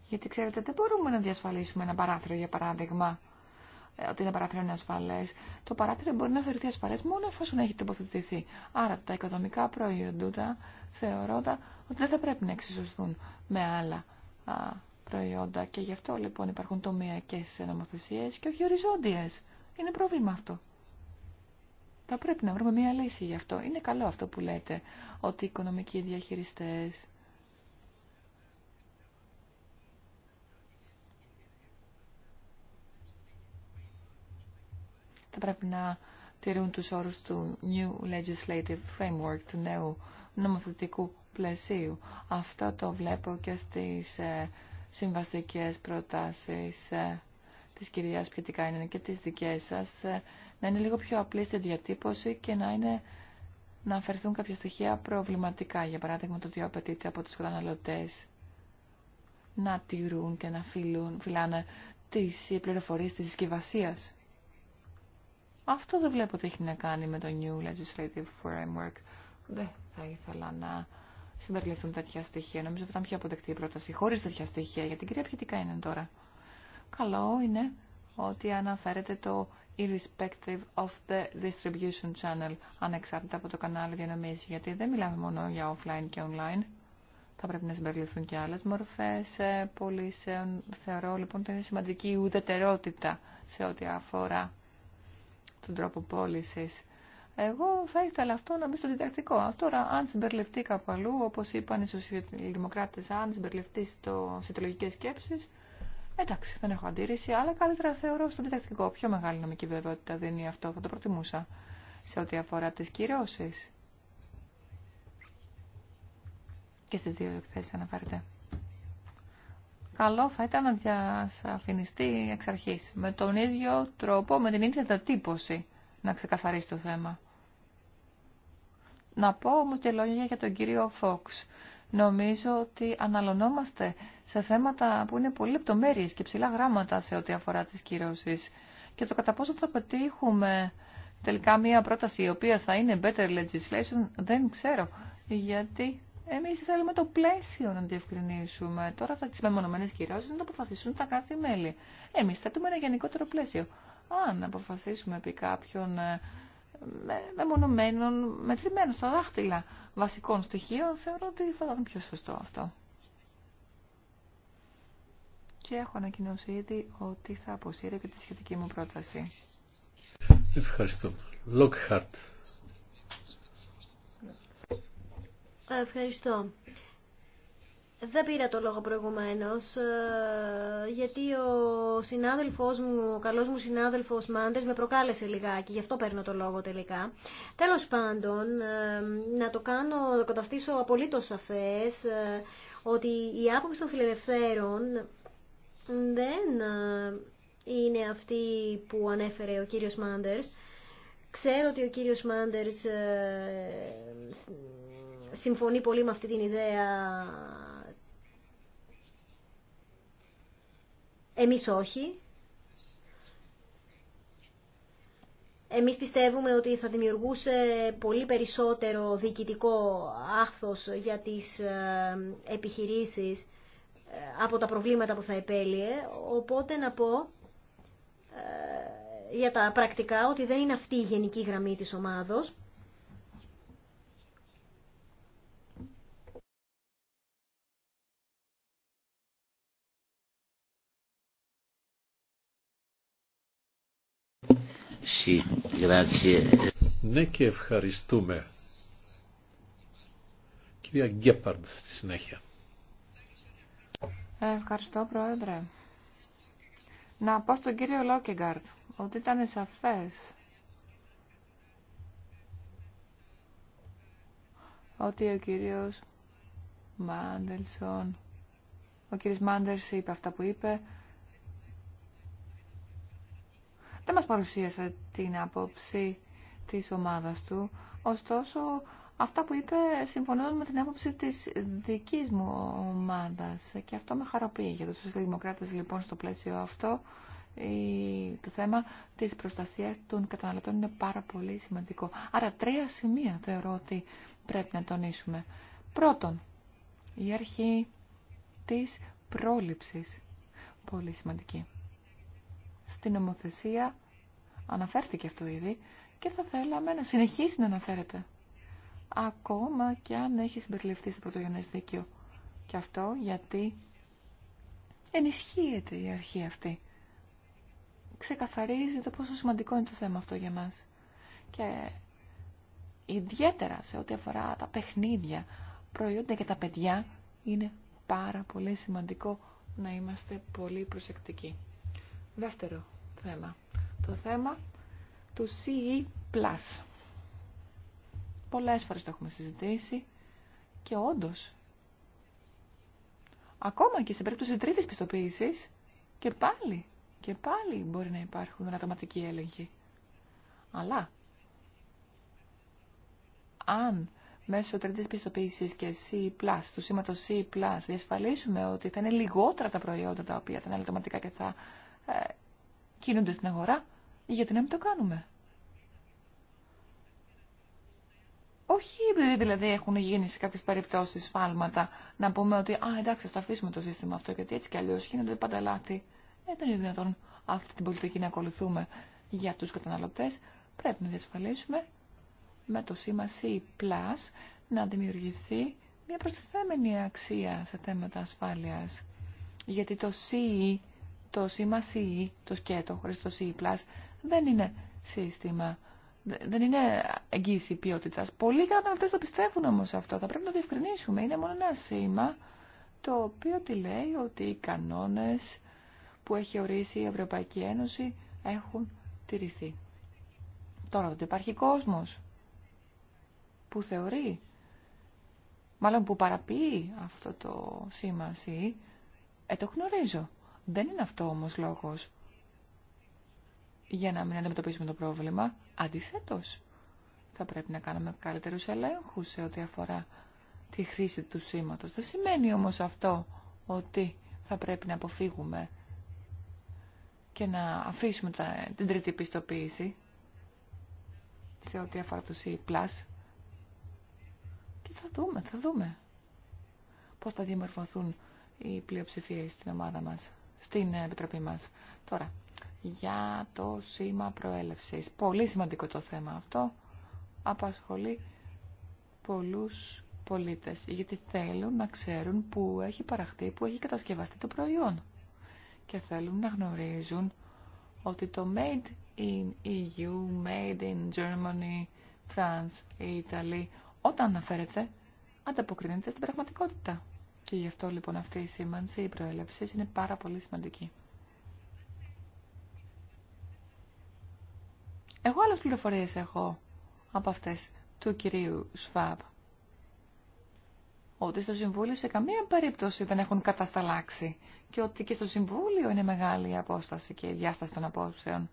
Γιατί ξέρετε δεν μπορούμε να διασφαλίσουμε ένα παράθυρο για παράδειγμα ε, ότι ένα παράθυρο είναι ασφαλέ. Το παράθυρο μπορεί να θεωρηθεί ασφαλέ μόνο εφόσον έχει τοποθετηθεί. Άρα τα οικοδομικά προϊόντα θεωρώ ότι δεν θα πρέπει να εξισωστούν με άλλα προϊόντα. Και γι' αυτό λοιπόν υπάρχουν τομιακέ νομοθεσίε και όχι οριζόντιε. Είναι πρόβλημα αυτό. Θα πρέπει να βρούμε μία λύση γι' αυτό. Είναι καλό αυτό που λέτε, ότι οι οικονομικοί διαχειριστές θα πρέπει να τηρούν τους όρους του New Legislative Framework, του νέου νομοθετικού πλαισίου. Αυτό το βλέπω και στις ε, συμβαστικές προτάσεις ε, της κυρίας Πιετικάινεν και τις δικές σας, ε, να είναι λίγο πιο απλή στη διατύπωση και να είναι να αφαιρθούν κάποια στοιχεία προβληματικά, για παράδειγμα το τι απαιτείται από τους καταναλωτέ, να τηρούν και να φιλάνε τις πληροφορίες της συσκευασία. Αυτό δεν βλέπω ότι έχει να κάνει με το New Legislative Framework. Δεν θα ήθελα να συμπεριληφθούν τέτοια στοιχεία. Νομίζω ότι ήταν πιο αποδεκτή η πρόταση χωρί τέτοια στοιχεία. Για την κυρία Πιετικά είναι τώρα. Καλό είναι ότι αναφέρεται το irrespective of the distribution channel, ανεξάρτητα από το κανάλι διανομή. γιατί δεν μιλάμε μόνο για offline και online. Θα πρέπει να συμπεριληφθούν και άλλε μορφέ. Ε, πωλήσεων. Θεωρώ λοιπόν ότι είναι σημαντική η ουδετερότητα σε ό,τι αφορά τον τρόπο πώληση. Εγώ θα ήθελα αυτό να μπει στο διδακτικό. Τώρα, αν συμπεριληφθεί κάπου αλλού, όπω είπαν οι σοσιαλδημοκράτε, αν συμπεριληφθεί στο συντολογικέ σκέψει, εντάξει, δεν έχω αντίρρηση, αλλά καλύτερα θεωρώ στο διδακτικό. Πιο μεγάλη νομική βεβαιότητα δίνει αυτό, θα το προτιμούσα σε ό,τι αφορά τι κυρώσει. Και στι δύο εκθέσει αναφέρεται καλό θα ήταν να διασαφινιστεί εξ αρχής. Με τον ίδιο τρόπο, με την ίδια διατύπωση να ξεκαθαρίσει το θέμα. Να πω όμως και λόγια για τον κύριο Φόξ. Νομίζω ότι αναλωνόμαστε σε θέματα που είναι πολύ λεπτομέρειες και ψηλά γράμματα σε ό,τι αφορά τις κυρώσεις. Και το κατά πόσο θα πετύχουμε τελικά μια πρόταση η οποία θα είναι better legislation δεν ξέρω. Γιατί εμείς θέλουμε το πλαίσιο να διευκρινίσουμε. Τώρα θα τις μεμονωμένε κυρώσει να το αποφασίσουν τα κάθε μελη Εμείς θα δούμε ένα γενικότερο πλαίσιο. Αν αποφασίσουμε επί κάποιων ε, μεμονωμένων, μετρημένων στα δάχτυλα βασικών στοιχείων, θεωρώ ότι θα ήταν πιο σωστό αυτό. Και έχω ανακοινώσει ήδη ότι θα αποσύρω τη σχετική μου πρόταση. Ευχαριστώ. Lockhart. Ευχαριστώ. Δεν πήρα το λόγο προηγουμένως, ε, γιατί ο συνάδελφός μου, ο καλός μου συνάδελφος Μάντες με προκάλεσε λιγάκι, γι' αυτό παίρνω το λόγο τελικά. Τέλος πάντων, ε, να το κάνω, να καταστήσω απολύτως σαφές, ε, ότι η άποψη των φιλελευθέρων δεν είναι αυτή που ανέφερε ο κύριος Μάντερς. Ξέρω ότι ο κύριος Μάντερς συμφωνεί πολύ με αυτή την ιδέα. Εμείς όχι. Εμείς πιστεύουμε ότι θα δημιουργούσε πολύ περισσότερο διοικητικό άχθος για τις ε, επιχειρήσεις ε, από τα προβλήματα που θα επέλυε. Οπότε να πω ε, για τα πρακτικά ότι δεν είναι αυτή η γενική γραμμή της ομάδος. Ναι και ευχαριστούμε. Κυρία Γκέπαρντ στη συνέχεια. Ε, ευχαριστώ Πρόεδρε. Να πω στον κύριο Λόκεγκαρτ ότι ήταν σαφές ότι ο κύριος Μάντελσον ο κύριος Μάντερς είπε αυτά που είπε Δεν μας παρουσίασε την άποψη της ομάδας του, ωστόσο αυτά που είπε συμφωνούν με την άποψη της δικής μου ομάδας και αυτό με χαροποιεί για τους δημοκράτες λοιπόν στο πλαίσιο αυτό το θέμα της προστασίας των καταναλωτών είναι πάρα πολύ σημαντικό. Άρα τρία σημεία θεωρώ ότι πρέπει να τονίσουμε. Πρώτον, η αρχή της πρόληψης. Πολύ σημαντική στην νομοθεσία αναφέρθηκε αυτό ήδη και θα θέλαμε να συνεχίσει να αναφέρεται. Ακόμα και αν έχει συμπεριληφθεί στο πρωτογενές δίκαιο. Και αυτό γιατί ενισχύεται η αρχή αυτή. Ξεκαθαρίζει το πόσο σημαντικό είναι το θέμα αυτό για μας. Και ιδιαίτερα σε ό,τι αφορά τα παιχνίδια, προϊόντα και τα παιδιά, είναι πάρα πολύ σημαντικό να είμαστε πολύ προσεκτικοί. Δεύτερο θέμα. Το θέμα του CE+. Πολλές φορές το έχουμε συζητήσει και όντως, ακόμα και σε περίπτωση τρίτης πιστοποίησης, και πάλι, και πάλι μπορεί να υπάρχουν ανατοματικοί έλεγχοι. Αλλά, αν μέσω τρίτης πιστοποίησης και C+, του σήματος C+, διασφαλίσουμε ότι θα είναι λιγότερα τα προϊόντα τα οποία θα είναι αλληλεκτοματικά και θα ε, κινούνται στην αγορά, γιατί να μην το κάνουμε. Όχι επειδή δηλαδή έχουν γίνει σε κάποιες περιπτώσεις φάλματα να πούμε ότι «Α, εντάξει, θα αφήσουμε το σύστημα αυτό, γιατί έτσι κι αλλιώς γίνονται πάντα λάθη». Ε, δεν είναι δυνατόν αυτή την πολιτική να ακολουθούμε για τους καταναλωτές. Πρέπει να διασφαλίσουμε με το σήμα C+, να δημιουργηθεί μια προστιθέμενη αξία σε θέματα ασφάλειας. Γιατί το C το σήμα CE, το σκέτο, χωρίς το δεν είναι σύστημα, δεν είναι εγγύηση ποιότητα. Πολλοί καταναλωτέ το πιστεύουν όμω αυτό. Θα πρέπει να το διευκρινίσουμε. Είναι μόνο ένα σήμα το οποίο τη λέει ότι οι κανόνες που έχει ορίσει η Ευρωπαϊκή Ένωση έχουν τηρηθεί. Τώρα ότι υπάρχει κόσμος που θεωρεί, μάλλον που παραποιεί αυτό το σήμα ε, το γνωρίζω. Δεν είναι αυτό όμως λόγος για να μην αντιμετωπίσουμε το πρόβλημα. Αντιθέτως, θα πρέπει να κάνουμε καλύτερους ελέγχους σε ό,τι αφορά τη χρήση του σήματος. Δεν σημαίνει όμως αυτό ότι θα πρέπει να αποφύγουμε και να αφήσουμε τα, την τρίτη πιστοποίηση σε ό,τι αφορά το C+. Και θα δούμε, θα δούμε πώς θα διαμορφωθούν οι πλειοψηφίες στην ομάδα μας στην Επιτροπή μας. Τώρα, για το σήμα προέλευσης. Πολύ σημαντικό το θέμα αυτό. Απασχολεί πολλούς πολίτες, γιατί θέλουν να ξέρουν που έχει παραχθεί, που έχει κατασκευαστεί το προϊόν. Και θέλουν να γνωρίζουν ότι το Made in EU, Made in Germany, France, Italy, όταν αναφέρεται, ανταποκρίνεται στην πραγματικότητα. Και γι' αυτό λοιπόν αυτή η σήμανση, η προέλευση είναι πάρα πολύ σημαντική. Εγώ άλλες πληροφορίες έχω από αυτές του κυρίου Σφάπ. Ότι στο Συμβούλιο σε καμία περίπτωση δεν έχουν κατασταλάξει και ότι και στο Συμβούλιο είναι μεγάλη η απόσταση και η διάσταση των απόψεων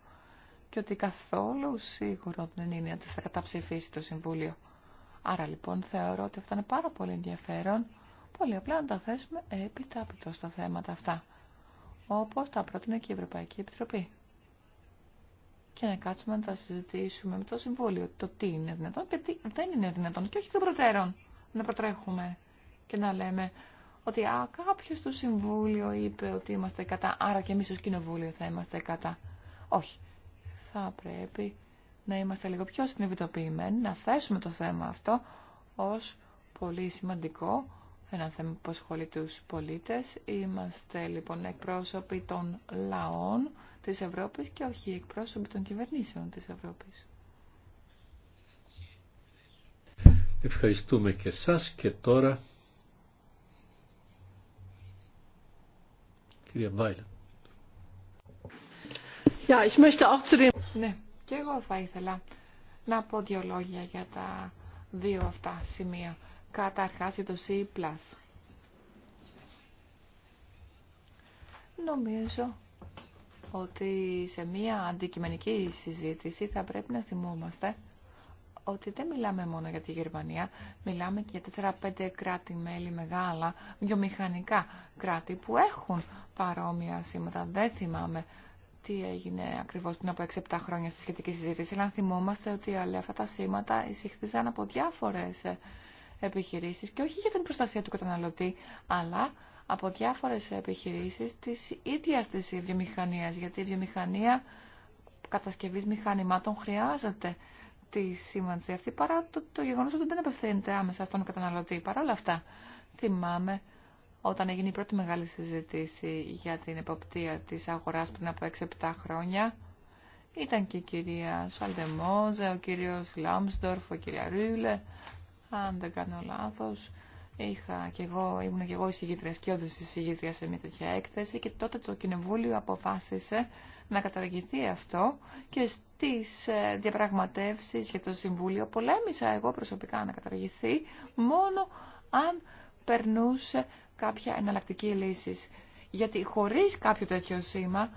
και ότι καθόλου σίγουρο δεν είναι ότι θα καταψηφίσει το Συμβούλιο. Άρα λοιπόν θεωρώ ότι αυτό είναι πάρα πολύ ενδιαφέρον Πολύ απλά να τα θέσουμε επιτάπητο στα θέματα αυτά, όπως τα πρότεινε και η Ευρωπαϊκή Επιτροπή. Και να κάτσουμε να τα συζητήσουμε με το Συμβούλιο το τι είναι δυνατόν και τι δεν είναι δυνατόν και όχι των προτέρων να προτρέχουμε και να λέμε ότι α, κάποιος στο Συμβούλιο είπε ότι είμαστε κατά, άρα και εμείς ως Κοινοβούλιο θα είμαστε κατά. Όχι. Θα πρέπει να είμαστε λίγο πιο συνειδητοποιημένοι, να θέσουμε το θέμα αυτό ως πολύ σημαντικό, ένα θέμα που ασχολεί τους πολίτες. Είμαστε λοιπόν εκπρόσωποι των λαών της Ευρώπης και όχι εκπρόσωποι των κυβερνήσεων της Ευρώπης. Ευχαριστούμε και σας και τώρα κυρία Βάιλα. Ναι, και εγώ θα ήθελα να πω δύο λόγια για τα δύο αυτά σημεία. Καταρχάς για το C+. Νομίζω ότι σε μία αντικειμενική συζήτηση θα πρέπει να θυμόμαστε ότι δεν μιλάμε μόνο για τη Γερμανία, μιλάμε και για 4-5 κράτη-μέλη μεγάλα, βιομηχανικά κράτη που έχουν παρόμοια σήματα. Δεν θυμάμαι τι έγινε ακριβώς πριν από 6-7 χρόνια στη σχετική συζήτηση, αλλά θυμόμαστε ότι αλλά αυτά τα σήματα εισήχθησαν από διάφορες επιχειρήσεις και όχι για την προστασία του καταναλωτή, αλλά από διάφορες επιχειρήσεις της ίδιας της βιομηχανίας, γιατί η βιομηχανία κατασκευής μηχανημάτων χρειάζεται τη σήμανση αυτή παρά το, το γεγονός ότι δεν απευθύνεται άμεσα στον καταναλωτή. Παρ' όλα αυτά, θυμάμαι όταν έγινε η πρώτη μεγάλη συζήτηση για την εποπτεία της αγοράς πριν από 6-7 χρόνια, ήταν και η κυρία Σαλτεμόζε, ο κύριος Λάμσντορφ, ο κυρία Ρούλε, αν δεν κάνω λάθος, είχα και εγώ, ήμουν και εγώ εισηγήτρια και όντω εισηγήτρια σε μια τέτοια έκθεση και τότε το Κοινοβούλιο αποφάσισε να καταργηθεί αυτό και στις ε, διαπραγματεύσεις για το Συμβούλιο πολέμησα εγώ προσωπικά να καταργηθεί μόνο αν περνούσε κάποια εναλλακτική λύση. Γιατί χωρίς κάποιο τέτοιο σήμα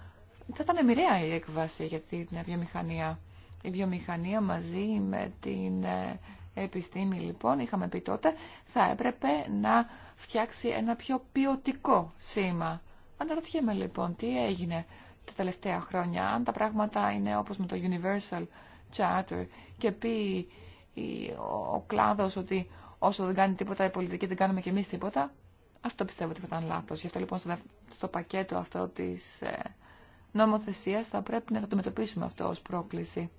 θα ήταν μοιραία η έκβαση για την βιομηχανία. Η βιομηχανία μαζί με την ε, επιστήμη λοιπόν, είχαμε πει τότε, θα έπρεπε να φτιάξει ένα πιο ποιοτικό σήμα. Αναρωτιέμαι λοιπόν τι έγινε τα τελευταία χρόνια, αν τα πράγματα είναι όπως με το Universal Charter και πει ο κλάδος ότι όσο δεν κάνει τίποτα η πολιτική δεν κάνουμε και εμείς τίποτα, αυτό πιστεύω ότι θα ήταν λάθος. Γι' αυτό λοιπόν στο πακέτο αυτό της ε, νομοθεσίας θα πρέπει να το αντιμετωπίσουμε αυτό ως πρόκληση.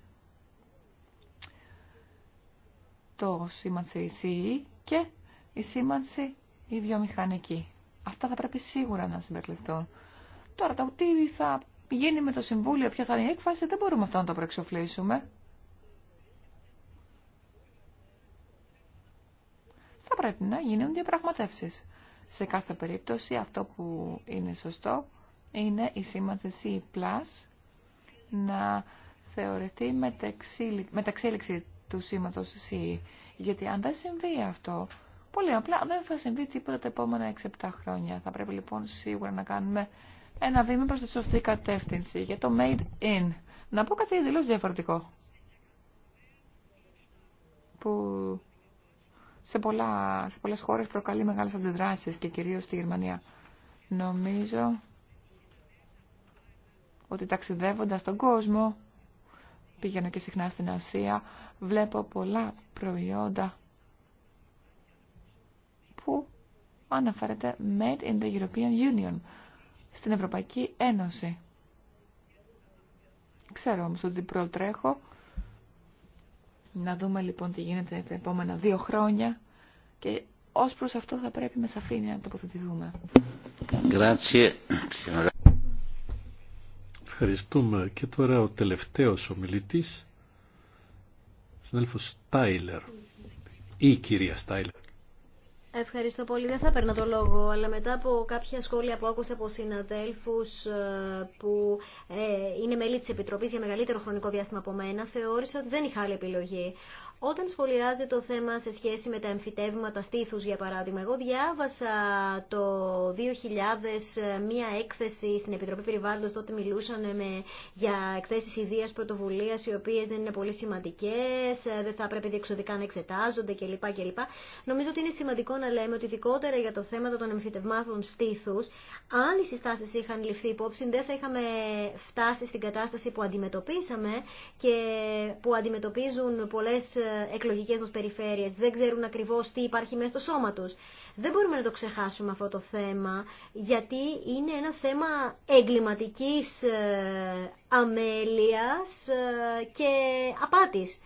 το σήμανση CE και η σήμανση η βιομηχανική. Αυτά θα πρέπει σίγουρα να συμπεριληφθούν. Τώρα το τι θα γίνει με το Συμβούλιο, ποια θα είναι η έκφαση, δεν μπορούμε αυτό να το προεξοφλήσουμε. Θα πρέπει να γίνουν διαπραγματεύσεις. Σε κάθε περίπτωση αυτό που είναι σωστό είναι η σήμανση C+, να θεωρηθεί μεταξύ, του σήματο. εσύ, Γιατί αν δεν συμβεί αυτό, πολύ απλά δεν θα συμβεί τίποτα τα επόμενα 6-7 χρόνια. Θα πρέπει λοιπόν σίγουρα να κάνουμε ένα βήμα προς τη σωστή κατεύθυνση για το made in. Να πω κάτι εντελώ διαφορετικό. Που σε, πολλά, σε πολλές χώρες προκαλεί μεγάλες αντιδράσεις και κυρίως στη Γερμανία. Νομίζω ότι ταξιδεύοντας τον κόσμο πηγαίνω και συχνά στην Ασία, βλέπω πολλά προϊόντα που αναφέρεται Made in the European Union, στην Ευρωπαϊκή Ένωση. Ξέρω όμως ότι προτρέχω. Να δούμε λοιπόν τι γίνεται τα επόμενα δύο χρόνια και ως προς αυτό θα πρέπει με σαφήνεια να τοποθετηθούμε. Ευχαριστούμε. Και τώρα ο τελευταίος ομιλητής, συνέλφος Στάιλερ, ή η κυρία Στάιλερ. Ευχαριστώ πολύ. Δεν θα παίρνω το λόγο, αλλά μετά από κάποια σχόλια που άκουσα από συναδέλφου ε, που ε, είναι μέλη τη Επιτροπή για μεγαλύτερο χρονικό διάστημα από μένα, θεώρησα ότι δεν είχα άλλη επιλογή. Όταν σχολιάζει το θέμα σε σχέση με τα εμφυτεύματα στήθους, για παράδειγμα, εγώ διάβασα το 2000 μία έκθεση στην Επιτροπή Περιβάλλοντος, τότε μιλούσαν με, για εκθέσεις ιδίας πρωτοβουλίας, οι οποίες δεν είναι πολύ σημαντικές, ε, δεν θα πρέπει διεξοδικά να εξετάζονται κλπ. κλπ. Νομίζω ότι είναι σημαντικό να λέμε ότι ειδικότερα για το θέμα των εμφυτευμάτων στήθους, αν οι συστάσεις είχαν ληφθεί υπόψη, δεν θα είχαμε φτάσει στην κατάσταση που αντιμετωπίσαμε και που αντιμετωπίζουν πολλές ε, εκλογικές μα περιφέρειες, δεν ξέρουν ακριβώς τι υπάρχει μέσα στο σώμα τους. Δεν μπορούμε να το ξεχάσουμε αυτό το θέμα, γιατί είναι ένα θέμα εγκληματικής ε, αμέλειας ε, και απάτης.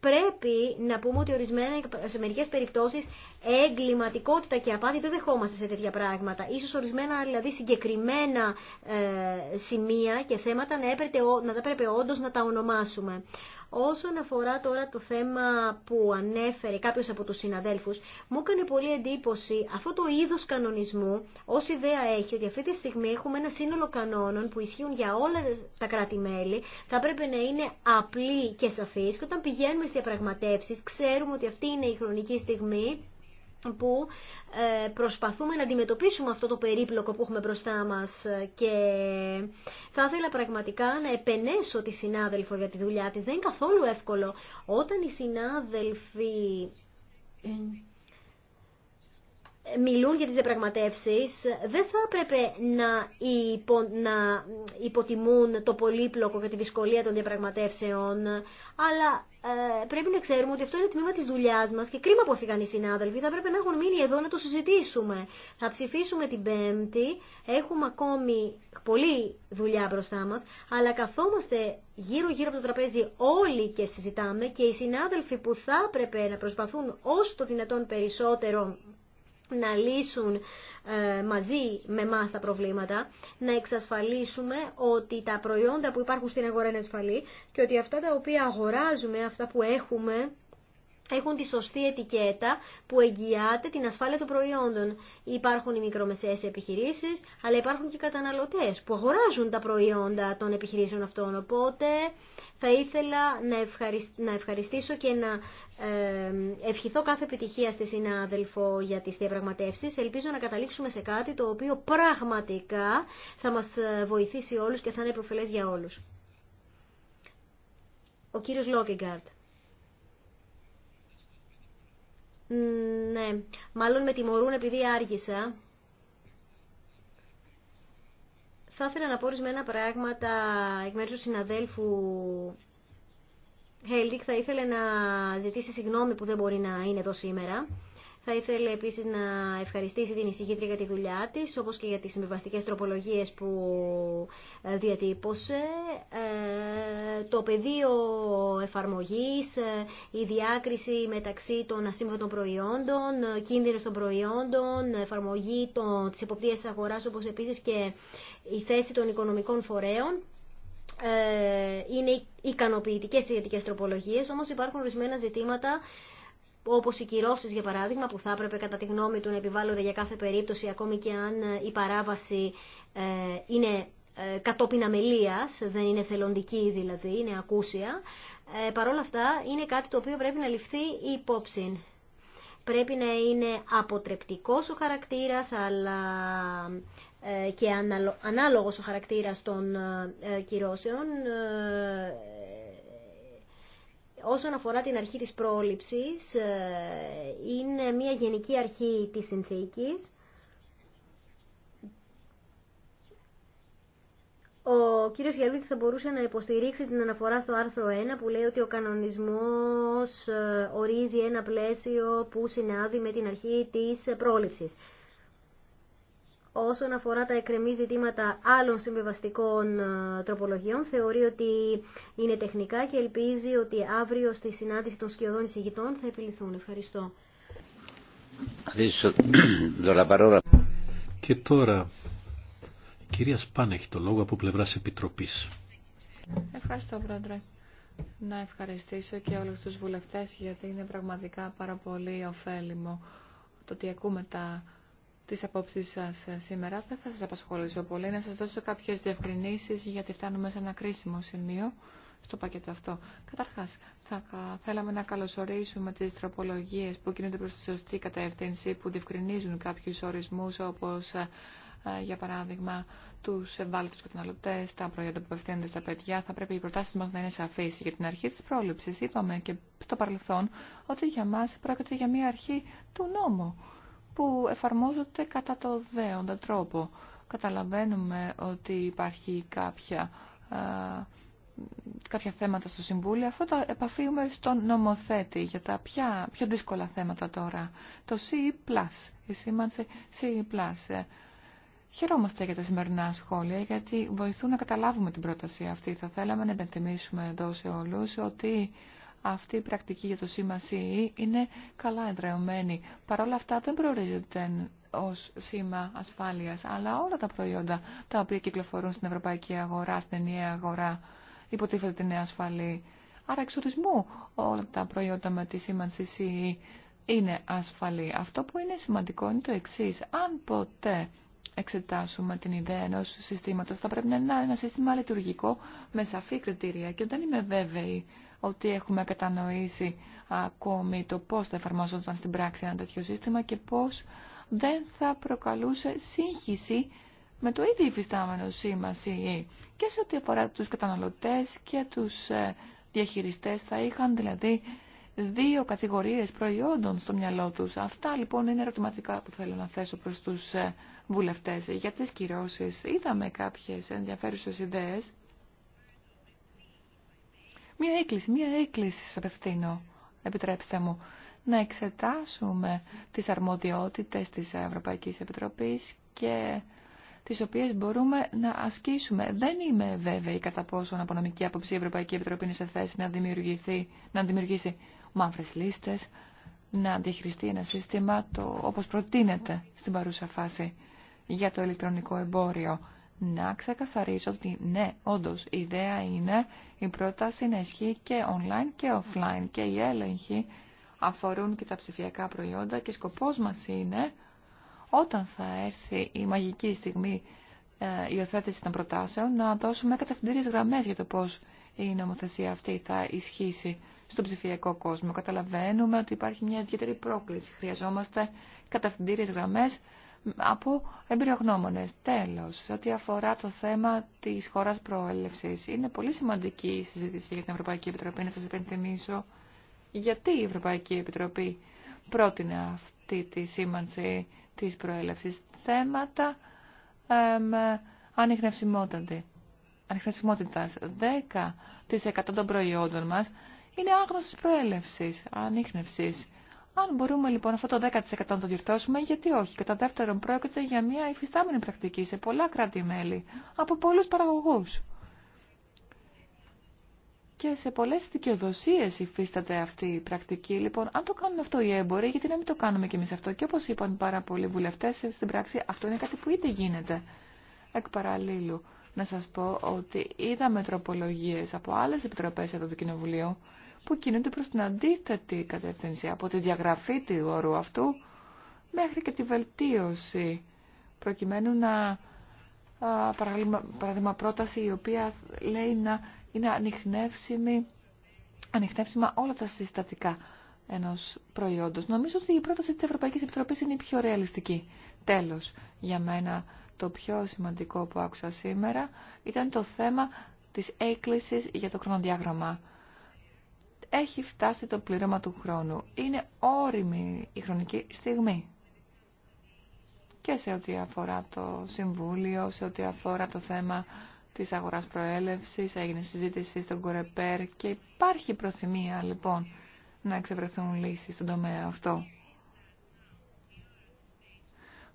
Πρέπει να πούμε ότι ορισμένα, σε μερικέ περιπτώσεις εγκληματικότητα και απάτη δεν δεχόμαστε σε τέτοια πράγματα. Ίσως ορισμένα δηλαδή συγκεκριμένα ε, σημεία και θέματα να, έπρεπε, να τα πρέπει όντω να τα ονομάσουμε. Όσον αφορά τώρα το θέμα που ανέφερε κάποιος από τους συναδέλφους, μου έκανε πολύ εντύπωση αυτό το είδος κανονισμού, ως ιδέα έχει ότι αυτή τη στιγμή έχουμε ένα σύνολο κανόνων που ισχύουν για όλα τα κράτη-μέλη, θα πρέπει να είναι απλή και σαφής και όταν πηγαίνουμε στις διαπραγματεύσεις ξέρουμε ότι αυτή είναι η χρονική στιγμή που ε, προσπαθούμε να αντιμετωπίσουμε αυτό το περίπλοκο που έχουμε μπροστά μας και θα ήθελα πραγματικά να επενέσω τη συνάδελφο για τη δουλειά της. Δεν είναι καθόλου εύκολο όταν οι συνάδελφοι μιλούν για τις διαπραγματεύσεις δεν θα έπρεπε να, υπο, να υποτιμούν το πολύπλοκο και τη δυσκολία των διαπραγματεύσεων, αλλά ε, πρέπει να ξέρουμε ότι αυτό είναι τμήμα της δουλειάς μας και κρίμα που έφυγαν οι συνάδελφοι, θα πρέπει να έχουν μείνει εδώ να το συζητήσουμε. Θα ψηφίσουμε την Πέμπτη, έχουμε ακόμη πολλή δουλειά μπροστά μας, αλλά καθόμαστε γύρω-γύρω από το τραπέζι όλοι και συζητάμε και οι συνάδελφοι που θα έπρεπε να προσπαθούν όσο το δυνατόν περισσότερο να λύσουν ε, μαζί με εμά τα προβλήματα, να εξασφαλίσουμε ότι τα προϊόντα που υπάρχουν στην αγορά είναι ασφαλή και ότι αυτά τα οποία αγοράζουμε, αυτά που έχουμε, έχουν τη σωστή ετικέτα που εγγυάται την ασφάλεια των προϊόντων. Υπάρχουν οι μικρομεσαίες επιχειρήσεις, αλλά υπάρχουν και οι καταναλωτές που αγοράζουν τα προϊόντα των επιχειρήσεων αυτών. Οπότε θα ήθελα να ευχαριστήσω και να ευχηθώ κάθε επιτυχία στη συνάδελφο για τις διαπραγματεύσεις. Ελπίζω να καταλήξουμε σε κάτι το οποίο πραγματικά θα μας ε, βοηθήσει όλους και θα είναι προφελές για όλους. Ο κύριος Λόκεγκάρτ. Ναι, μάλλον με τιμωρούν επειδή άργησα. Θα ήθελα να πω ορισμένα πράγματα εκ μέρους του συναδέλφου Χέλτικ. Θα ήθελε να ζητήσει συγγνώμη που δεν μπορεί να είναι εδώ σήμερα. Θα ήθελε επίσης να ευχαριστήσει την εισηγήτρια για τη δουλειά της, όπως και για τις συμβιβαστικές τροπολογίες που ε, διατύπωσε. Ε, το πεδίο εφαρμογής, ε, η διάκριση μεταξύ των ασύμβατων προϊόντων, κίνδυνος των προϊόντων, εφαρμογή των, της τη αγοράς, όπως επίσης και η θέση των οικονομικών φορέων είναι ικανοποιητικές σχετικές τροπολογίες, όμως υπάρχουν ορισμένα ζητήματα όπως οι κυρώσει, για παράδειγμα που θα έπρεπε κατά τη γνώμη του να επιβάλλονται για κάθε περίπτωση ακόμη και αν ε, η παράβαση ε, είναι ε, κατόπιν αμελίας, δεν είναι θελοντική δηλαδή, είναι ακούσια. Ε, Παρ' όλα αυτά είναι κάτι το οποίο πρέπει να ληφθεί υπόψη. Πρέπει να είναι αποτρεπτικό ο χαρακτήρα, αλλά και ανάλογο ο χαρακτήρας των κυρώσεων Όσον αφορά την αρχή της πρόληψης, ε, είναι μια γενική αρχή της συνθήκης. Ο κύριος Γιαλούτη θα μπορούσε να υποστηρίξει την αναφορά στο άρθρο 1 που λέει ότι ο κανονισμός ε, ορίζει ένα πλαίσιο που συνάδει με την αρχή της πρόληψης. Όσον αφορά τα εκκρεμή ζητήματα άλλων συμβιβαστικών ε, τροπολογιών, θεωρεί ότι είναι τεχνικά και ελπίζει ότι αύριο στη συνάντηση των σκιωδών εισηγητών θα επιληθούν. Ευχαριστώ. (clears throat) Και τώρα, η κυρία Σπάν έχει το λόγο από πλευρά Επίτροπή. Ευχαριστώ, Πρόεδρε. Να ευχαριστήσω και όλου του βουλευτέ, γιατί είναι πραγματικά πάρα πολύ ωφέλιμο το ότι ακούμε τα τις απόψεις σας ε, σήμερα. Δεν θα σας απασχολήσω πολύ, να σας δώσω κάποιες διευκρινήσεις γιατί φτάνουμε σε ένα κρίσιμο σημείο στο πακέτο αυτό. Καταρχάς, θα θέλαμε να καλωσορίσουμε τις τροπολογίες που κινούνται προς τη σωστή κατεύθυνση, που διευκρινίζουν κάποιους ορισμούς όπως ε, ε, για παράδειγμα, του ευάλωτου καταναλωτέ, τα προϊόντα που απευθύνονται στα παιδιά, θα πρέπει οι προτάσει μα να είναι σαφεί. Για την αρχή τη πρόληψη, είπαμε και στο παρελθόν ότι για μα πρόκειται για μια αρχή του νόμου που εφαρμόζονται κατά το δέοντα τρόπο. Καταλαβαίνουμε ότι υπάρχει κάποια, α, κάποια θέματα στο Συμβούλιο. Αυτό το επαφίουμε στον νομοθέτη για τα πια, πιο δύσκολα θέματα τώρα. Το C+ η σήμανση C+. Χαιρόμαστε για τα σημερινά σχόλια γιατί βοηθούν να καταλάβουμε την πρόταση αυτή. Θα θέλαμε να επενθυμίσουμε εδώ σε όλους ότι αυτή η πρακτική για το σήμα CE είναι καλά εντρεωμένη. Παρ' όλα αυτά δεν προορίζεται ως σήμα ασφάλειας, αλλά όλα τα προϊόντα τα οποία κυκλοφορούν στην ευρωπαϊκή αγορά, στην ενιαία αγορά, υποτίθεται ότι είναι ασφαλή. Άρα ορισμού όλα τα προϊόντα με τη σήμανση CE είναι ασφαλή. Αυτό που είναι σημαντικό είναι το εξή. Αν ποτέ εξετάσουμε την ιδέα ενό συστήματο, θα πρέπει να είναι ένα σύστημα λειτουργικό με σαφή κριτήρια και δεν είμαι βέβαιη ότι έχουμε κατανοήσει ακόμη το πώς θα εφαρμόζονταν στην πράξη ένα τέτοιο σύστημα και πώς δεν θα προκαλούσε σύγχυση με το ίδιο υφιστάμενο σήμα CE και σε ό,τι αφορά τους καταναλωτές και τους ε, διαχειριστές θα είχαν δηλαδή δύο κατηγορίες προϊόντων στο μυαλό τους. Αυτά λοιπόν είναι ερωτηματικά που θέλω να θέσω προς τους ε, βουλευτές για τις κυρώσεις. Είδαμε κάποιες ενδιαφέρουσες ιδέες Μία έκκληση, μία έκκληση σας απευθύνω, επιτρέψτε μου, να εξετάσουμε τις αρμοδιότητες της Ευρωπαϊκής Επιτροπής και τις οποίες μπορούμε να ασκήσουμε. Δεν είμαι βέβαιη κατά πόσο από νομική άποψη η Ευρωπαϊκή Επιτροπή είναι σε θέση να, δημιουργηθεί, να δημιουργήσει μαύρες λίστες, να διαχειριστεί ένα σύστημα το, όπως προτείνεται στην παρούσα φάση για το ηλεκτρονικό εμπόριο να ξεκαθαρίσω ότι ναι, όντως η ιδέα είναι η πρόταση να ισχύει και online και offline και οι έλεγχοι αφορούν και τα ψηφιακά προϊόντα και σκοπός μας είναι όταν θα έρθει η μαγική στιγμή ε, υιοθέτηση των προτάσεων να δώσουμε κατευθυντήριες γραμμές για το πώς η νομοθεσία αυτή θα ισχύσει στον ψηφιακό κόσμο. Καταλαβαίνουμε ότι υπάρχει μια ιδιαίτερη πρόκληση. Χρειαζόμαστε κατευθυντήριες γραμμές από εμπειρογνώμονες. Τέλος, σε ό,τι αφορά το θέμα της χώρας προέλευσης, είναι πολύ σημαντική η συζήτηση για την Ευρωπαϊκή Επιτροπή. Να σας υπενθυμίσω γιατί η Ευρωπαϊκή Επιτροπή πρότεινε αυτή τη σήμανση της προέλευσης. Θέματα εμ, 10% των προϊόντων μας είναι άγνωσης προέλευσης, ανίχνευσης. Αν μπορούμε λοιπόν αυτό το 10% να το διορθώσουμε, γιατί όχι. Κατά δεύτερον, πρόκειται για μια υφιστάμενη πρακτική σε πολλά κράτη-μέλη, από πολλού παραγωγού. Και σε πολλέ δικαιοδοσίε υφίσταται αυτή η πρακτική. Λοιπόν, αν το κάνουν αυτό οι έμποροι, γιατί να μην το κάνουμε κι εμεί αυτό. Και όπω είπαν πάρα πολλοί βουλευτέ στην πράξη αυτό είναι κάτι που είτε γίνεται. Εκ παραλίλου, να σα πω ότι είδαμε τροπολογίε από άλλε επιτροπέ εδώ του Κοινοβουλίου, που κινούνται προς την αντίθετη κατεύθυνση από τη διαγραφή του όρου αυτού μέχρι και τη βελτίωση προκειμένου να παράδειγμα πρόταση η οποία λέει να είναι ανοιχνεύσιμη ανοιχνεύσιμα όλα τα συστατικά ενός προϊόντος. Νομίζω ότι η πρόταση της Ευρωπαϊκής Επιτροπής είναι η πιο ρεαλιστική. Τέλος, για μένα το πιο σημαντικό που άκουσα σήμερα ήταν το θέμα της έκκλησης για το χρονοδιάγραμμα έχει φτάσει το πλήρωμα του χρόνου. Είναι όριμη η χρονική στιγμή. Και σε ό,τι αφορά το Συμβούλιο, σε ό,τι αφορά το θέμα της αγοράς προέλευσης, έγινε συζήτηση στον Κορεπέρ και υπάρχει προθυμία λοιπόν να εξευρεθούν λύσεις στον τομέα αυτό.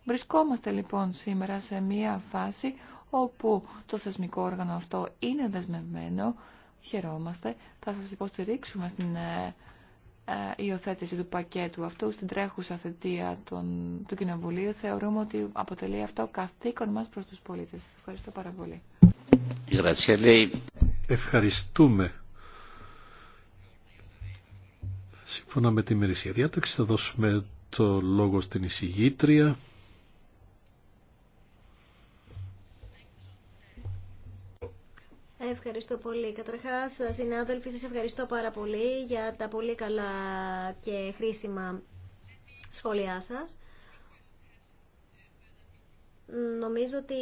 Βρισκόμαστε λοιπόν σήμερα σε μία φάση όπου το θεσμικό όργανο αυτό είναι δεσμευμένο χαιρόμαστε. Θα σας υποστηρίξουμε στην ε, ε, υιοθέτηση του πακέτου αυτού στην τρέχουσα θετία του Κοινοβουλίου. Θεωρούμε ότι αποτελεί αυτό καθήκον μας προς τους πολίτες. Σας ευχαριστώ πάρα πολύ. Ευχαριστούμε. Σύμφωνα με τη μερισία διάταξη θα δώσουμε το λόγο στην εισηγήτρια. Ευχαριστώ πολύ. Καταρχά, συνάδελφοι, σα ευχαριστώ πάρα πολύ για τα πολύ καλά και χρήσιμα σχόλιά σας. Νομίζω ότι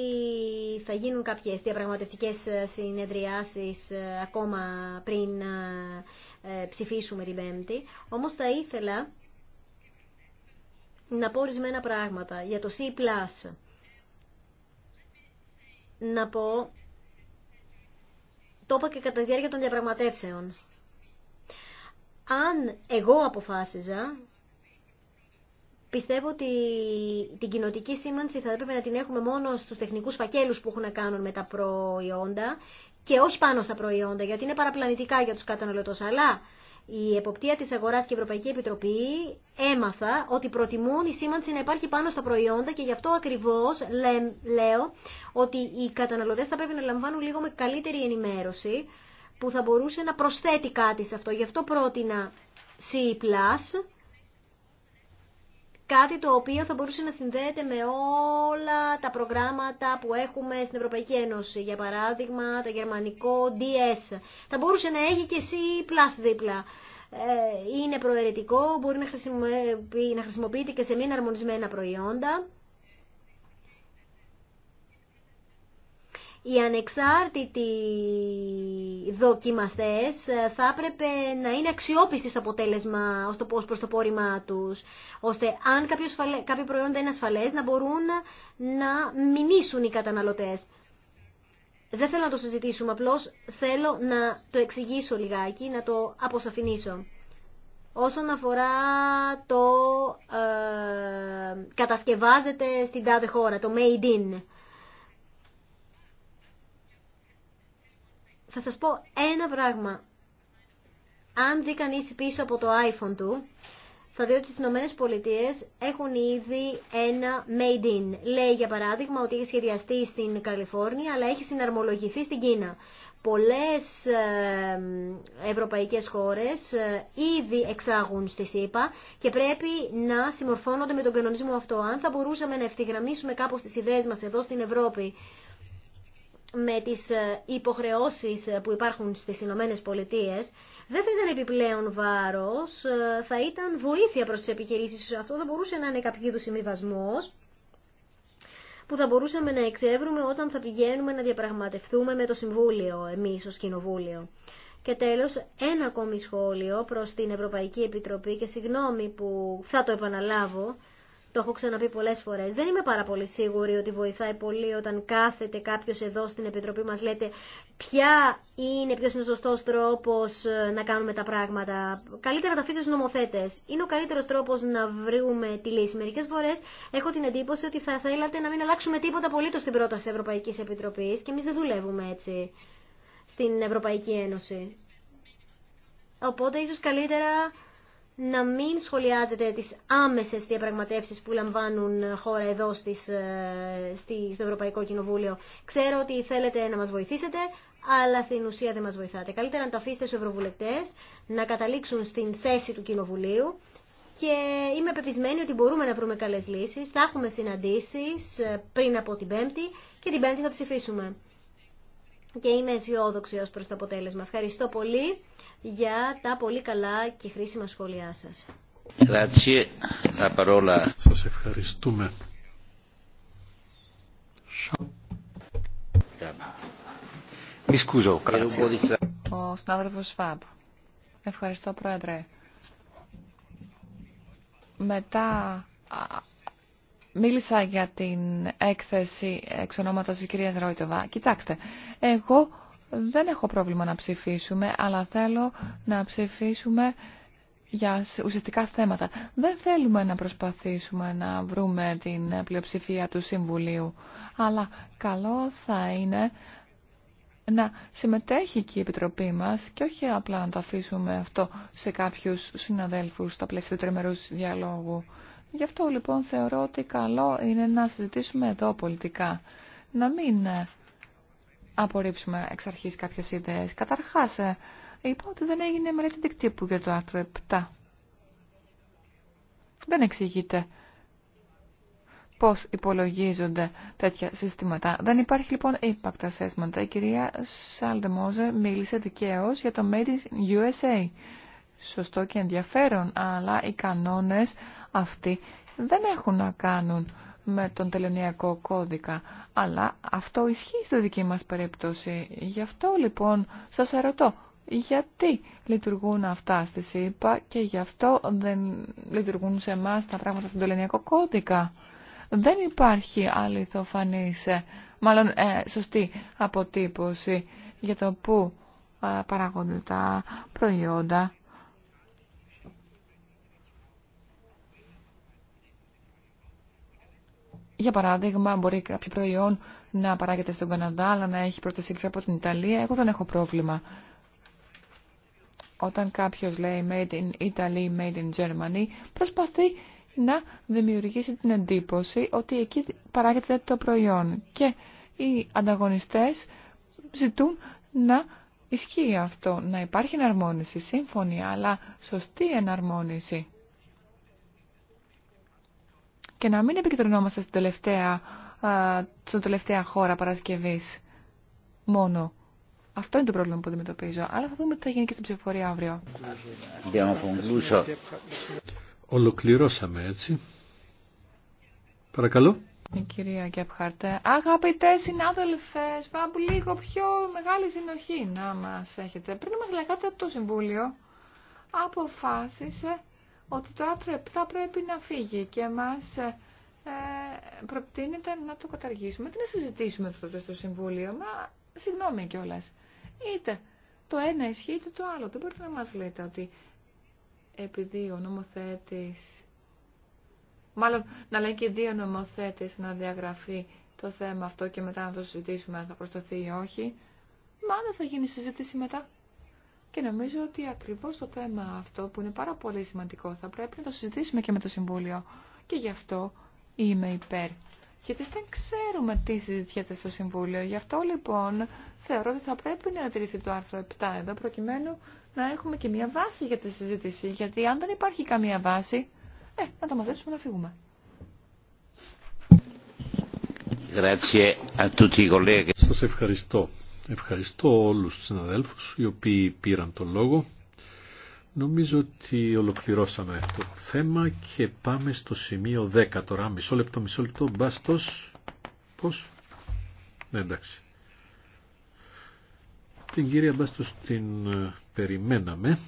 θα γίνουν κάποιες διαπραγματευτικές συνεδριάσεις ε, ακόμα πριν ε, ε, ψηφίσουμε την Πέμπτη. Όμως θα ήθελα να πω ορισμένα πράγματα για το C+. Να πω το είπα και κατά τη διάρκεια των διαπραγματεύσεων. Αν εγώ αποφάσιζα, πιστεύω ότι την κοινοτική σήμανση θα έπρεπε να την έχουμε μόνο στους τεχνικούς φακέλους που έχουν να κάνουν με τα προϊόντα και όχι πάνω στα προϊόντα, γιατί είναι παραπλανητικά για τους καταναλωτές. Αλλά η εποπτεία της αγοράς και η Ευρωπαϊκή Επιτροπή έμαθα ότι προτιμούν η σήμανση να υπάρχει πάνω στα προϊόντα και γι' αυτό ακριβώς λέω ότι οι καταναλωτές θα πρέπει να λαμβάνουν λίγο με καλύτερη ενημέρωση που θα μπορούσε να προσθέτει κάτι σε αυτό. Γι' αυτό πρότεινα C+, κάτι το οποίο θα μπορούσε να συνδέεται με όλα τα προγράμματα που έχουμε στην Ευρωπαϊκή Ένωση. Για παράδειγμα, το γερμανικό DS. Θα μπορούσε να έχει και εσύ plus δίπλα. Ε, είναι προαιρετικό, μπορεί να χρησιμοποιείται και σε μη αρμονισμένα προϊόντα. οι ανεξάρτητοι δοκιμαστές ε, θα έπρεπε να είναι αξιόπιστοι στο αποτέλεσμα ως το προς το πόρημά τους, ώστε αν κάποιο, κάποιο προϊόν δεν είναι ασφαλές να μπορούν να μηνύσουν οι καταναλωτές. Δεν θέλω να το συζητήσουμε, απλώς θέλω να το εξηγήσω λιγάκι, να το αποσαφηνίσω. Όσον αφορά το ε, κατασκευάζεται στην τάδε χώρα, το made in, θα σας πω ένα πράγμα. Αν δει κανείς πίσω από το iPhone του, θα δει ότι στις Ηνωμένες Πολιτείες έχουν ήδη ένα made in. Λέει για παράδειγμα ότι έχει σχεδιαστεί στην Καλιφόρνια, αλλά έχει συναρμολογηθεί στην Κίνα. Πολλές ευρωπαϊκές χώρες ε, ήδη εξάγουν στη ΣΥΠΑ και πρέπει να συμμορφώνονται με τον κανονισμό αυτό. Αν θα μπορούσαμε να ευθυγραμμίσουμε κάπως τις ιδέες μας εδώ στην Ευρώπη με τις ε, υποχρεώσεις ε, που υπάρχουν στις Ηνωμένε Πολιτείε, δεν θα ήταν επιπλέον βάρος, ε, θα ήταν βοήθεια προς τις επιχειρήσεις. Αυτό θα μπορούσε να είναι κάποιο είδου συμβιβασμό που θα μπορούσαμε να εξεύρουμε όταν θα πηγαίνουμε να διαπραγματευτούμε με το Συμβούλιο, εμείς ως Κοινοβούλιο. Και τέλος, ένα ακόμη σχόλιο προς την Ευρωπαϊκή Επιτροπή και συγγνώμη που θα το επαναλάβω, το έχω ξαναπεί πολλές φορές. Δεν είμαι πάρα πολύ σίγουρη ότι βοηθάει πολύ όταν κάθεται κάποιος εδώ στην Επιτροπή μας λέτε ποια είναι, ποιος είναι ο σωστός τρόπος ε, να κάνουμε τα πράγματα. Καλύτερα τα αφήσω στους νομοθέτες. Είναι ο καλύτερος τρόπος να βρούμε τη λύση. Μερικές φορές έχω την εντύπωση ότι θα θέλατε να μην αλλάξουμε τίποτα πολύ στην πρόταση Ευρωπαϊκής Επιτροπής και εμείς δεν δουλεύουμε έτσι στην Ευρωπαϊκή Ένωση. Οπότε ίσως καλύτερα να μην σχολιάζετε τις άμεσες διαπραγματεύσεις που λαμβάνουν χώρα εδώ στις, ε, στη, στο Ευρωπαϊκό Κοινοβούλιο. Ξέρω ότι θέλετε να μας βοηθήσετε, αλλά στην ουσία δεν μας βοηθάτε. Καλύτερα να τα αφήσετε στους ευρωβουλευτές, να καταλήξουν στην θέση του Κοινοβουλίου και είμαι πεπισμένη ότι μπορούμε να βρούμε καλές λύσεις. Θα έχουμε συναντήσεις ε, πριν από την Πέμπτη και την Πέμπτη θα ψηφίσουμε και είμαι αισιόδοξη ως προς το αποτέλεσμα. Ευχαριστώ πολύ για τα πολύ καλά και χρήσιμα σχόλιά σας. Σας ευχαριστούμε. Ο συνάδελφος Σφάμπ. Ευχαριστώ, Πρόεδρε. Μετά Μίλησα για την έκθεση εξ ονόματος της κυρίας Ρόιτοβα. Κοιτάξτε, εγώ δεν έχω πρόβλημα να ψηφίσουμε, αλλά θέλω να ψηφίσουμε για ουσιαστικά θέματα. Δεν θέλουμε να προσπαθήσουμε να βρούμε την πλειοψηφία του Συμβουλίου, αλλά καλό θα είναι να συμμετέχει και η Επιτροπή μας και όχι απλά να το αφήσουμε αυτό σε κάποιους συναδέλφους στα πλαίσια του τριμερούς διαλόγου. Γι' αυτό λοιπόν θεωρώ ότι καλό είναι να συζητήσουμε εδώ πολιτικά. Να μην ε, απορρίψουμε εξ αρχής κάποιες ιδέες. Καταρχάς, ε, είπα ότι δεν έγινε μελέτη δικτύπου για το άρθρο 7. Δεν εξηγείται πώς υπολογίζονται τέτοια συστήματα. Δεν υπάρχει λοιπόν impact assessment. Η κυρία Σάλτε Μόζε μίλησε δικαίως για το Made in USA σωστό και ενδιαφέρον, αλλά οι κανόνες αυτοί δεν έχουν να κάνουν με τον τελωνιακό κώδικα. Αλλά αυτό ισχύει στη δική μας περίπτωση. Γι' αυτό λοιπόν σας ερωτώ, γιατί λειτουργούν αυτά στη ΣΥΠΑ και γι' αυτό δεν λειτουργούν σε εμά τα πράγματα στον τελωνιακό κώδικα. Δεν υπάρχει αληθοφανής, ε, μάλλον ε, σωστή αποτύπωση για το πού ε, παράγονται τα προϊόντα Για παράδειγμα, μπορεί κάποιο προϊόν να παράγεται στον Καναδά, αλλά να έχει έξω από την Ιταλία. Εγώ δεν έχω πρόβλημα. Όταν κάποιος λέει made in Italy, made in Germany, προσπαθεί να δημιουργήσει την εντύπωση ότι εκεί παράγεται το προϊόν. Και οι ανταγωνιστές ζητούν να ισχύει αυτό, να υπάρχει εναρμόνιση, σύμφωνη, αλλά σωστή εναρμόνιση και να μην επικεντρωνόμαστε στην τελευταία, στον τελευταία χώρα παρασκευή. μόνο. Αυτό είναι το πρόβλημα που αντιμετωπίζω. Αλλά θα δούμε τι θα γίνει και στην ψηφοφορία αύριο. Ολοκληρώσαμε έτσι. Παρακαλώ. Η ε, κυρία Κέπχαρτε. Αγαπητέ συνάδελφε, πάμε λίγο πιο μεγάλη συνοχή να μα έχετε. Πριν μα λέγατε από το Συμβούλιο, αποφάσισε ότι το άρθρο 7 πρέπει να φύγει και μας ε, προτείνεται να το καταργήσουμε. Τι να συζητήσουμε τότε στο Συμβούλιο, μα συγγνώμη κιόλα. Είτε το ένα ισχύει είτε το άλλο. Δεν μπορείτε να μας λέτε ότι επειδή ο νομοθέτης, μάλλον να λέει και δύο νομοθέτες να διαγραφεί το θέμα αυτό και μετά να το συζητήσουμε αν θα προσταθεί ή όχι, μα δεν θα γίνει συζήτηση μετά. Και νομίζω ότι ακριβώς το θέμα αυτό που είναι πάρα πολύ σημαντικό θα πρέπει να το συζητήσουμε και με το Συμβούλιο. Και γι' αυτό είμαι υπέρ. Γιατί δεν ξέρουμε τι συζητιέται στο Συμβούλιο. Γι' αυτό λοιπόν θεωρώ ότι θα πρέπει να τηρηθεί το άρθρο 7 εδώ προκειμένου να έχουμε και μια βάση για τη συζήτηση. Γιατί αν δεν υπάρχει καμία βάση, ε, να τα μαζέψουμε να φύγουμε. Σα ευχαριστώ Ευχαριστώ όλους τους συναδέλφους οι οποίοι πήραν τον λόγο. Νομίζω ότι ολοκληρώσαμε το θέμα και πάμε στο σημείο 10 τώρα. Μισό λεπτό, μισό λεπτό, μπάστος. Πώς. Ναι, εντάξει. Την κυρία Μπάστος την ε, περιμέναμε.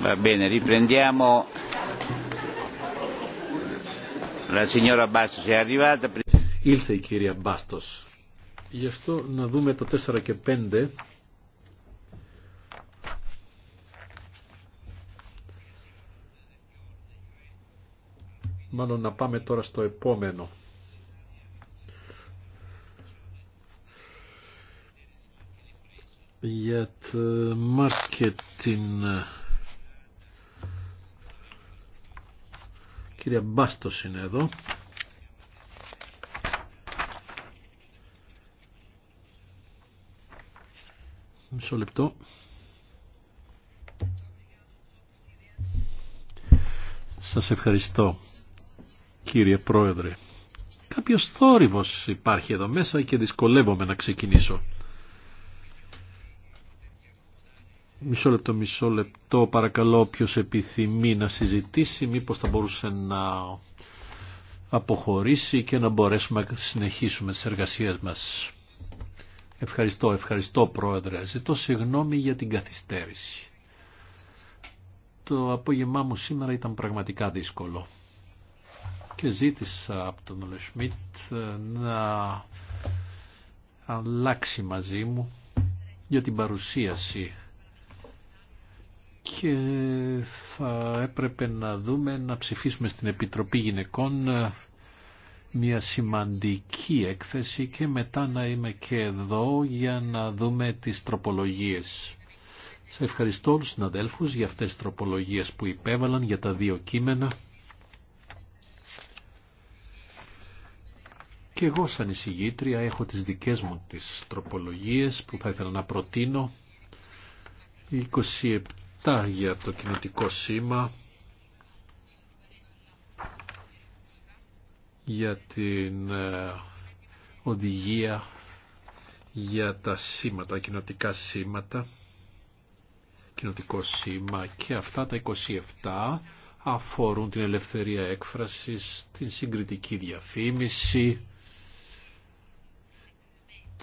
Va bene, riprendiamo. La signora Bastos è arrivata. η κυρία Μπάστος. Γι' αυτό να δούμε το 4 και 5. Μάλλον να πάμε τώρα στο επόμενο. για το marketing Κυρία Μπάστος είναι εδώ. Μισό λεπτό. Σας ευχαριστώ, κύριε Πρόεδρε. Κάποιος θόρυβος υπάρχει εδώ μέσα και δυσκολεύομαι να ξεκινήσω. Μισό λεπτό, μισό λεπτό. Παρακαλώ όποιος επιθυμεί να συζητήσει μήπως θα μπορούσε να αποχωρήσει και να μπορέσουμε να συνεχίσουμε τις εργασίες μας. Ευχαριστώ, ευχαριστώ πρόεδρε. Ζητώ συγγνώμη για την καθυστέρηση. Το απόγευμά μου σήμερα ήταν πραγματικά δύσκολο. Και ζήτησα από τον Λεσμίτ ε, να αλλάξει μαζί μου για την παρουσίαση και θα έπρεπε να δούμε να ψηφίσουμε στην Επιτροπή Γυναικών ε, μια σημαντική έκθεση και μετά να είμαι και εδώ για να δούμε τις τροπολογίες. Σε ευχαριστώ όλους τους συναδέλφους για αυτές τις τροπολογίες που υπέβαλαν για τα δύο κείμενα. Και εγώ σαν εισηγήτρια έχω τις δικές μου τις τροπολογίες που θα ήθελα να προτείνω για το κινητικό σήμα για την ε, οδηγία για τα σήματα, τα κοινοτικά σήματα κοινοτικό σήμα και αυτά τα 27 αφορούν την ελευθερία έκφρασης, την συγκριτική διαφήμιση,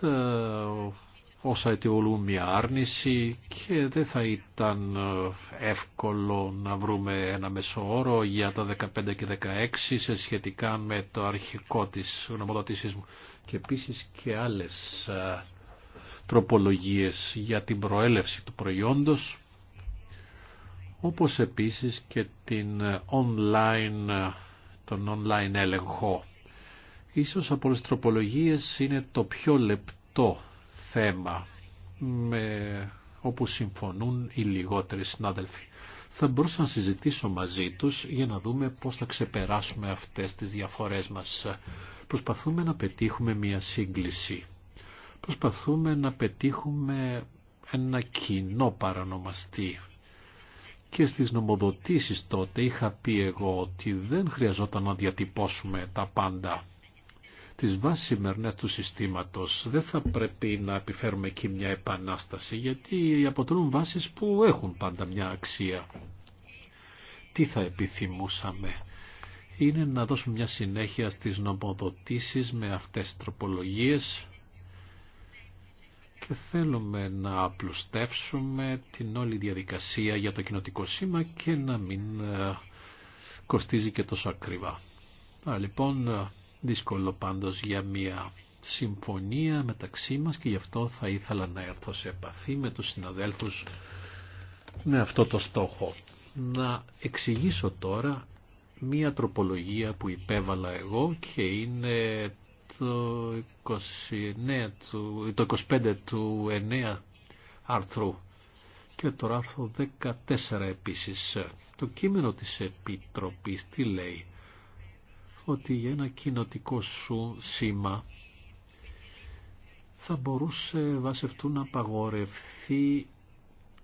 τα όσα αιτιολούν μια άρνηση και δεν θα ήταν ε, εύκολο να βρούμε ένα όρο για τα 15 και 16 σε σχετικά με το αρχικό της γνωμοδοτήσης μου και επίσης και άλλες ε, τροπολογίες για την προέλευση του προϊόντος όπως επίσης και την ε, online, τον online έλεγχο. Ίσως από τις τροπολογίες είναι το πιο λεπτό θέμα με, όπου συμφωνούν οι λιγότεροι συνάδελφοι. Θα μπορούσα να συζητήσω μαζί τους για να δούμε πώς θα ξεπεράσουμε αυτές τις διαφορές μας. Προσπαθούμε να πετύχουμε μια σύγκληση. Προσπαθούμε να πετύχουμε ένα κοινό παρανομαστή. Και στις νομοδοτήσεις τότε είχα πει εγώ ότι δεν χρειαζόταν να διατυπώσουμε τα πάντα τις σημερινές του συστήματος. Δεν θα πρέπει να επιφέρουμε εκεί μια επανάσταση γιατί αποτελούν βάσεις που έχουν πάντα μια αξία. Τι θα επιθυμούσαμε είναι να δώσουμε μια συνέχεια στις νομοδοτήσεις με αυτές τις τροπολογίες και θέλουμε να απλουστεύσουμε την όλη διαδικασία για το κοινοτικό σήμα και να μην ε, κοστίζει και τόσο ακριβά. Α, λοιπόν, ε, Δύσκολο πάντως για μια συμφωνία μεταξύ μας και γι' αυτό θα ήθελα να έρθω σε επαφή με τους συναδέλφους με αυτό το στόχο. Να εξηγήσω τώρα μία τροπολογία που υπέβαλα εγώ και είναι το, το 25 του 9 άρθρου και το άρθρο 14 επίσης. Το κείμενο της Επιτροπής τι λέει ότι για ένα κοινοτικό σου σήμα θα μπορούσε βάσει αυτού να απαγορευθεί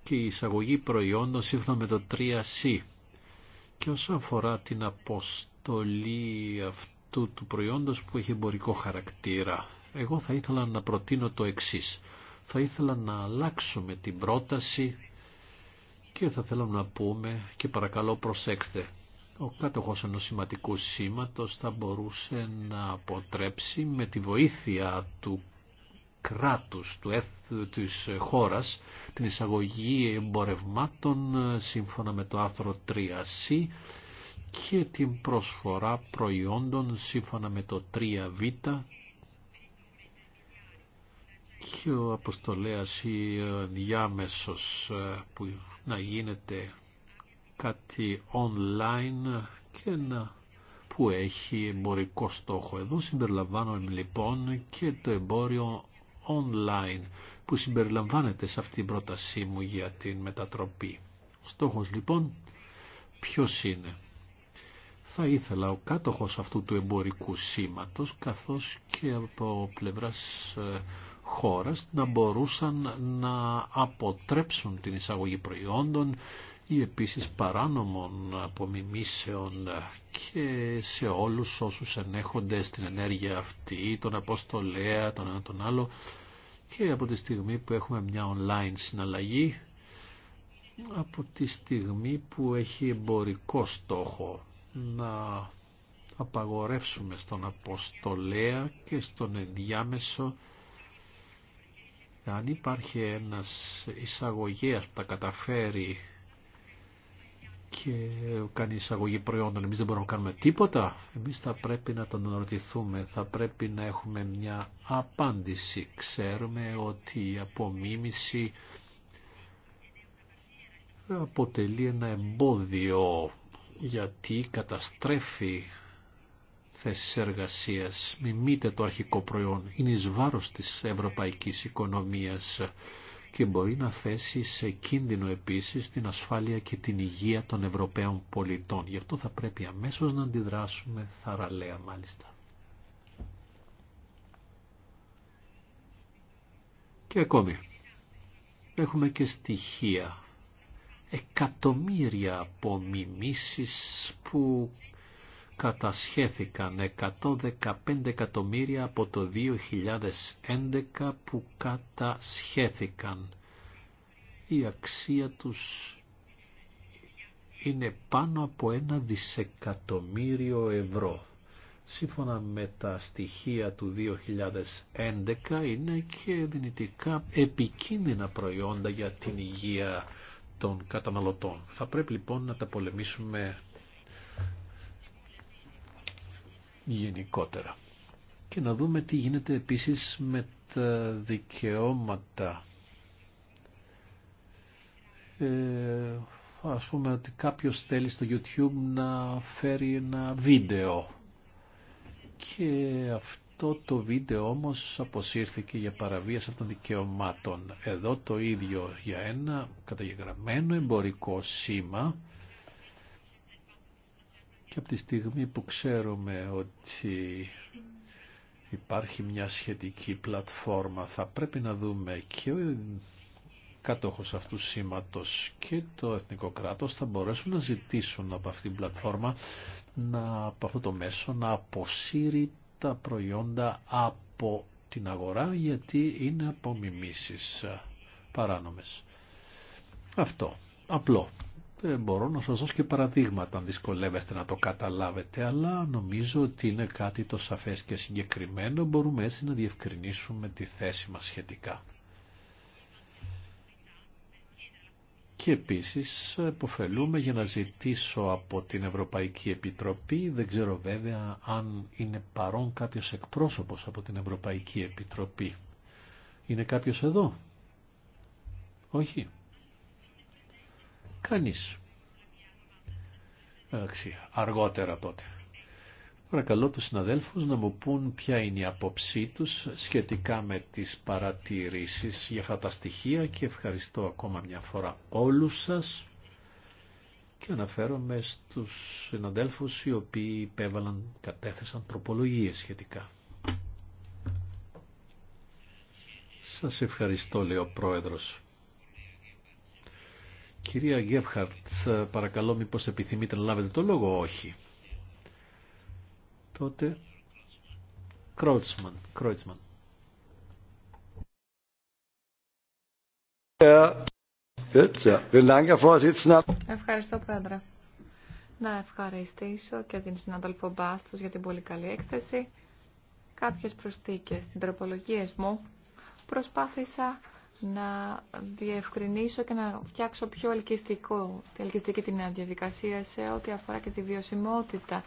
και η εισαγωγή προϊόντων σύμφωνα με το 3C. Και όσον αφορά την αποστολή αυτού του προϊόντος που έχει εμπορικό χαρακτήρα, εγώ θα ήθελα να προτείνω το εξής. Θα ήθελα να αλλάξουμε την πρόταση και θα θέλω να πούμε και παρακαλώ προσέξτε ο κάτοχος ενός σημαντικού σήματος θα μπορούσε να αποτρέψει με τη βοήθεια του κράτους του εθ, της χώρας την εισαγωγή εμπορευμάτων ε, σύμφωνα με το άρθρο 3C και την προσφορά προϊόντων σύμφωνα με το 3Β και ο αποστολέας ή ε, διάμεσος ε, που να γίνεται κάτι online και ένα που έχει εμπορικό στόχο. Εδώ συμπεριλαμβάνουν λοιπόν και το εμπόριο online που συμπεριλαμβάνεται σε αυτή την πρότασή μου για την μετατροπή. Ο στόχος λοιπόν ποιος είναι. Θα ήθελα ο κάτοχος αυτού του εμπορικού σήματος καθώς και από πλευράς ε, χώρας να μπορούσαν να αποτρέψουν την εισαγωγή προϊόντων ή επίσης παράνομων απομιμήσεων και σε όλους όσους ενέχονται στην ενέργεια αυτή, τον Αποστολέα, τον ένα τον άλλο και από τη στιγμή που έχουμε μια online συναλλαγή, από τη στιγμή που έχει εμπορικό στόχο να απαγορεύσουμε στον Αποστολέα και στον ενδιάμεσο αν υπάρχει ένας εισαγωγέας που τα καταφέρει και κάνει εισαγωγή προϊόντων. Εμείς δεν μπορούμε να κάνουμε τίποτα. Εμείς θα πρέπει να τον ρωτηθούμε, θα πρέπει να έχουμε μια απάντηση. Ξέρουμε ότι η απομίμηση αποτελεί ένα εμπόδιο γιατί καταστρέφει θέσεις εργασίας. Μιμείτε το αρχικό προϊόν. Είναι εις βάρος της ευρωπαϊκής οικονομίας και μπορεί να θέσει σε κίνδυνο επίσης την ασφάλεια και την υγεία των Ευρωπαίων πολιτών. Γι' αυτό θα πρέπει αμέσως να αντιδράσουμε θαραλέα μάλιστα. Και ακόμη, έχουμε και στοιχεία εκατομμύρια απομιμήσεις που κατασχέθηκαν 115 εκατομμύρια από το 2011 που κατασχέθηκαν. Η αξία τους είναι πάνω από ένα δισεκατομμύριο ευρώ. Σύμφωνα με τα στοιχεία του 2011 είναι και δυνητικά επικίνδυνα προϊόντα για την υγεία των καταναλωτών. Θα πρέπει λοιπόν να τα πολεμήσουμε γενικότερα. Και να δούμε τι γίνεται επίσης με τα δικαιώματα. Ε, ας πούμε ότι κάποιος θέλει στο YouTube να φέρει ένα βίντεο και αυτό το βίντεο όμως αποσύρθηκε για παραβίαση αυτών των δικαιωμάτων. Εδώ το ίδιο για ένα καταγεγραμμένο εμπορικό σήμα και από τη στιγμή που ξέρουμε ότι υπάρχει μια σχετική πλατφόρμα θα πρέπει να δούμε και ο κατόχος αυτού σήματος και το εθνικό κράτος θα μπορέσουν να ζητήσουν από αυτήν την πλατφόρμα να, από αυτό το μέσο να αποσύρει τα προϊόντα από την αγορά γιατί είναι απομιμήσεις παράνομες. Αυτό. Απλό μπορώ να σας δώσω και παραδείγματα αν δυσκολεύεστε να το καταλάβετε, αλλά νομίζω ότι είναι κάτι το σαφές και συγκεκριμένο, μπορούμε έτσι να διευκρινίσουμε τη θέση μας σχετικά. Και επίσης υποφελούμε για να ζητήσω από την Ευρωπαϊκή Επιτροπή, δεν ξέρω βέβαια αν είναι παρόν κάποιος εκπρόσωπος από την Ευρωπαϊκή Επιτροπή. Είναι κάποιος εδώ? Όχι. Κανείς. Εντάξει, αργότερα τότε. Παρακαλώ τους συναδέλφους να μου πούν ποια είναι η απόψή τους σχετικά με τις παρατηρήσεις για αυτά τα στοιχεία και ευχαριστώ ακόμα μια φορά όλους σας και αναφέρομαι στους συναδέλφους οι οποίοι υπέβαλαν, κατέθεσαν τροπολογίες σχετικά. Σας ευχαριστώ λέει ο Πρόεδρος. Κυρία Γκέφχαρτ, ε, παρακαλώ μήπως επιθυμείτε να λάβετε το λόγο, όχι. Τότε, Κρότσμαν, ε, ε, Ευχαριστώ, Πρόεδρε. Να ευχαριστήσω και την συνάδελφο Μπάστος για την πολύ καλή έκθεση. Κάποιες προσθήκες στην τροπολογία μου προσπάθησα να διευκρινίσω και να φτιάξω πιο ελκυστικό, ελκυστική την διαδικασία σε ό,τι αφορά και τη βιωσιμότητα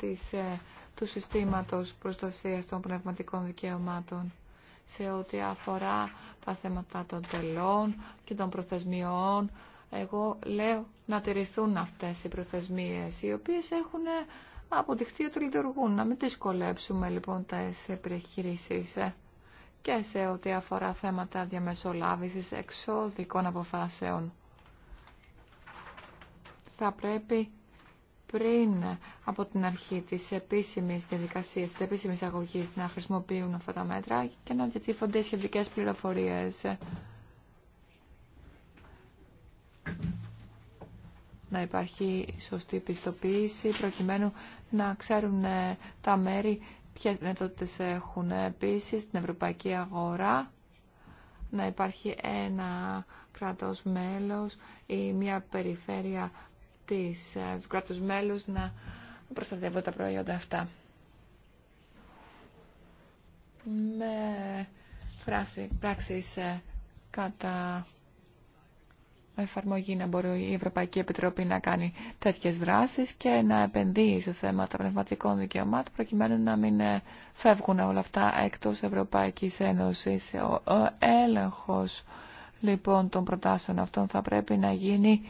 ε, ε, του συστήματος προστασίας των πνευματικών δικαιωμάτων σε ό,τι αφορά τα θέματα των τελών και των προθεσμιών. Εγώ λέω να τηρηθούν αυτές οι προθεσμίες, οι οποίες έχουν ε, αποδειχθεί ότι λειτουργούν. Να μην δυσκολέψουμε λοιπόν τα επιχειρήσεις και σε ό,τι αφορά θέματα διαμεσολάβησης εξώδικών αποφάσεων. Θα πρέπει πριν από την αρχή της επίσημης διαδικασίας, της επίσημης αγωγής να χρησιμοποιούν αυτά τα μέτρα και να διατύφονται σχετικέ πληροφορίες. Να υπάρχει σωστή πιστοποίηση προκειμένου να ξέρουν ε, τα μέρη ποιες δυνατότητες έχουν επίσης στην ευρωπαϊκή αγορά να υπάρχει ένα κράτος μέλος ή μια περιφέρεια της, ε, του κράτους μέλους να προστατεύουν τα προϊόντα αυτά. Με πράξεις ε, κατά εφαρμογή να μπορεί η Ευρωπαϊκή Επιτροπή να κάνει τέτοιες δράσεις και να επενδύει σε θέματα πνευματικών δικαιωμάτων προκειμένου να μην φεύγουν όλα αυτά εκτός Ευρωπαϊκής Ένωσης. Ο έλεγχος λοιπόν των προτάσεων αυτών θα πρέπει να γίνει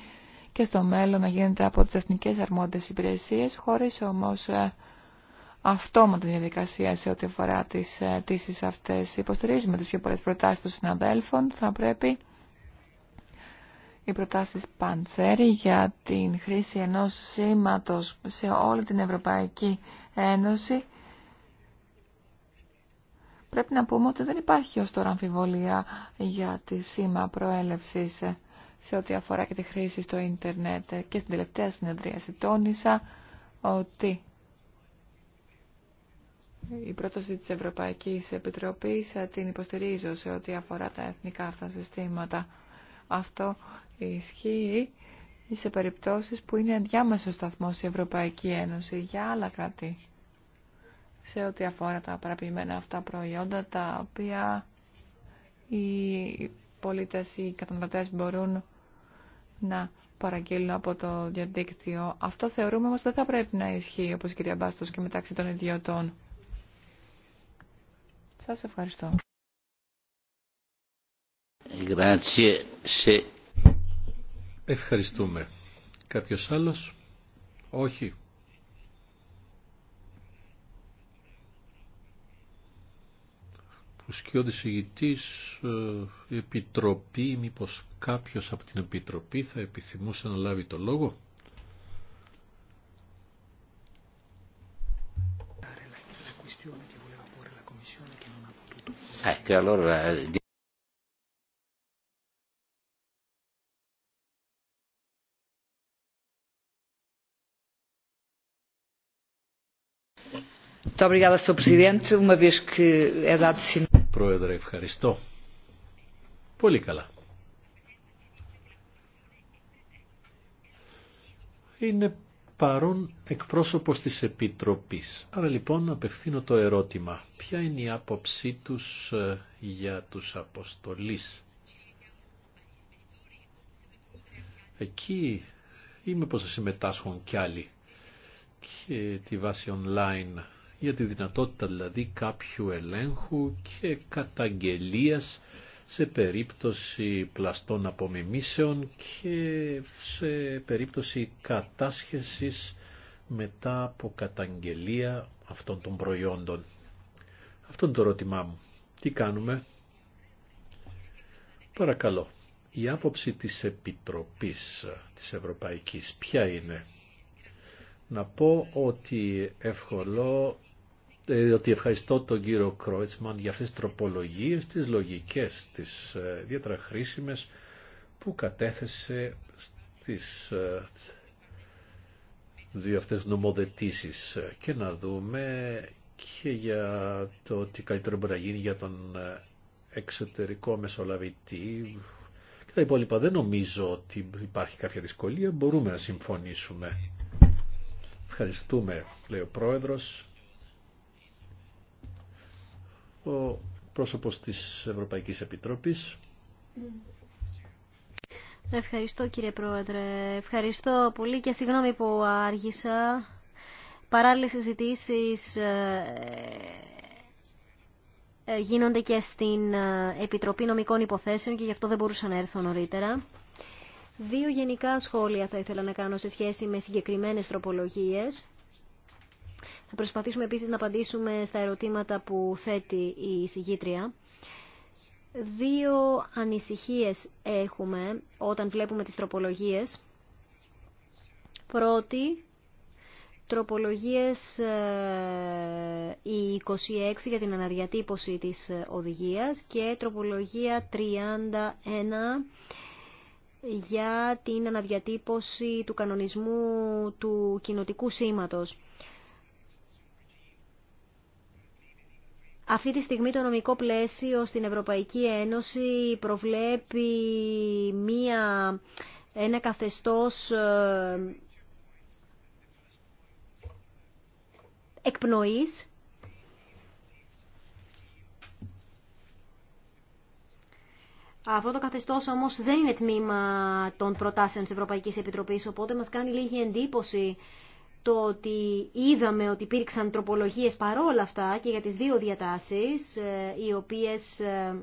και στο μέλλον να γίνεται από τις εθνικές αρμόδιες υπηρεσίες χωρίς όμως ε, αυτόματα διαδικασία σε ό,τι αφορά τις αιτήσει αυτές. Υποστηρίζουμε τις πιο πολλές προτάσεις των συναδέλφων. Θα πρέπει οι προτάσεις Παντσέρη για την χρήση ενός σήματος σε όλη την Ευρωπαϊκή Ένωση. Πρέπει να πούμε ότι δεν υπάρχει ως τώρα αμφιβολία για τη σήμα προέλευσης σε ό,τι αφορά και τη χρήση στο ίντερνετ. Και στην τελευταία συνεδρίαση τόνισα ότι η πρόταση της Ευρωπαϊκής Επιτροπής την υποστηρίζω σε ό,τι αφορά τα εθνικά αυτά συστήματα. Αυτό ισχύει σε περιπτώσεις που είναι ενδιάμεσο σταθμός η Ευρωπαϊκή Ένωση για άλλα κράτη σε ό,τι αφορά τα παραποιημένα αυτά προϊόντα τα οποία οι πολίτες, οι καταναλωτές μπορούν να παραγγείλουν από το διαδίκτυο. Αυτό θεωρούμε όμως δεν θα πρέπει να ισχύει όπως η κυρία Μπάστος και μεταξύ των ιδιωτών. Σας ευχαριστώ. Ευχαριστούμε. Κάποιος άλλος? Όχι. Ο σκιώδης ηγητής, Επιτροπή, μήπως κάποιος από την Επιτροπή θα επιθυμούσε να λάβει το λόγο. Ecco, Πρόεδρε, ευχαριστώ. Πολύ καλά. Είναι παρόν εκπρόσωπος της Επιτροπής. Άρα λοιπόν απευθύνω το ερώτημα. Ποια είναι η άποψή τους ε, για τους αποστολείς. Εκεί είμαι πως θα συμμετάσχουν κι άλλοι και τη βάση online για τη δυνατότητα δηλαδή κάποιου ελέγχου και καταγγελίας σε περίπτωση πλαστών απομιμήσεων και σε περίπτωση κατάσχεσης μετά από καταγγελία αυτών των προϊόντων. Αυτό είναι το ερώτημά μου. Τι κάνουμε. Παρακαλώ. Η άποψη της Επιτροπής της Ευρωπαϊκής ποια είναι. Να πω ότι ευχολώ ε, ότι ευχαριστώ τον κύριο Κρόιτσμαν για αυτές τις τροπολογίες, τις λογικές, τις ε, ιδιαίτερα χρήσιμες που κατέθεσε στις ε, δύο αυτές νομοδετήσεις και να δούμε και για το τι καλύτερο μπορεί να γίνει για τον εξωτερικό μεσολαβητή και τα υπόλοιπα. Δεν νομίζω ότι υπάρχει κάποια δυσκολία, μπορούμε να συμφωνήσουμε. Ευχαριστούμε, λέει ο Πρόεδρος ο πρόσωπος της Ευρωπαϊκής Επιτροπής. Ευχαριστώ κύριε Πρόεδρε. Ευχαριστώ πολύ και συγγνώμη που άργησα. Παράλληλες συζητήσεις ε, ε, γίνονται και στην ε, Επιτροπή Νομικών Υποθέσεων και γι' αυτό δεν μπορούσα να έρθω νωρίτερα. Δύο γενικά σχόλια θα ήθελα να κάνω σε σχέση με συγκεκριμένες τροπολογίες. Θα προσπαθήσουμε επίσης να απαντήσουμε στα ερωτήματα που θέτει η συγγήτρια. Δύο ανησυχίες έχουμε όταν βλέπουμε τις τροπολογίες. Πρώτη, τροπολογίες ε, η 26 για την αναδιατύπωση της οδηγίας και τροπολογία 31 για την αναδιατύπωση του κανονισμού του κοινοτικού σήματος. Αυτή τη στιγμή το νομικό πλαίσιο στην Ευρωπαϊκή Ένωση προβλέπει μία, ένα καθεστώς ε, εκπνοής Αυτό το καθεστώ όμω δεν είναι τμήμα των προτάσεων τη Ευρωπαϊκή Επιτροπής, οπότε μα κάνει λίγη εντύπωση το ότι είδαμε ότι υπήρξαν τροπολογίες παρόλα αυτά και για τις δύο διατάσεις, ε, οι οποίες ε,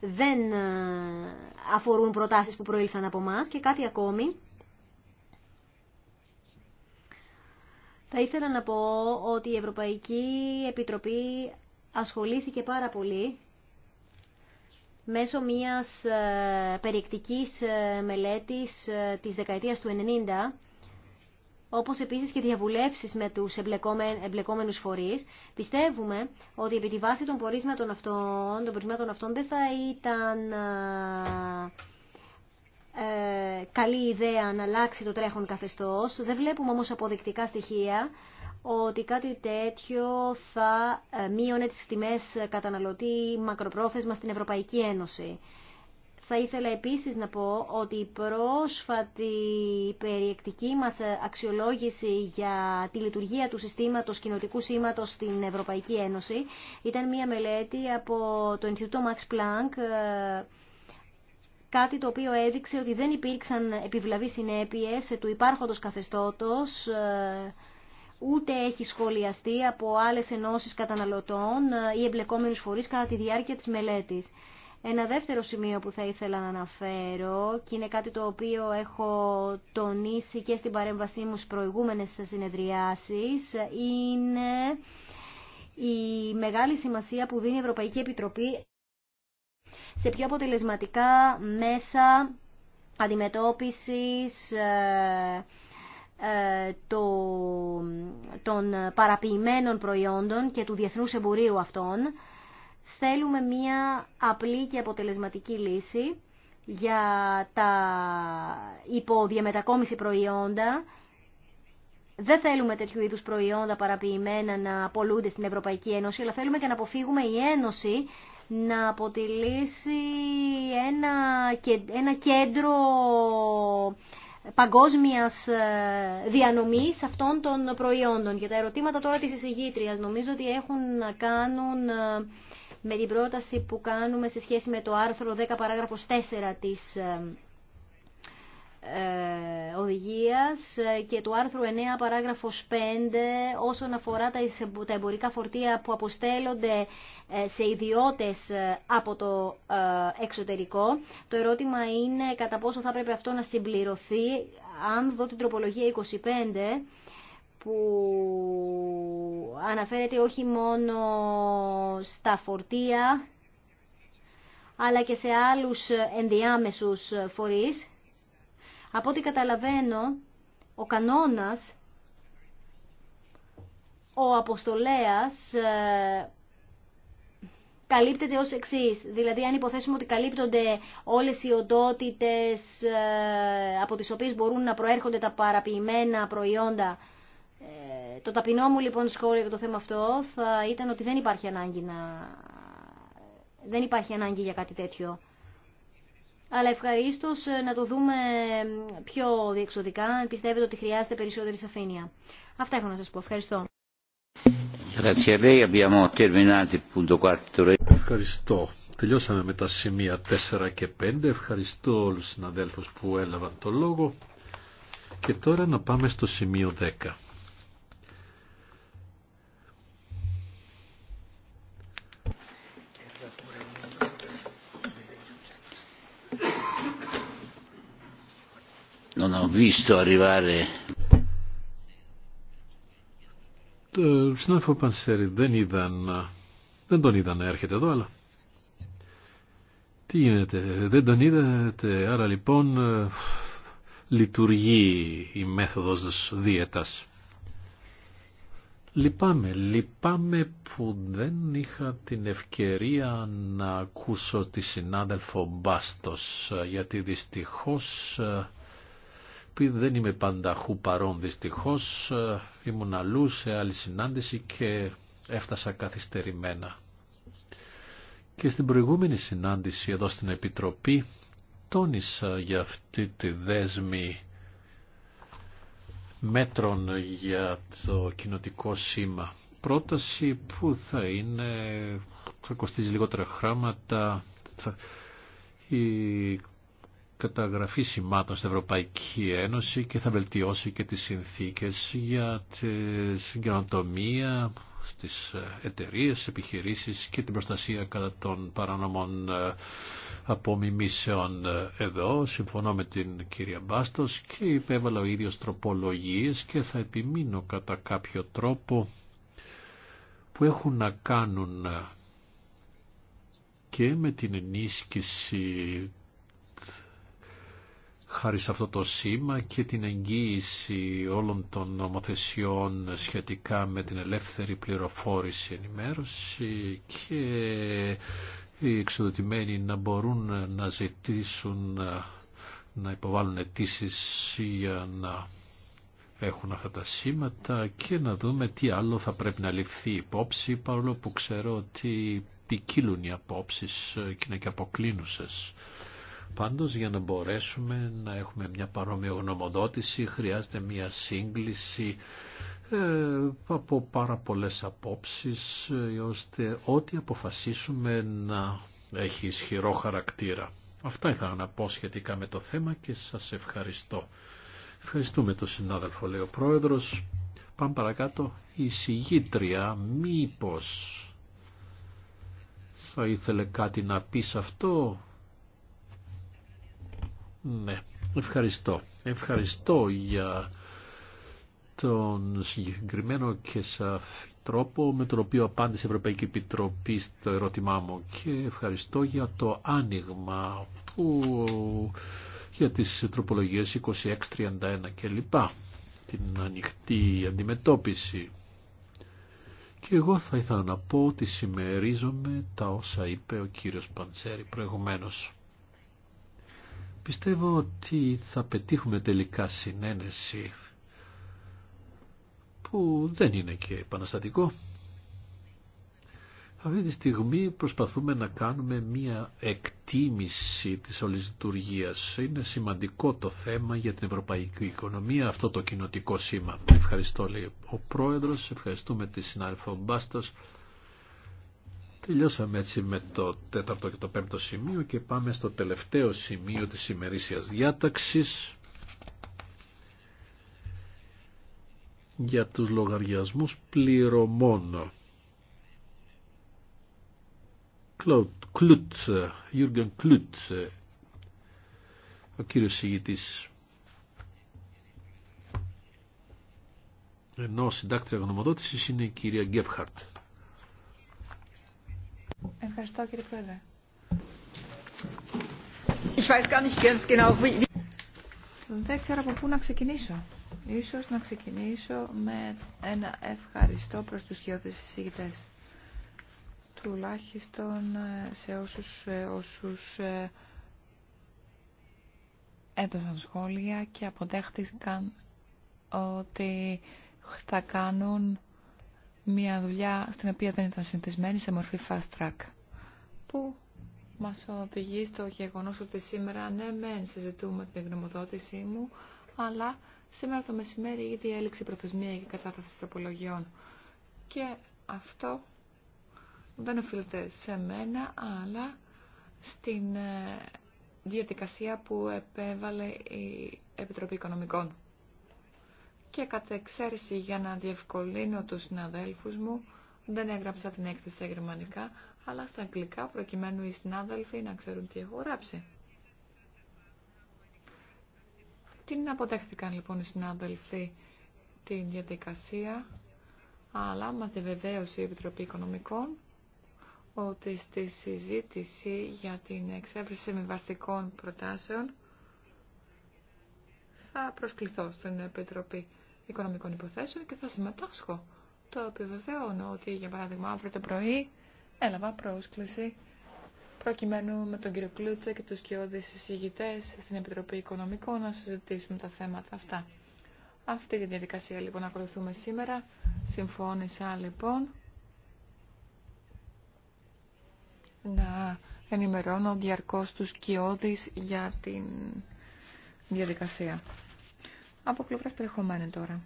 δεν ε, αφορούν προτάσεις που προήλθαν από μας και κάτι ακόμη. Θα ήθελα να πω ότι η Ευρωπαϊκή Επιτροπή ασχολήθηκε πάρα πολύ μέσω μιας περιεκτικής μελέτης της δεκαετίας του 90 όπως επίσης και διαβουλεύσει με τους εμπλεκόμενους φορείς, πιστεύουμε ότι επί τη βάση των πορίσματων αυτών, των πορίσματων αυτών δεν θα ήταν ε, καλή ιδέα να αλλάξει το τρέχον καθεστώς. Δεν βλέπουμε όμω αποδεικτικά στοιχεία ότι κάτι τέτοιο θα ε, μείωνε τις τιμές καταναλωτή μακροπρόθεσμα στην Ευρωπαϊκή Ένωση. Θα ήθελα επίσης να πω ότι η πρόσφατη περιεκτική μας αξιολόγηση για τη λειτουργία του συστήματος κοινοτικού σήματος στην Ευρωπαϊκή Ένωση ήταν μια μελέτη από το Ινστιτούτο Max Planck ε, κάτι το οποίο έδειξε ότι δεν υπήρξαν επιβλαβείς συνέπειες του υπάρχοντος καθεστώτος ε, ούτε έχει σχολιαστεί από άλλες ενώσεις καταναλωτών ή εμπλεκόμενους φορείς κατά τη διάρκεια της μελέτης. Ένα δεύτερο σημείο που θα ήθελα να αναφέρω και είναι κάτι το οποίο έχω τονίσει και στην παρέμβασή μου στις προηγούμενες συνεδριάσεις είναι η μεγάλη σημασία που δίνει η Ευρωπαϊκή Επιτροπή σε πιο αποτελεσματικά μέσα αντιμετώπισης ε, ε, των παραποιημένων προϊόντων και του διεθνούς εμπορίου αυτών Θέλουμε μία απλή και αποτελεσματική λύση για τα υποδιαμετακόμιση προϊόντα. Δεν θέλουμε τέτοιου είδους προϊόντα παραποιημένα να απολούνται στην Ευρωπαϊκή Ένωση, αλλά θέλουμε και να αποφύγουμε η Ένωση να αποτελήσει ένα, ένα κέντρο παγκόσμιας ε, διανομής αυτών των προϊόντων. Για τα ερωτήματα τώρα της εισηγήτριας νομίζω ότι έχουν να κάνουν ε, με την πρόταση που κάνουμε σε σχέση με το άρθρο 10 παράγραφος 4 της ε, ε, οδηγίας και το άρθρο 9 παράγραφος 5 όσον αφορά τα εμπορικά φορτία που αποστέλλονται ε, σε ιδιώτες από το εξωτερικό. Το ερώτημα είναι κατά πόσο θα πρέπει αυτό να συμπληρωθεί αν δω την τροπολογία 25 που αναφέρεται όχι μόνο στα φορτία, αλλά και σε άλλους ενδιάμεσους φορείς. Από ό,τι καταλαβαίνω, ο κανόνας, ο αποστολέας, ε, καλύπτεται ως εξή. Δηλαδή, αν υποθέσουμε ότι καλύπτονται όλες οι οντότητες ε, από τις οποίες μπορούν να προέρχονται τα παραποιημένα προϊόντα ε, το ταπεινό μου λοιπόν σχόλιο για το θέμα αυτό θα ήταν ότι δεν υπάρχει ανάγκη να... Δεν υπάρχει ανάγκη για κάτι τέτοιο. Αλλά ευχαρίστω ε, να το δούμε πιο διεξοδικά, αν πιστεύετε ότι χρειάζεται περισσότερη σαφήνεια. Αυτά έχω να σα πω. Ευχαριστώ. Ευχαριστώ. Τελειώσαμε με τα σημεία 4 και 5. Ευχαριστώ όλους τους συναδέλφους που έλαβαν το λόγο. Και τώρα να πάμε στο σημείο 10. non ho visto arrivare. δεν δεν τον είδα να έρχεται εδώ, αλλά τι γίνεται, δεν τον είδατε, άρα λοιπόν λειτουργεί η μέθοδος δίαιτας. Λυπάμαι, λυπάμαι που δεν είχα την ευκαιρία να ακούσω τη συνάδελφο Μπάστος, γιατί δυστυχώς δεν είμαι πανταχού παρόν δυστυχώς. Ε, ήμουν αλλού σε άλλη συνάντηση και έφτασα καθυστερημένα. Και στην προηγούμενη συνάντηση εδώ στην Επιτροπή τόνισα για αυτή τη δέσμη μέτρων για το κοινοτικό σήμα. Πρόταση που θα είναι, θα κοστίζει λιγότερα χρήματα, θα, καταγραφή σημάτων στην Ευρωπαϊκή Ένωση και θα βελτιώσει και τις συνθήκες για τη καινοτομία στις εταιρείες, επιχειρήσεις και την προστασία κατά των παρανομών ε, απομιμήσεων ε, εδώ. Συμφωνώ με την κυρία Μπάστος και υπέβαλα ο ίδιος τροπολογίες και θα επιμείνω κατά κάποιο τρόπο που έχουν να κάνουν ε, και με την ενίσχυση χάρη σε αυτό το σήμα και την εγγύηση όλων των νομοθεσιών σχετικά με την ελεύθερη πληροφόρηση, ενημέρωση και οι εξοδοτημένοι να μπορούν να ζητήσουν να υποβάλουν αιτήσει για να έχουν αυτά τα σήματα και να δούμε τι άλλο θα πρέπει να ληφθεί υπόψη παρόλο που ξέρω ότι ποικίλουν οι απόψεις και είναι και αποκλίνουσες. Πάντως για να μπορέσουμε να έχουμε μια παρόμοια γνωμοδότηση χρειάζεται μια σύγκληση ε, από πάρα πολλές απόψεις ε, ώστε ό,τι αποφασίσουμε να έχει ισχυρό χαρακτήρα. Αυτά ήθελα να πω σχετικά με το θέμα και σας ευχαριστώ. Ευχαριστούμε τον συνάδελφο, λέει ο πρόεδρος. Πάμε παρακάτω. Η συγγήτρια, μήπως θα ήθελε κάτι να πει σε αυτό. Ναι, ευχαριστώ. Ευχαριστώ για τον συγκεκριμένο και σαφή τρόπο με τον οποίο απάντησε η Ευρωπαϊκή Επιτροπή στο ερώτημά μου και ευχαριστώ για το άνοιγμα που για τις τροπολογίες 26, 31 κλπ. Την ανοιχτή αντιμετώπιση. Και εγώ θα ήθελα να πω ότι συμμερίζομαι τα όσα είπε ο κύριος Παντσέρη προηγουμένως. Πιστεύω ότι θα πετύχουμε τελικά συνένεση που δεν είναι και επαναστατικό. Αυτή τη στιγμή προσπαθούμε να κάνουμε μία εκτίμηση της όλης Είναι σημαντικό το θέμα για την ευρωπαϊκή οικονομία, αυτό το κοινοτικό σήμα. Ευχαριστώ λέει ο Πρόεδρος, ευχαριστούμε τη συνάδελφο Μπάστος. Τελειώσαμε έτσι με το τέταρτο και το πέμπτο σημείο και πάμε στο τελευταίο σημείο της ημερήσιας διάταξης για τους λογαριασμούς πληρωμών. Κλουτ, Γιούργεν Κλουτ, ο κύριος συγητής. Ενώ συντάκτρια γνωμοδότησης είναι η κυρία Γκέφχαρτ. Ευχαριστώ κύριε Πρόεδρε. Ich weiß gar nicht ganz genau, wie... Δεν ξέρω από πού να ξεκινήσω. Ίσως να ξεκινήσω με ένα ευχαριστώ προς τους χειώδες εισηγητές. Τουλάχιστον ε, σε όσους, ε, όσους ε, έδωσαν σχόλια και αποδέχτηκαν ότι θα κάνουν μια δουλειά στην οποία δεν ήταν συνηθισμένη σε μορφή fast track. Που μα οδηγεί στο γεγονός ότι σήμερα ναι μεν συζητούμε την γνωμοδότησή μου, αλλά σήμερα το μεσημέρι ήδη έληξε η προθεσμία για κατάθεση τροπολογιών. Και αυτό δεν οφείλεται σε μένα, αλλά στην ε, διαδικασία που επέβαλε η Επιτροπή Οικονομικών και κατ' εξαίρεση για να διευκολύνω τους συναδέλφους μου, δεν έγραψα την έκθεση στα γερμανικά, αλλά στα αγγλικά προκειμένου οι συνάδελφοι να ξέρουν τι έχω γράψει. Την αποτέχθηκαν λοιπόν οι συνάδελφοι την διαδικασία, αλλά μας διαβεβαίωσε η Επιτροπή Οικονομικών ότι στη συζήτηση για την εξέβριση βαστικών προτάσεων θα προσκληθώ στην Επιτροπή Οικονομικών Υποθέσεων και θα συμμετάσχω. Το επιβεβαιώνω ότι, για παράδειγμα, αύριο το πρωί έλαβα πρόσκληση προκειμένου με τον κύριο Κλούτσα και τους κοιόδης συζητητέ στην Επιτροπή Οικονομικών να συζητήσουμε τα θέματα αυτά. Αυτή τη διαδικασία λοιπόν ακολουθούμε σήμερα. Συμφώνησα λοιπόν να ενημερώνω διαρκώς τους κοιόδης για την διαδικασία. Από πλευρά περιεχομένου τώρα.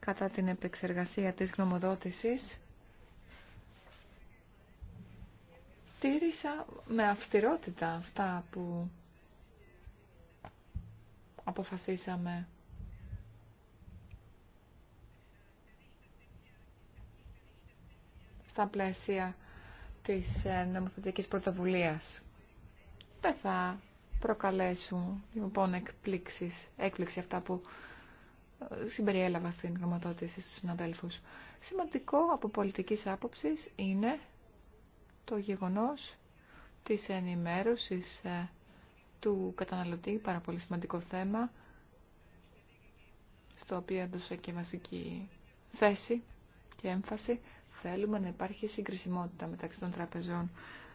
Κατά την επεξεργασία της γνωμοδότησης, τήρησα με αυστηρότητα αυτά που αποφασίσαμε στα πλαίσια της ε, νομοθετικής πρωτοβουλίας. Δεν θα προκαλέσουν λοιπόν εκπλήξεις, έκπληξη αυτά που ε, συμπεριέλαβα στην γραμματότηση στους συναδέλφους. Σημαντικό από πολιτικής άποψης είναι το γεγονός της ενημέρωσης ε, του καταναλωτή, πάρα πολύ σημαντικό θέμα, στο οποίο έδωσε και βασική θέση και έμφαση. Θέλουμε να υπάρχει συγκρισιμότητα μεταξύ των τραπεζών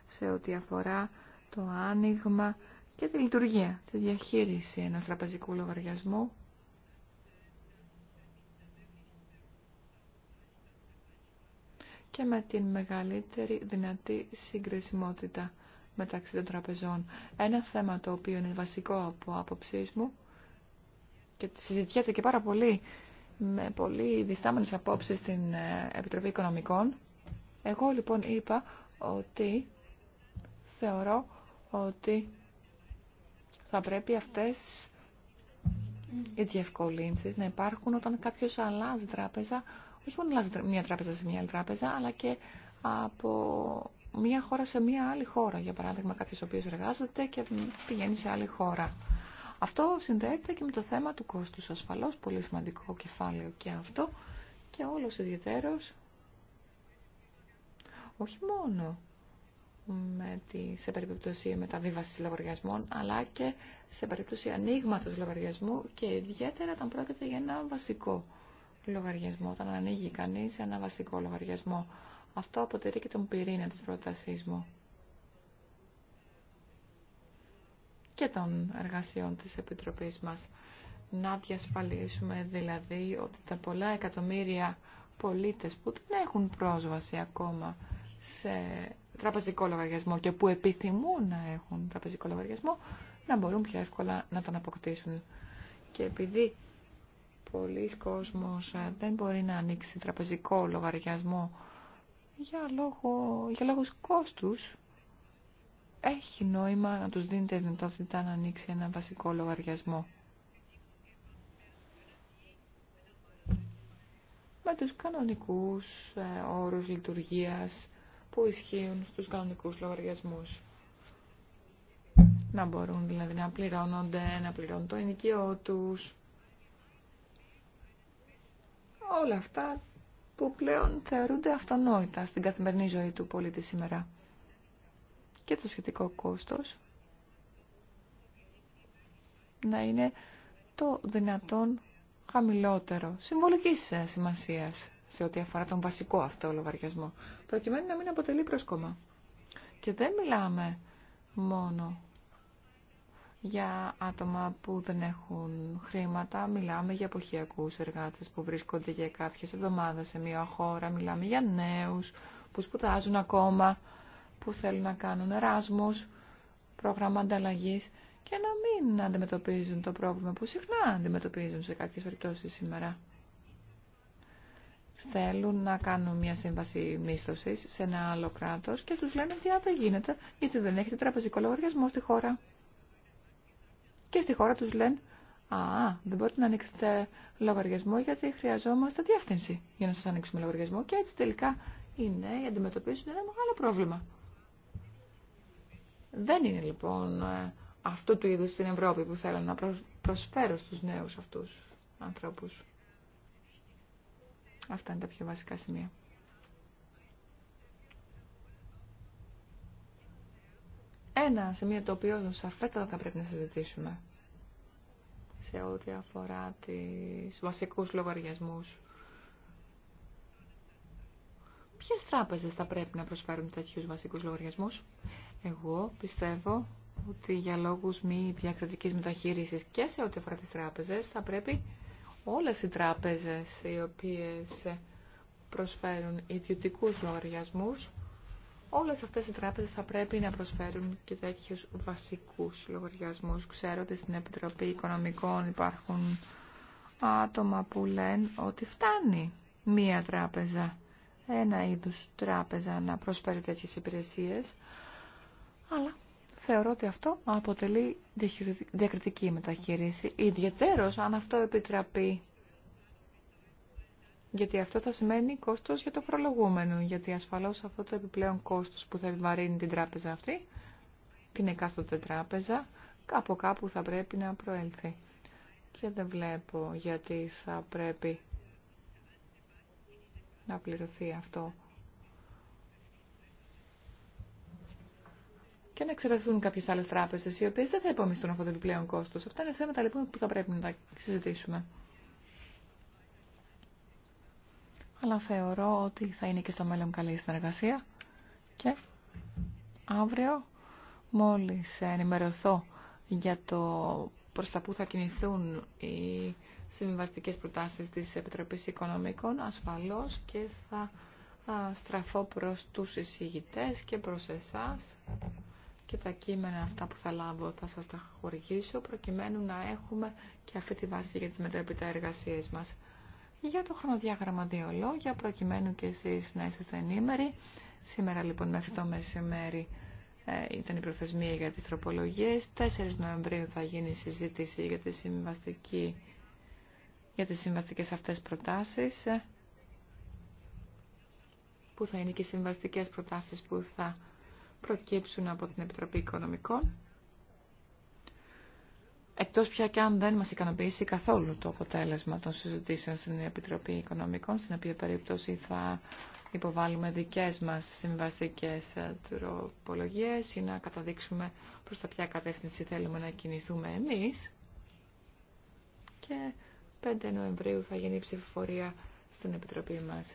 σε ό,τι αφορά το άνοιγμα και τη λειτουργία, τη διαχείριση ενός τραπεζικού λογαριασμού και με την μεγαλύτερη δυνατή συγκρισιμότητα μεταξύ των τραπεζών. Ένα θέμα το οποίο είναι βασικό από άποψή μου και συζητιέται και πάρα πολύ με πολύ διστάμενες απόψεις στην ε, Επιτροπή Οικονομικών. Εγώ λοιπόν είπα ότι θεωρώ ότι θα πρέπει αυτές οι διευκολύνσεις να υπάρχουν όταν κάποιος αλλάζει τράπεζα, όχι μόνο αλλάζει μια τράπεζα σε μια άλλη τράπεζα, αλλά και από μια χώρα σε μια άλλη χώρα. Για παράδειγμα, κάποιος ο οποίος εργάζεται και πηγαίνει σε άλλη χώρα. Αυτό συνδέεται και με το θέμα του κόστους ασφαλώς, πολύ σημαντικό κεφάλαιο και αυτό και όλος ιδιαίτερος όχι μόνο με τη, σε περίπτωση μεταβίβασης λογαριασμών, αλλά και σε περίπτωση ανοίγματο λογαριασμού και ιδιαίτερα όταν πρόκειται για ένα βασικό λογαριασμό, όταν ανοίγει κανείς ένα βασικό λογαριασμό. Αυτό αποτελεί και τον πυρήνα της πρότασή μου και των εργασιών της Επιτροπής μας. Να διασφαλίσουμε δηλαδή ότι τα πολλά εκατομμύρια πολίτες που δεν έχουν πρόσβαση ακόμα σε τραπεζικό λογαριασμό και που επιθυμούν να έχουν τραπεζικό λογαριασμό να μπορούν πιο εύκολα να τον αποκτήσουν. Και επειδή πολλοί κόσμος ε, δεν μπορεί να ανοίξει τραπεζικό λογαριασμό για, λόγο, για λόγους κόστους, έχει νόημα να τους δίνετε δυνατότητα να ανοίξει ένα βασικό λογαριασμό. Με τους κανονικούς ε, όρους λειτουργίας που ισχύουν στους κανονικούς λογαριασμούς. Να μπορούν δηλαδή να πληρώνονται, να πληρώνουν το ενοικιό τους. Όλα αυτά που πλέον θεωρούνται αυτονόητα στην καθημερινή ζωή του πολίτη σήμερα. Και το σχετικό κόστος να είναι το δυνατόν χαμηλότερο, συμβολικής ε, σημασίας σε ό,τι αφορά τον βασικό αυτό λογαριασμό, προκειμένου να μην αποτελεί πρόσκομα. Και δεν μιλάμε μόνο για άτομα που δεν έχουν χρήματα, μιλάμε για εποχιακού εργάτες που βρίσκονται για κάποιες εβδομάδες σε μια χώρα, μιλάμε για νέους που σπουδάζουν ακόμα, που θέλουν να κάνουν εράσμους, πρόγραμμα ανταλλαγή και να μην αντιμετωπίζουν το πρόβλημα που συχνά αντιμετωπίζουν σε κάποιες περιπτώσεις σήμερα θέλουν να κάνουν μια σύμβαση μίσθωση σε ένα άλλο κράτο και τους λένε ότι δεν γίνεται γιατί δεν έχετε τραπεζικό λογαριασμό στη χώρα. Και στη χώρα τους λένε «Α, δεν μπορείτε να ανοίξετε λογαριασμό γιατί χρειαζόμαστε διεύθυνση για να σας ανοίξουμε λογαριασμό» και έτσι τελικά οι νέοι αντιμετωπίζουν ένα μεγάλο πρόβλημα. Δεν είναι λοιπόν ε, αυτού του είδους στην Ευρώπη που θέλουν να προσφέρω στους νέους αυτούς ανθρώπους. Αυτά είναι τα πιο βασικά σημεία. Ένα σημείο το οποίο σαφέστατα θα πρέπει να συζητήσουμε σε ό,τι αφορά τις βασικούς λογαριασμούς. Ποιες τράπεζες θα πρέπει να προσφέρουν τέτοιους βασικούς λογαριασμούς. Εγώ πιστεύω ότι για λόγους μη διακριτικής μεταχείρισης και σε ό,τι αφορά τις τράπεζες θα πρέπει όλες οι τράπεζες οι οποίες προσφέρουν ιδιωτικούς λογαριασμούς, όλες αυτές οι τράπεζες θα πρέπει να προσφέρουν και τέτοιους βασικούς λογαριασμούς. Ξέρω ότι στην Επιτροπή Οικονομικών υπάρχουν άτομα που λένε ότι φτάνει μία τράπεζα, ένα είδους τράπεζα να προσφέρει τέτοιες υπηρεσίες, αλλά θεωρώ ότι αυτό αποτελεί διακριτική μεταχείριση, ιδιαίτερος αν αυτό επιτραπεί. Γιατί αυτό θα σημαίνει κόστος για το προλογούμενο, γιατί ασφαλώς αυτό το επιπλέον κόστος που θα επιβαρύνει την τράπεζα αυτή, την εκάστοτε τράπεζα, κάπου κάπου θα πρέπει να προέλθει. Και δεν βλέπω γιατί θα πρέπει να πληρωθεί αυτό και να εξεταστούν κάποιε άλλε τράπεζε οι οποίε δεν θα υπομισθούν αυτό το επιπλέον κόστο. Αυτά είναι θέματα λοιπόν που θα πρέπει να τα συζητήσουμε. Αλλά θεωρώ ότι θα είναι και στο μέλλον καλή συνεργασία και αύριο μόλις ενημερωθώ για το προς τα που θα κινηθούν οι συμβιβαστικές προτάσεις της Επιτροπής Οικονομικών ασφαλώς και θα στραφώ προς τους εισηγητές και προς εσάς και τα κείμενα αυτά που θα λάβω θα σας τα χορηγήσω προκειμένου να έχουμε και αυτή τη βάση για τις μετέπειτα εργασίες μας. Για το χρονοδιάγραμμα δύο λόγια προκειμένου και εσείς να είστε ενήμεροι. Σήμερα λοιπόν μέχρι το μεσημέρι ε, ήταν η προθεσμία για τις τροπολογίες. 4 Νοεμβρίου θα γίνει η συζήτηση για, τη για τις συμβαστικές αυτές προτάσεις ε, που θα είναι και οι συμβαστικές προτάσεις που θα προκύψουν από την Επιτροπή Οικονομικών. Εκτός πια και αν δεν μας ικανοποιήσει καθόλου το αποτέλεσμα των συζητήσεων στην Επιτροπή Οικονομικών, στην οποία περίπτωση θα υποβάλουμε δικές μας συμβαστικές ε, τροπολογίες ή να καταδείξουμε προς τα ποια κατεύθυνση θέλουμε να κινηθούμε εμείς. Και 5 Νοεμβρίου θα γίνει η ψηφοφορία στην Επιτροπή μας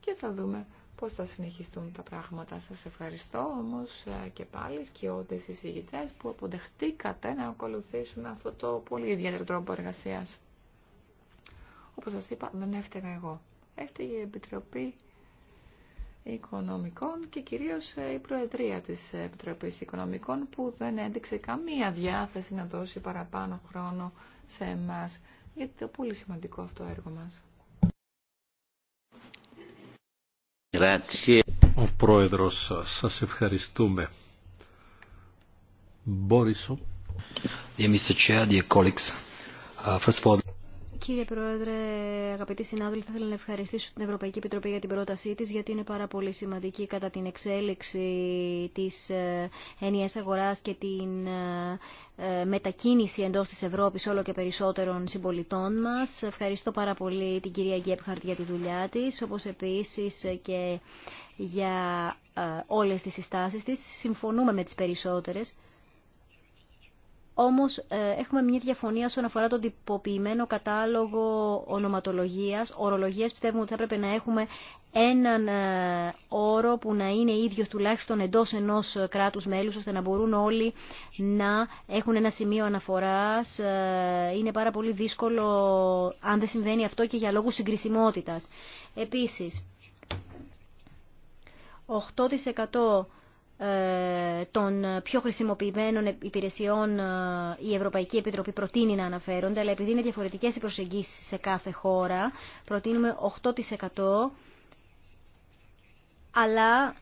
και θα δούμε πώς θα συνεχιστούν τα πράγματα. Σας ευχαριστώ όμως ε, και πάλι και όντες εισηγητές που αποδεχτήκατε να ακολουθήσουμε αυτό το πολύ ιδιαίτερο τρόπο εργασίας. Όπως σας είπα δεν έφταιγα εγώ. Έφταιγε η Επιτροπή Οικονομικών και κυρίως ε, η Προεδρία της Επιτροπής Οικονομικών που δεν έδειξε καμία διάθεση να δώσει παραπάνω χρόνο σε εμάς για το πολύ σημαντικό αυτό έργο μας. Ο Πρόεδρος, σας ευχαριστούμε. Μπόρισο. Dear Mr. Chair, dear colleagues, first of all... Κύριε Πρόεδρε, αγαπητοί συνάδελφοι, θα ήθελα να ευχαριστήσω την Ευρωπαϊκή Επιτροπή για την πρότασή της, γιατί είναι πάρα πολύ σημαντική κατά την εξέλιξη της ε, ενιαίας αγοράς και την ε, ε, μετακίνηση εντός της Ευρώπης όλο και περισσότερων συμπολιτών μας. Ευχαριστώ πάρα πολύ την κυρία Γκέπχαρτ για τη δουλειά της, όπως επίσης και για όλες τις συστάσεις της. Συμφωνούμε με τις περισσότερες. Όμως ε, έχουμε μια διαφωνία όσον αφορά τον τυποποιημένο κατάλογο ονοματολογίας, ορολογίας. Πιστεύουμε ότι θα έπρεπε να έχουμε έναν ε, όρο που να είναι ίδιος τουλάχιστον εντός ενός ε, κράτους μέλους, ώστε να μπορούν όλοι να έχουν ένα σημείο αναφοράς. Είναι πάρα πολύ δύσκολο αν δεν συμβαίνει αυτό και για λόγους συγκρισιμότητας. Επίσης, 8% ε, των πιο χρησιμοποιημένων υπηρεσιών ε, η Ευρωπαϊκή Επιτροπή προτείνει να αναφέρονται, αλλά επειδή είναι διαφορετικές οι προσεγγίσεις σε κάθε χώρα, προτείνουμε 8% αλλά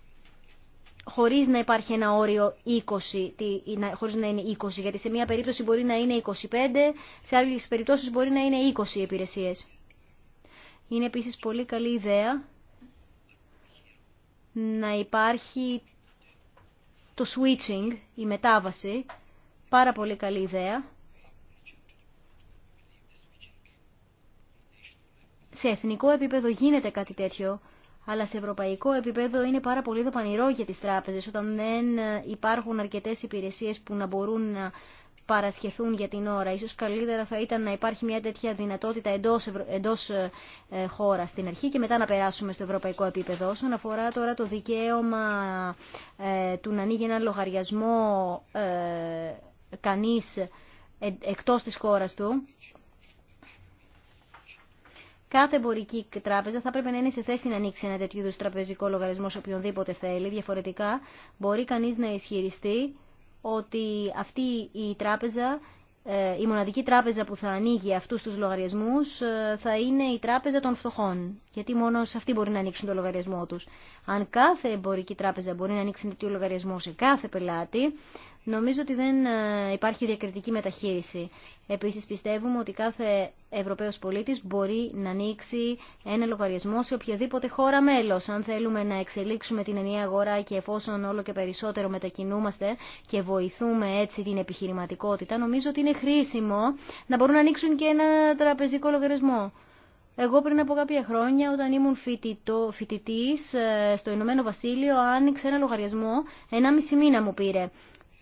χωρίς να υπάρχει ένα όριο 20, χωρίς να είναι 20, γιατί σε μία περίπτωση μπορεί να είναι 25, σε άλλες περιπτώσεις μπορεί να είναι 20 υπηρεσίες. Είναι επίσης πολύ καλή ιδέα να υπάρχει το switching, η μετάβαση, πάρα πολύ καλή ιδέα. Σε εθνικό επίπεδο γίνεται κάτι τέτοιο, αλλά σε ευρωπαϊκό επίπεδο είναι πάρα πολύ δοπανηρό για τις τράπεζες όταν δεν υπάρχουν αρκετές υπηρεσίες που να μπορούν να παρασχεθούν για την ώρα. Ίσως καλύτερα θα ήταν να υπάρχει μια τέτοια δυνατότητα εντός, εντός ε, ε χώρα στην αρχή και μετά να περάσουμε στο ευρωπαϊκό επίπεδο. Όσον αφορά τώρα το δικαίωμα ε, του να ανοίγει έναν λογαριασμό ε, κανείς ε, εκτός της χώρας του, Κάθε εμπορική τράπεζα θα πρέπει να είναι σε θέση να ανοίξει ένα τέτοιο είδου τραπεζικό λογαριασμό σε οποιονδήποτε θέλει. Διαφορετικά, μπορεί κανεί να ισχυριστεί ότι αυτή η τράπεζα, ε, η μοναδική τράπεζα που θα ανοίγει αυτούς τους λογαριασμούς ε, θα είναι η τράπεζα των φτωχών. Γιατί μόνο σε αυτή μπορεί να ανοίξουν το λογαριασμό τους. Αν κάθε εμπορική τράπεζα μπορεί να ανοίξει το λογαριασμό σε κάθε πελάτη, Νομίζω ότι δεν ε, υπάρχει διακριτική μεταχείριση. Επίσης πιστεύουμε ότι κάθε Ευρωπαίος πολίτης μπορεί να ανοίξει ένα λογαριασμό σε οποιαδήποτε χώρα μέλος. Αν θέλουμε να εξελίξουμε την ενιαία αγορά και εφόσον όλο και περισσότερο μετακινούμαστε και βοηθούμε έτσι την επιχειρηματικότητα, νομίζω ότι είναι χρήσιμο να μπορούν να ανοίξουν και ένα τραπεζικό λογαριασμό. Εγώ πριν από κάποια χρόνια, όταν ήμουν φοιτητή ε, στο Ηνωμένο Βασίλειο, άνοιξε ένα λογαριασμό, μισή μήνα μου πήρε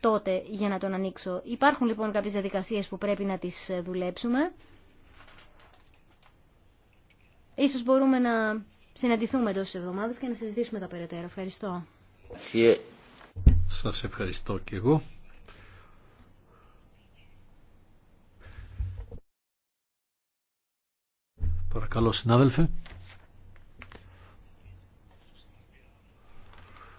τότε για να τον ανοίξω. Υπάρχουν λοιπόν κάποιες διαδικασίες που πρέπει να τις ε, δουλέψουμε. Ίσως μπορούμε να συναντηθούμε εντός της και να συζητήσουμε τα περαιτέρω. Ευχαριστώ. Σας ευχαριστώ και εγώ. Παρακαλώ συνάδελφε.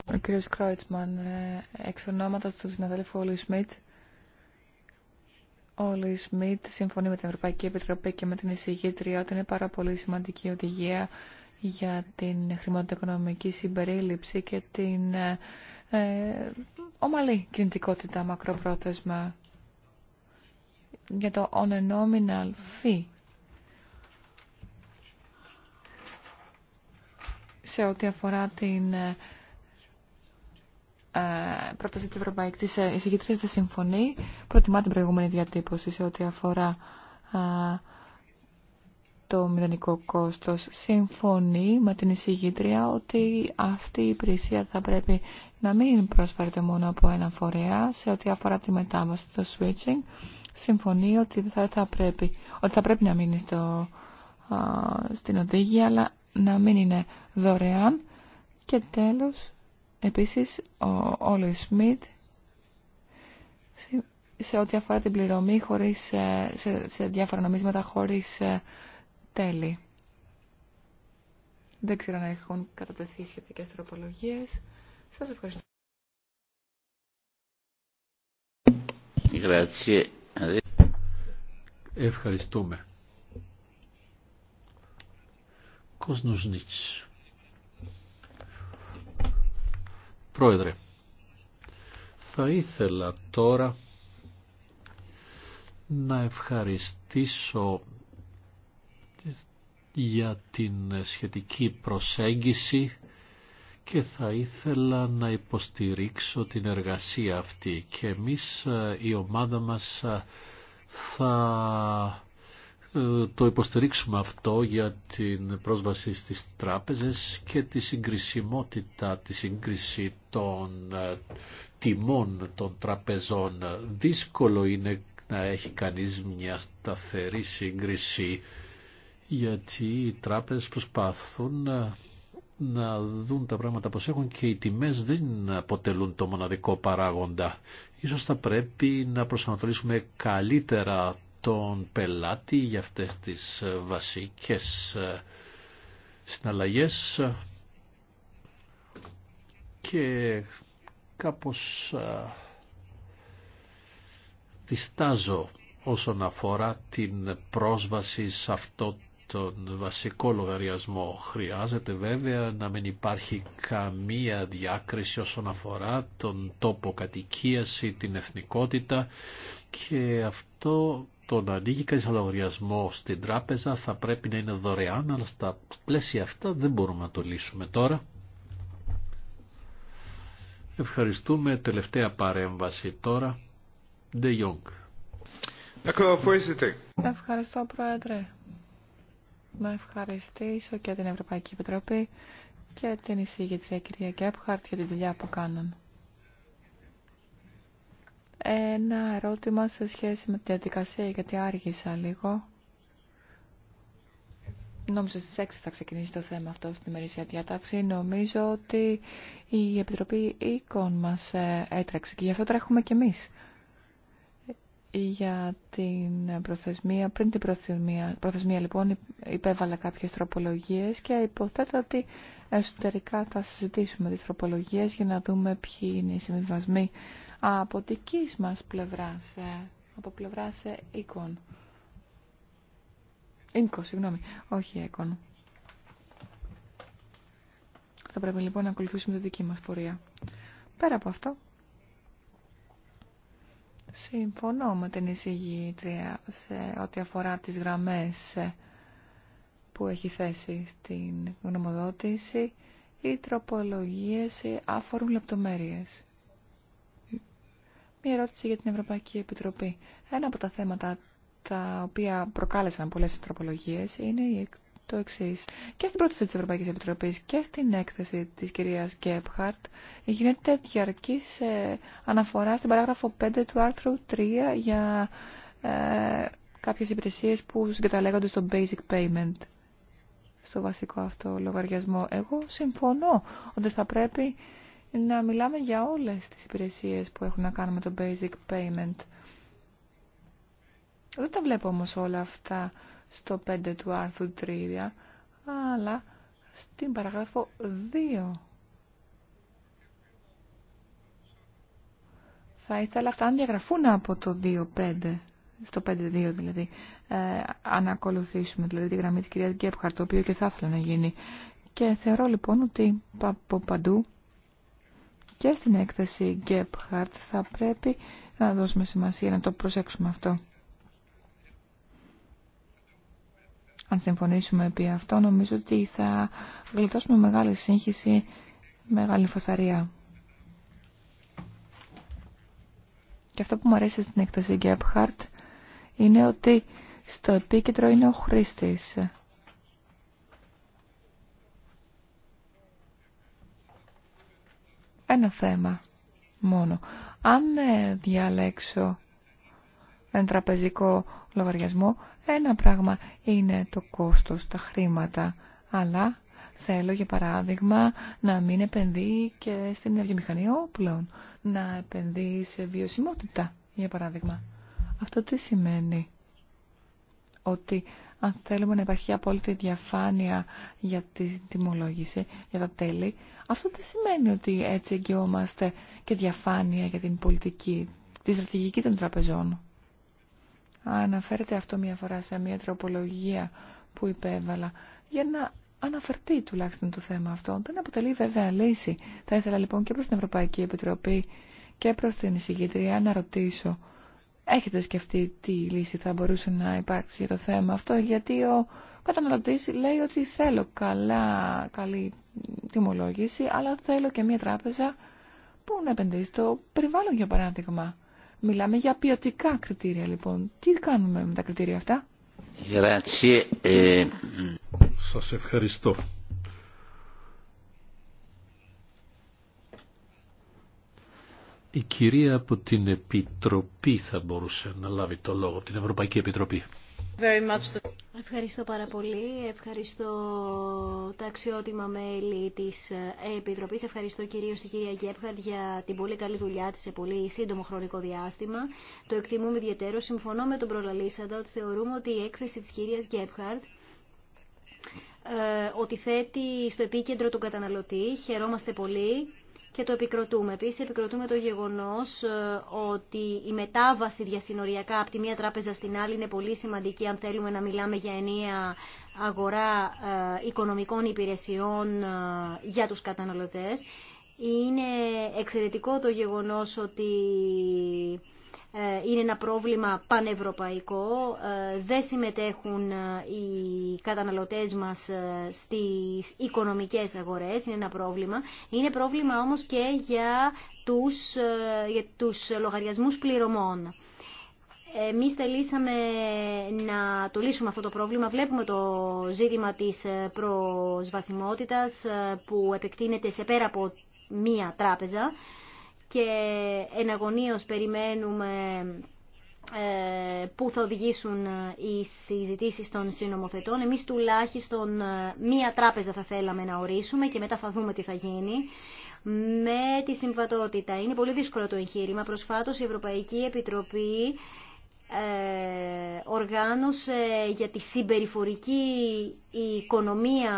Ο κ. Κρόιτσμαν, ε, εξ ονόματο του συναδέλφου Όλη Σμιτ, Όλη Σμιτ συμφωνεί με την Ευρωπαϊκή Επιτροπή και με την εισηγήτρια ότι είναι πάρα πολύ σημαντική οδηγία για την χρηματοοικονομική συμπερίληψη και την ε, ε, ομαλή κινητικότητα μακροπρόθεσμα για το on a fee σε ό,τι αφορά την ε, πρόταση της Ευρωπαϊκής ε, Εισηγητρίας δεν συμφωνεί. Προτιμά την προηγούμενη διατύπωση σε ό,τι αφορά ε, το μηδενικό κόστος. Συμφωνεί με την εισηγήτρια ότι αυτή η υπηρεσία θα πρέπει να μην προσφέρεται μόνο από ένα φορέα σε ό,τι αφορά τη μετάβαση, το switching. Συμφωνεί ότι θα, θα, πρέπει, να μείνει στην οδήγηση, αλλά να μην είναι δωρεάν. Και τέλος, Επίσης, ο Όλοϊ Σμιτ σε ό,τι αφορά την πληρωμή χωρίς, ε, σε, σε διάφορα νομίσματα χωρίς ε, τέλη. Δεν ξέρω να έχουν κατατεθεί σχετικές τροπολογίες. Σας ευχαριστώ. Ευχαριστούμε. Κοσνουσνίτς. Πρόεδρε, θα ήθελα τώρα να ευχαριστήσω για την σχετική προσέγγιση και θα ήθελα να υποστηρίξω την εργασία αυτή και εμείς ε, η ομάδα μας ε, θα ε, το υποστηρίξουμε αυτό για την πρόσβαση στις τράπεζες και τη συγκρισιμότητα, τη σύγκριση των ε, τιμών των τραπεζών. Δύσκολο είναι να έχει κανείς μια σταθερή σύγκριση γιατί οι τράπεζες προσπαθούν ε, να δουν τα πράγματα πως έχουν και οι τιμές δεν αποτελούν το μοναδικό παράγοντα. Ίσως θα πρέπει να προσανατολίσουμε καλύτερα τον πελάτη για αυτές τις ε, βασικές ε, συναλλαγές και κάπως ε, διστάζω όσον αφορά την πρόσβαση σε αυτό τον βασικό λογαριασμό. Χρειάζεται βέβαια να μην υπάρχει καμία διάκριση όσον αφορά τον τόπο κατοικίας ή την εθνικότητα και αυτό το να ανοίγει κανείς λογαριασμό στην τράπεζα θα πρέπει να είναι δωρεάν, αλλά στα πλαίσια αυτά δεν μπορούμε να το λύσουμε τώρα. Ευχαριστούμε. Τελευταία παρέμβαση τώρα. De Jong. Ευχαριστώ, Πρόεδρε. Να ευχαριστήσω και την Ευρωπαϊκή Επιτροπή και την εισηγητρία κυρία Κέπχαρτ για τη δουλειά που κάναν ένα ερώτημα σε σχέση με τη διαδικασία, γιατί άργησα λίγο. Νόμιζα στις 6 θα ξεκινήσει το θέμα αυτό στην ημερήσια διάταξη. Νομίζω ότι η Επιτροπή Οίκων μας ε, έτρεξε και γι' αυτό τρέχουμε κι εμείς για την προθεσμία. Πριν την προθεσμία, προθεσμία λοιπόν υπέβαλα κάποιες τροπολογίες και υποθέτω ότι εσωτερικά θα συζητήσουμε τις τροπολογίες για να δούμε ποιοι είναι οι συμβιβασμοί από δικής μας πλευράς, ε, από πλευράς ε, οίκων. Ίνκο, συγγνώμη, όχι έκον. Θα πρέπει λοιπόν να ακολουθήσουμε τη δική μας πορεία. Πέρα από αυτό, συμφωνώ με την εισηγήτρια σε ό,τι αφορά τις γραμμές ε, που έχει θέσει στην γνωμοδότηση. Οι τροπολογίες αφορούν λεπτομέρειες. Μία ερώτηση για την Ευρωπαϊκή Επιτροπή. Ένα από τα θέματα τα οποία προκάλεσαν πολλές τροπολογίε είναι το εξή. Και στην πρόταση της Ευρωπαϊκής Επιτροπής και στην έκθεση της κυρίας Γκέπχαρτ γίνεται διαρκής αναφορά στην παράγραφο 5 του άρθρου 3 για ε, κάποιες υπηρεσίες που συγκαταλέγονται στο basic payment στο βασικό αυτό λογαριασμό. Εγώ συμφωνώ ότι θα πρέπει να μιλάμε για όλες τις υπηρεσίες που έχουν να κάνουν με το basic payment. Δεν τα βλέπω όμως όλα αυτά στο 5 του άρθρου 3, αλλά στην παραγράφο 2. Θα ήθελα αυτά να διαγραφούν από το 2-5, στο 5-2 δηλαδή, ε, αν ακολουθήσουμε δηλαδή τη γραμμή της κυρίας Γκέπχαρτ, το οποίο και θα ήθελα να γίνει. Και θεωρώ λοιπόν ότι από παντού και στην έκθεση Gebhardt θα πρέπει να δώσουμε σημασία να το προσέξουμε αυτό. Αν συμφωνήσουμε επί αυτό, νομίζω ότι θα γλιτώσουμε μεγάλη σύγχυση, μεγάλη φασαρία. Και αυτό που μου αρέσει στην έκθεση Gebhardt είναι ότι στο επίκεντρο είναι ο χρήστης. ένα θέμα μόνο. Αν ε, διαλέξω ένα τραπεζικό λογαριασμό, ένα πράγμα είναι το κόστος, τα χρήματα, αλλά θέλω για παράδειγμα να μην επενδύει και στην βιομηχανία όπλων, να επενδύει σε βιωσιμότητα για παράδειγμα. Αυτό τι σημαίνει ότι αν θέλουμε να υπάρχει απόλυτη διαφάνεια για τη τιμολόγηση, για τα τέλη, αυτό δεν σημαίνει ότι έτσι εγγυόμαστε και διαφάνεια για την πολιτική, τη στρατηγική των τραπεζών. Αναφέρεται αυτό μία φορά σε μία τροπολογία που υπέβαλα για να αναφερθεί τουλάχιστον το θέμα αυτό. Δεν αποτελεί βέβαια λύση. Θα ήθελα λοιπόν και προς την Ευρωπαϊκή Επιτροπή και προς την εισηγήτρια να ρωτήσω Έχετε σκεφτεί τι λύση θα μπορούσε να υπάρξει για το θέμα αυτό, γιατί ο καταναλωτής λέει ότι θέλω καλά, καλή τιμολόγηση, αλλά θέλω και μια τράπεζα που να επενδύσει στο περιβάλλον, για παράδειγμα. Μιλάμε για ποιοτικά κριτήρια, λοιπόν. Τι κάνουμε με τα κριτήρια αυτά. Ε, Σας ευχαριστώ. Η κυρία από την Επιτροπή θα μπορούσε να λάβει το λόγο, την Ευρωπαϊκή Επιτροπή. Ευχαριστώ πάρα πολύ. Ευχαριστώ τα αξιότιμα μέλη της Επιτροπής. Ευχαριστώ κυρίως την κυρία Γκέπχαρτ για την πολύ καλή δουλειά της σε πολύ σύντομο χρονικό διάστημα. Το εκτιμούμε ιδιαίτερο. Συμφωνώ με τον προλαλήσαντα ότι θεωρούμε ότι η έκθεση της κυρίας Γκέπχαρτ ε, ότι θέτει στο επίκεντρο τον καταναλωτή. Χαιρόμαστε πολύ και το επικροτούμε. Επίσης επικροτούμε το γεγονός ε, ότι η μετάβαση διασυνοριακά από τη μία τράπεζα στην άλλη είναι πολύ σημαντική αν θέλουμε να μιλάμε για ενία αγορά ε, οικονομικών υπηρεσιών ε, για τους καταναλωτές. Είναι εξαιρετικό το γεγονός ότι ε, είναι ένα πρόβλημα πανευρωπαϊκό. Ε, δεν συμμετέχουν ε, οι καταναλωτές μας στις οικονομικές αγορές. Είναι ένα πρόβλημα. Είναι πρόβλημα όμως και για τους, για τους λογαριασμούς πληρωμών. Εμεί θελήσαμε να το λύσουμε αυτό το πρόβλημα. Βλέπουμε το ζήτημα της προσβασιμότητας που επεκτείνεται σε πέρα από μία τράπεζα και εναγωνίως περιμένουμε ε, που θα οδηγήσουν ε, οι συζητήσεις των συνομοθετών. Εμείς τουλάχιστον ε, μία τράπεζα θα θέλαμε να ορίσουμε και μετά θα δούμε τι θα γίνει με τη συμβατότητα. Είναι πολύ δύσκολο το εγχείρημα. Προσφάτως η Ευρωπαϊκή Επιτροπή ε, οργάνωσε για τη συμπεριφορική οικονομία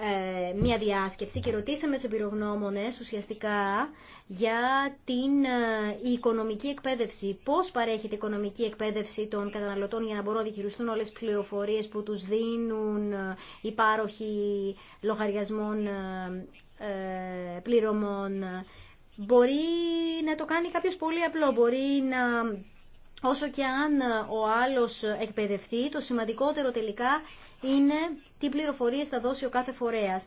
ε, μια διάσκεψη και ρωτήσαμε τους εμπειρογνώμονες ουσιαστικά για την ε, οικονομική εκπαίδευση. Πώς παρέχεται η οικονομική εκπαίδευση των καταναλωτών για να μπορούν να διχειριστούν όλες τις πληροφορίες που τους δίνουν οι πάροχοι λογαριασμών πληρωμών. Μπορεί να το κάνει κάποιος πολύ απλό, μπορεί να όσο και αν ε, ο άλλος εκπαιδευτεί, το σημαντικότερο τελικά είναι τι πληροφορίες θα δώσει ο κάθε φορέας.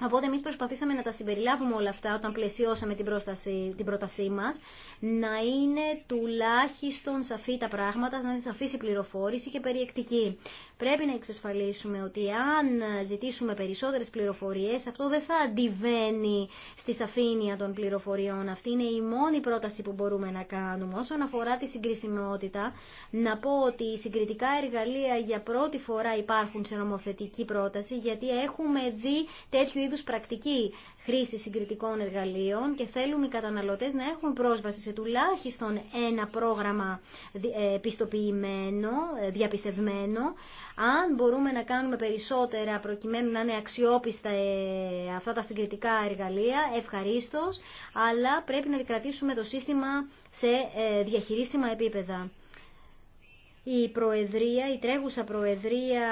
Οπότε εμείς προσπαθήσαμε να τα συμπεριλάβουμε όλα αυτά όταν πλαισιώσαμε την, πρόσταση, την πρότασή μας, να είναι τουλάχιστον σαφή τα πράγματα, να είναι σαφή η πληροφόρηση και περιεκτική. Πρέπει να εξασφαλίσουμε ότι αν ζητήσουμε περισσότερες πληροφορίες, αυτό δεν θα αντιβαίνει στη σαφήνεια των πληροφοριών. Αυτή είναι η μόνη πρόταση που μπορούμε να κάνουμε. Όσον αφορά τη συγκρισιμότητα, να πω ότι οι συγκριτικά εργαλεία για πρώτη φορά υπάρχουν σε νομοθετική πρόταση, γιατί έχουμε δει τέτοιου είδους πρακτική χρήση συγκριτικών εργαλείων και θέλουμε οι καταναλωτές να έχουν πρόσβαση σε τουλάχιστον ένα πρόγραμμα ε, πιστοποιημένο, ε, διαπιστευμένο. Αν μπορούμε να κάνουμε περισσότερα προκειμένου να είναι αξιόπιστα ε, αυτά τα συγκριτικά εργαλεία, ευχαρίστω, αλλά πρέπει να κρατήσουμε το σύστημα σε διαχειρίσιμα επίπεδα. Η Προεδρία, η τρέχουσα Προεδρία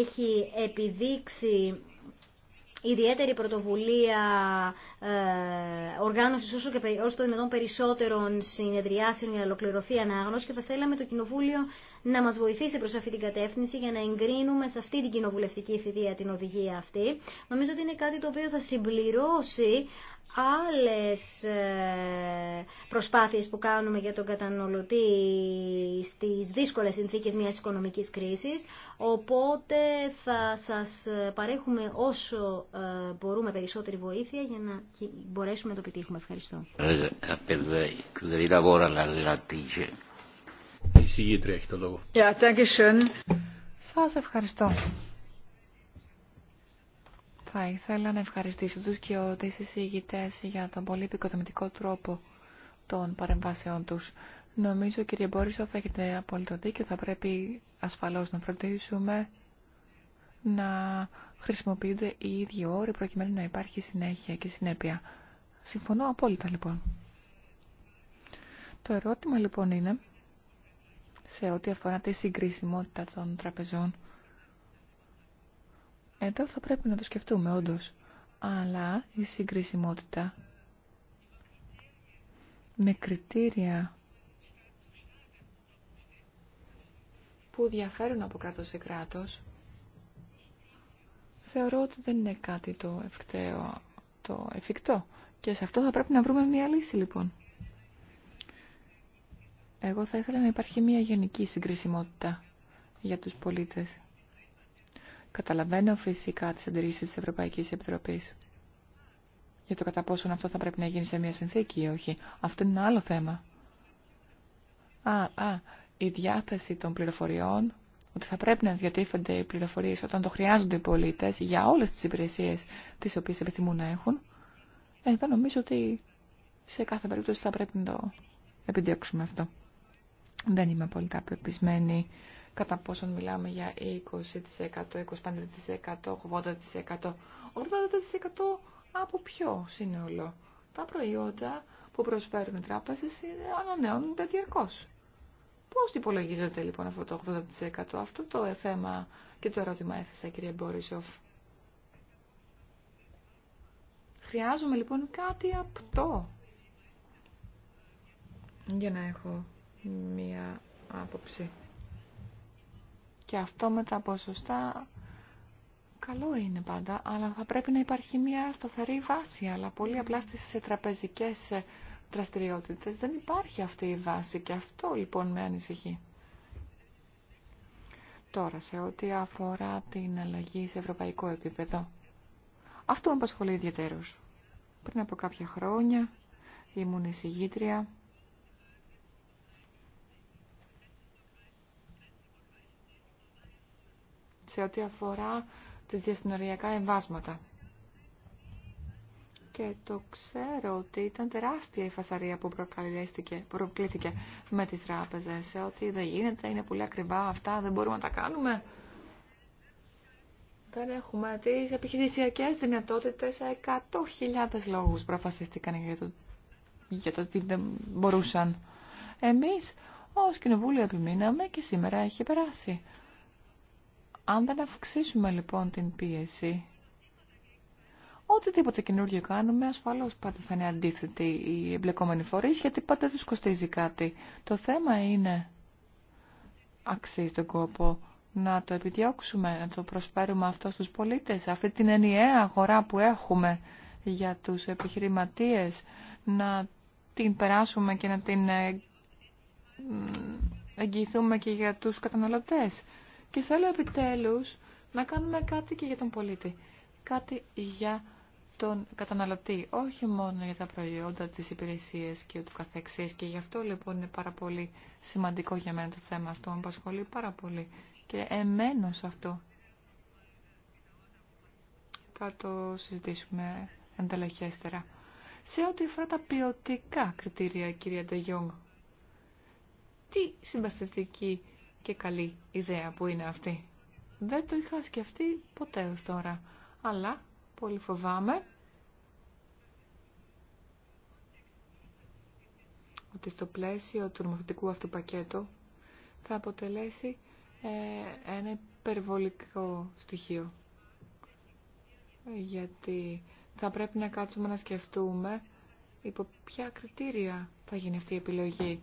έχει επιδείξει ιδιαίτερη πρωτοβουλία ε, οργάνωση όσο και όσο το δυνατόν περισσότερων συνεδριάσεων για να ολοκληρωθεί ανάγνωση και θα θέλαμε το Κοινοβούλιο να μας βοηθήσει προς αυτή την κατεύθυνση για να εγκρίνουμε σε αυτή την κοινοβουλευτική θητεία την οδηγία αυτή. Νομίζω ότι είναι κάτι το οποίο θα συμπληρώσει άλλες ε, προσπάθειες που κάνουμε για τον καταναλωτή στις δύσκολες συνθήκες μιας οικονομικής κρίσης, οπότε θα σας ε, παρέχουμε όσο ε, μπορούμε περισσότερη βοήθεια για να μπορέσουμε να το επιτύχουμε. Σας ευχαριστώ. Θα ήθελα να ευχαριστήσω τους και τις εισηγητές για τον πολύ επικοδομητικό τρόπο των παρεμβάσεών τους. Νομίζω, κύριε Μπόρισοφ, έχετε απόλυτο δίκιο. Θα πρέπει ασφαλώς να φροντίσουμε να χρησιμοποιούνται οι ίδιοι όροι προκειμένου να υπάρχει συνέχεια και συνέπεια. Συμφωνώ απόλυτα, λοιπόν. Το ερώτημα, λοιπόν, είναι σε ό,τι αφορά τη συγκρισιμότητα των τραπεζών εδώ θα πρέπει να το σκεφτούμε όντως. Αλλά η συγκρισιμότητα με κριτήρια που διαφέρουν από κράτος σε κράτος θεωρώ ότι δεν είναι κάτι το το εφικτό. Και σε αυτό θα πρέπει να βρούμε μια λύση λοιπόν. Εγώ θα ήθελα να υπάρχει μια γενική συγκρισιμότητα για τους πολίτες. Καταλαβαίνω φυσικά τις αντιρρήσεις της Ευρωπαϊκής Επιτροπής για το κατά πόσον αυτό θα πρέπει να γίνει σε μια συνθήκη ή όχι. Αυτό είναι ένα άλλο θέμα. Α, α, η διάθεση των πληροφοριών, ότι θα πρέπει να διατίθενται οι πληροφορίες όταν το χρειάζονται οι πολίτες για όλες τις υπηρεσίες τις οποίες επιθυμούν να έχουν. Εδώ νομίζω ότι σε κάθε περίπτωση θα πρέπει να το επιδιώξουμε αυτό. Δεν είμαι πολύ πεπισμένη κατά πόσον μιλάμε για 20%, 25%, 80%. 80% από ποιο σύνολο. Τα προϊόντα που προσφέρουν οι τράπεζες ανανεώνονται διαρκώς. Πώς υπολογίζεται λοιπόν αυτό το 80% αυτό το θέμα και το ερώτημα έθεσα κύριε Μπόρισοφ. Χρειάζομαι λοιπόν κάτι απτό για να έχω μία άποψη. Και αυτό με τα ποσοστά καλό είναι πάντα, αλλά θα πρέπει να υπάρχει μια σταθερή βάση. Αλλά πολύ απλά στις τραπεζικές ε, δραστηριότητες δεν υπάρχει αυτή η βάση και αυτό λοιπόν με ανησυχεί. Τώρα, σε ό,τι αφορά την αλλαγή σε ευρωπαϊκό επίπεδο. Αυτό με απασχολεί ιδιαίτερως. Πριν από κάποια χρόνια ήμουν εισηγήτρια σε ό,τι αφορά τις διασυνοριακά εμβάσματα. Και το ξέρω ότι ήταν τεράστια η φασαρία που προκλήθηκε με τις τράπεζες. Ότι δεν γίνεται, είναι πολύ ακριβά αυτά, δεν μπορούμε να τα κάνουμε. Δεν έχουμε τις επιχειρησιακές δυνατότητες. 100.000 λόγους προφασίστηκαν για το, για το ότι δεν μπορούσαν. Εμείς ως κοινοβούλιο επιμείναμε και σήμερα έχει περάσει. Αν δεν αυξήσουμε λοιπόν την πίεση, οτιδήποτε καινούργιο κάνουμε, ασφαλώς πάντα θα είναι αντίθετη η εμπλεκόμενη φορείς, γιατί πάντα τους κοστίζει κάτι. Το θέμα είναι, αξίζει τον κόπο, να το επιδιώξουμε, να το προσφέρουμε αυτό στους πολίτες, αυτή την ενιαία αγορά που έχουμε για τους επιχειρηματίες, να την περάσουμε και να την ε, εγγυηθούμε και για τους καταναλωτές. Και θέλω επιτέλους να κάνουμε κάτι και για τον πολίτη. Κάτι για τον καταναλωτή, όχι μόνο για τα προϊόντα, τις υπηρεσίες και του καθεξής. Και γι' αυτό λοιπόν είναι πάρα πολύ σημαντικό για μένα το θέμα αυτό, με απασχολεί πάρα πολύ. Και εμένω αυτό θα το συζητήσουμε εντελεχέστερα. Σε ό,τι αφορά τα ποιοτικά κριτήρια, κυρία Ντεγιόγκ, τι συμπαθητική και καλή ιδέα που είναι αυτή. Δεν το είχα σκεφτεί ποτέ ως τώρα, αλλά πολύ φοβάμαι ότι στο πλαίσιο του νομοθετικού αυτού πακέτου θα αποτελέσει ε, ένα υπερβολικό στοιχείο. Γιατί θα πρέπει να κάτσουμε να σκεφτούμε υπό ποια κριτήρια θα γίνει αυτή η επιλογή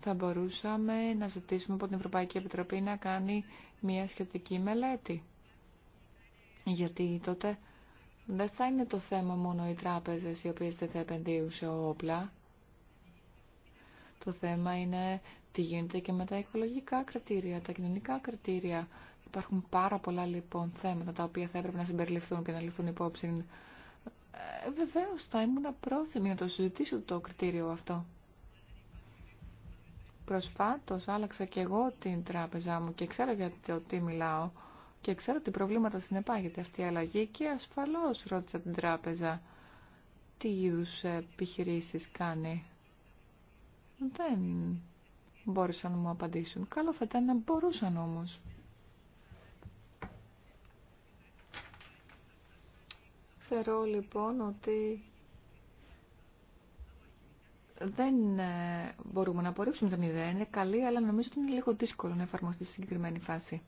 θα μπορούσαμε να ζητήσουμε από την Ευρωπαϊκή Επιτροπή να κάνει μια σχετική μελέτη. Γιατί τότε δεν θα είναι το θέμα μόνο οι τράπεζες οι οποίες δεν θα επενδύουν σε όπλα. Το θέμα είναι τι γίνεται και με τα οικολογικά κριτήρια, τα κοινωνικά κριτήρια. Υπάρχουν πάρα πολλά λοιπόν θέματα τα οποία θα έπρεπε να συμπεριληφθούν και να ληφθούν υπόψη. Ε, Βεβαίω θα ήμουν πρόθυμη να το συζητήσω το κριτήριο αυτό. Προσφάτως άλλαξα και εγώ την τράπεζά μου και ξέρω γιατί το τι μιλάω και ξέρω τι προβλήματα συνεπάγεται αυτή η αλλαγή και ασφαλώς ρώτησα την τράπεζα τι είδους επιχειρήσεις κάνει. Δεν μπόρεσαν να μου απαντήσουν. Καλό θα ήταν να μπορούσαν όμως. Θεωρώ λοιπόν ότι δεν ε, μπορούμε να απορρίψουμε την ιδέα. Είναι καλή, αλλά νομίζω ότι είναι λίγο δύσκολο να εφαρμοστεί στη συγκεκριμένη φάση.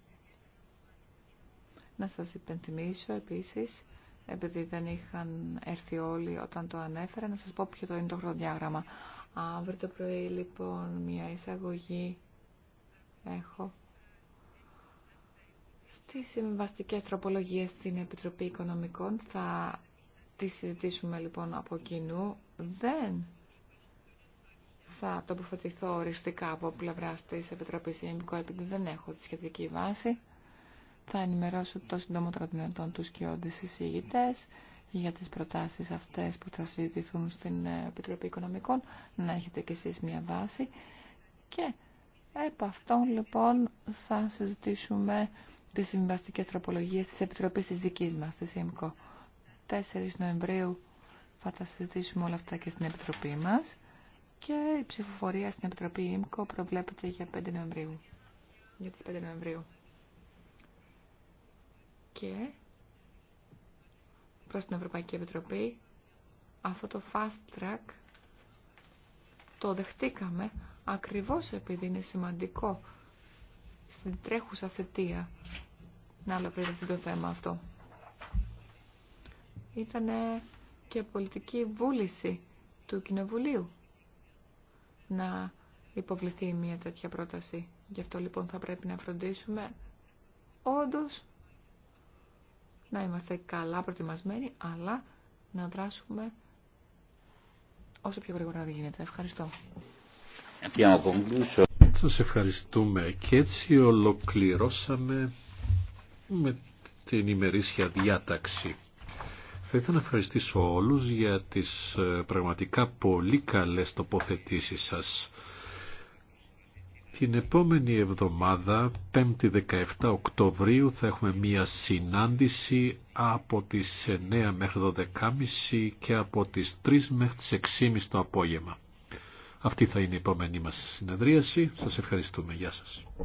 Να σας υπενθυμίσω επίσης, επειδή δεν είχαν έρθει όλοι όταν το ανέφερα, να σας πω ποιο το είναι το χρονοδιάγραμμα. Αύριο το πρωί, λοιπόν, μια εισαγωγή έχω στις συμβαστικέ τροπολογίε στην Επιτροπή Οικονομικών. Θα τη συζητήσουμε, λοιπόν, από κοινού. Δεν θα τοποθετηθώ οριστικά από πλευρά τη Επιτροπή Γενικό, επειδή δεν έχω τη σχετική βάση. Θα ενημερώσω το συντομότερο δυνατόν του και συζητητέ για τι προτάσει αυτέ που θα συζητηθούν στην Επιτροπή Οικονομικών, να έχετε κι εσεί μια βάση. Και επ' αυτόν λοιπόν θα συζητήσουμε τι συμβαστικέ τροπολογίε τη Επιτροπή τη δική μα της ΕΜΚΟ. 4 Νοεμβρίου θα τα συζητήσουμε όλα αυτά και στην Επιτροπή μας και η ψηφοφορία στην Επιτροπή ΙΜΚΟ προβλέπεται για 5 Νοεμβρίου. Για τις 5 Νοεμβρίου. Και προς την Ευρωπαϊκή Επιτροπή αυτό το fast track το δεχτήκαμε ακριβώς επειδή είναι σημαντικό στην τρέχουσα θετία να ολοκληρωθεί το θέμα αυτό. Ήτανε και πολιτική βούληση του Κοινοβουλίου να υποβληθεί μια τέτοια πρόταση. Γι' αυτό λοιπόν θα πρέπει να φροντίσουμε όντως να είμαστε καλά προετοιμασμένοι, αλλά να δράσουμε όσο πιο γρήγορα γίνεται. Ευχαριστώ. Σας ευχαριστούμε και έτσι ολοκληρώσαμε με την ημερήσια διάταξη. Θα ήθελα να ευχαριστήσω όλους για τις ε, πραγματικά πολύ καλές τοποθετήσεις σας. Την επόμενη εβδομάδα, 5η 17 Οκτωβρίου, θα έχουμε μία συνάντηση από τις 9 μέχρι 12.30 και από τις 3 μέχρι τις 6.30 το απόγευμα. Αυτή θα είναι η επόμενή μας συνεδρίαση. Σας ευχαριστούμε. Γεια σας.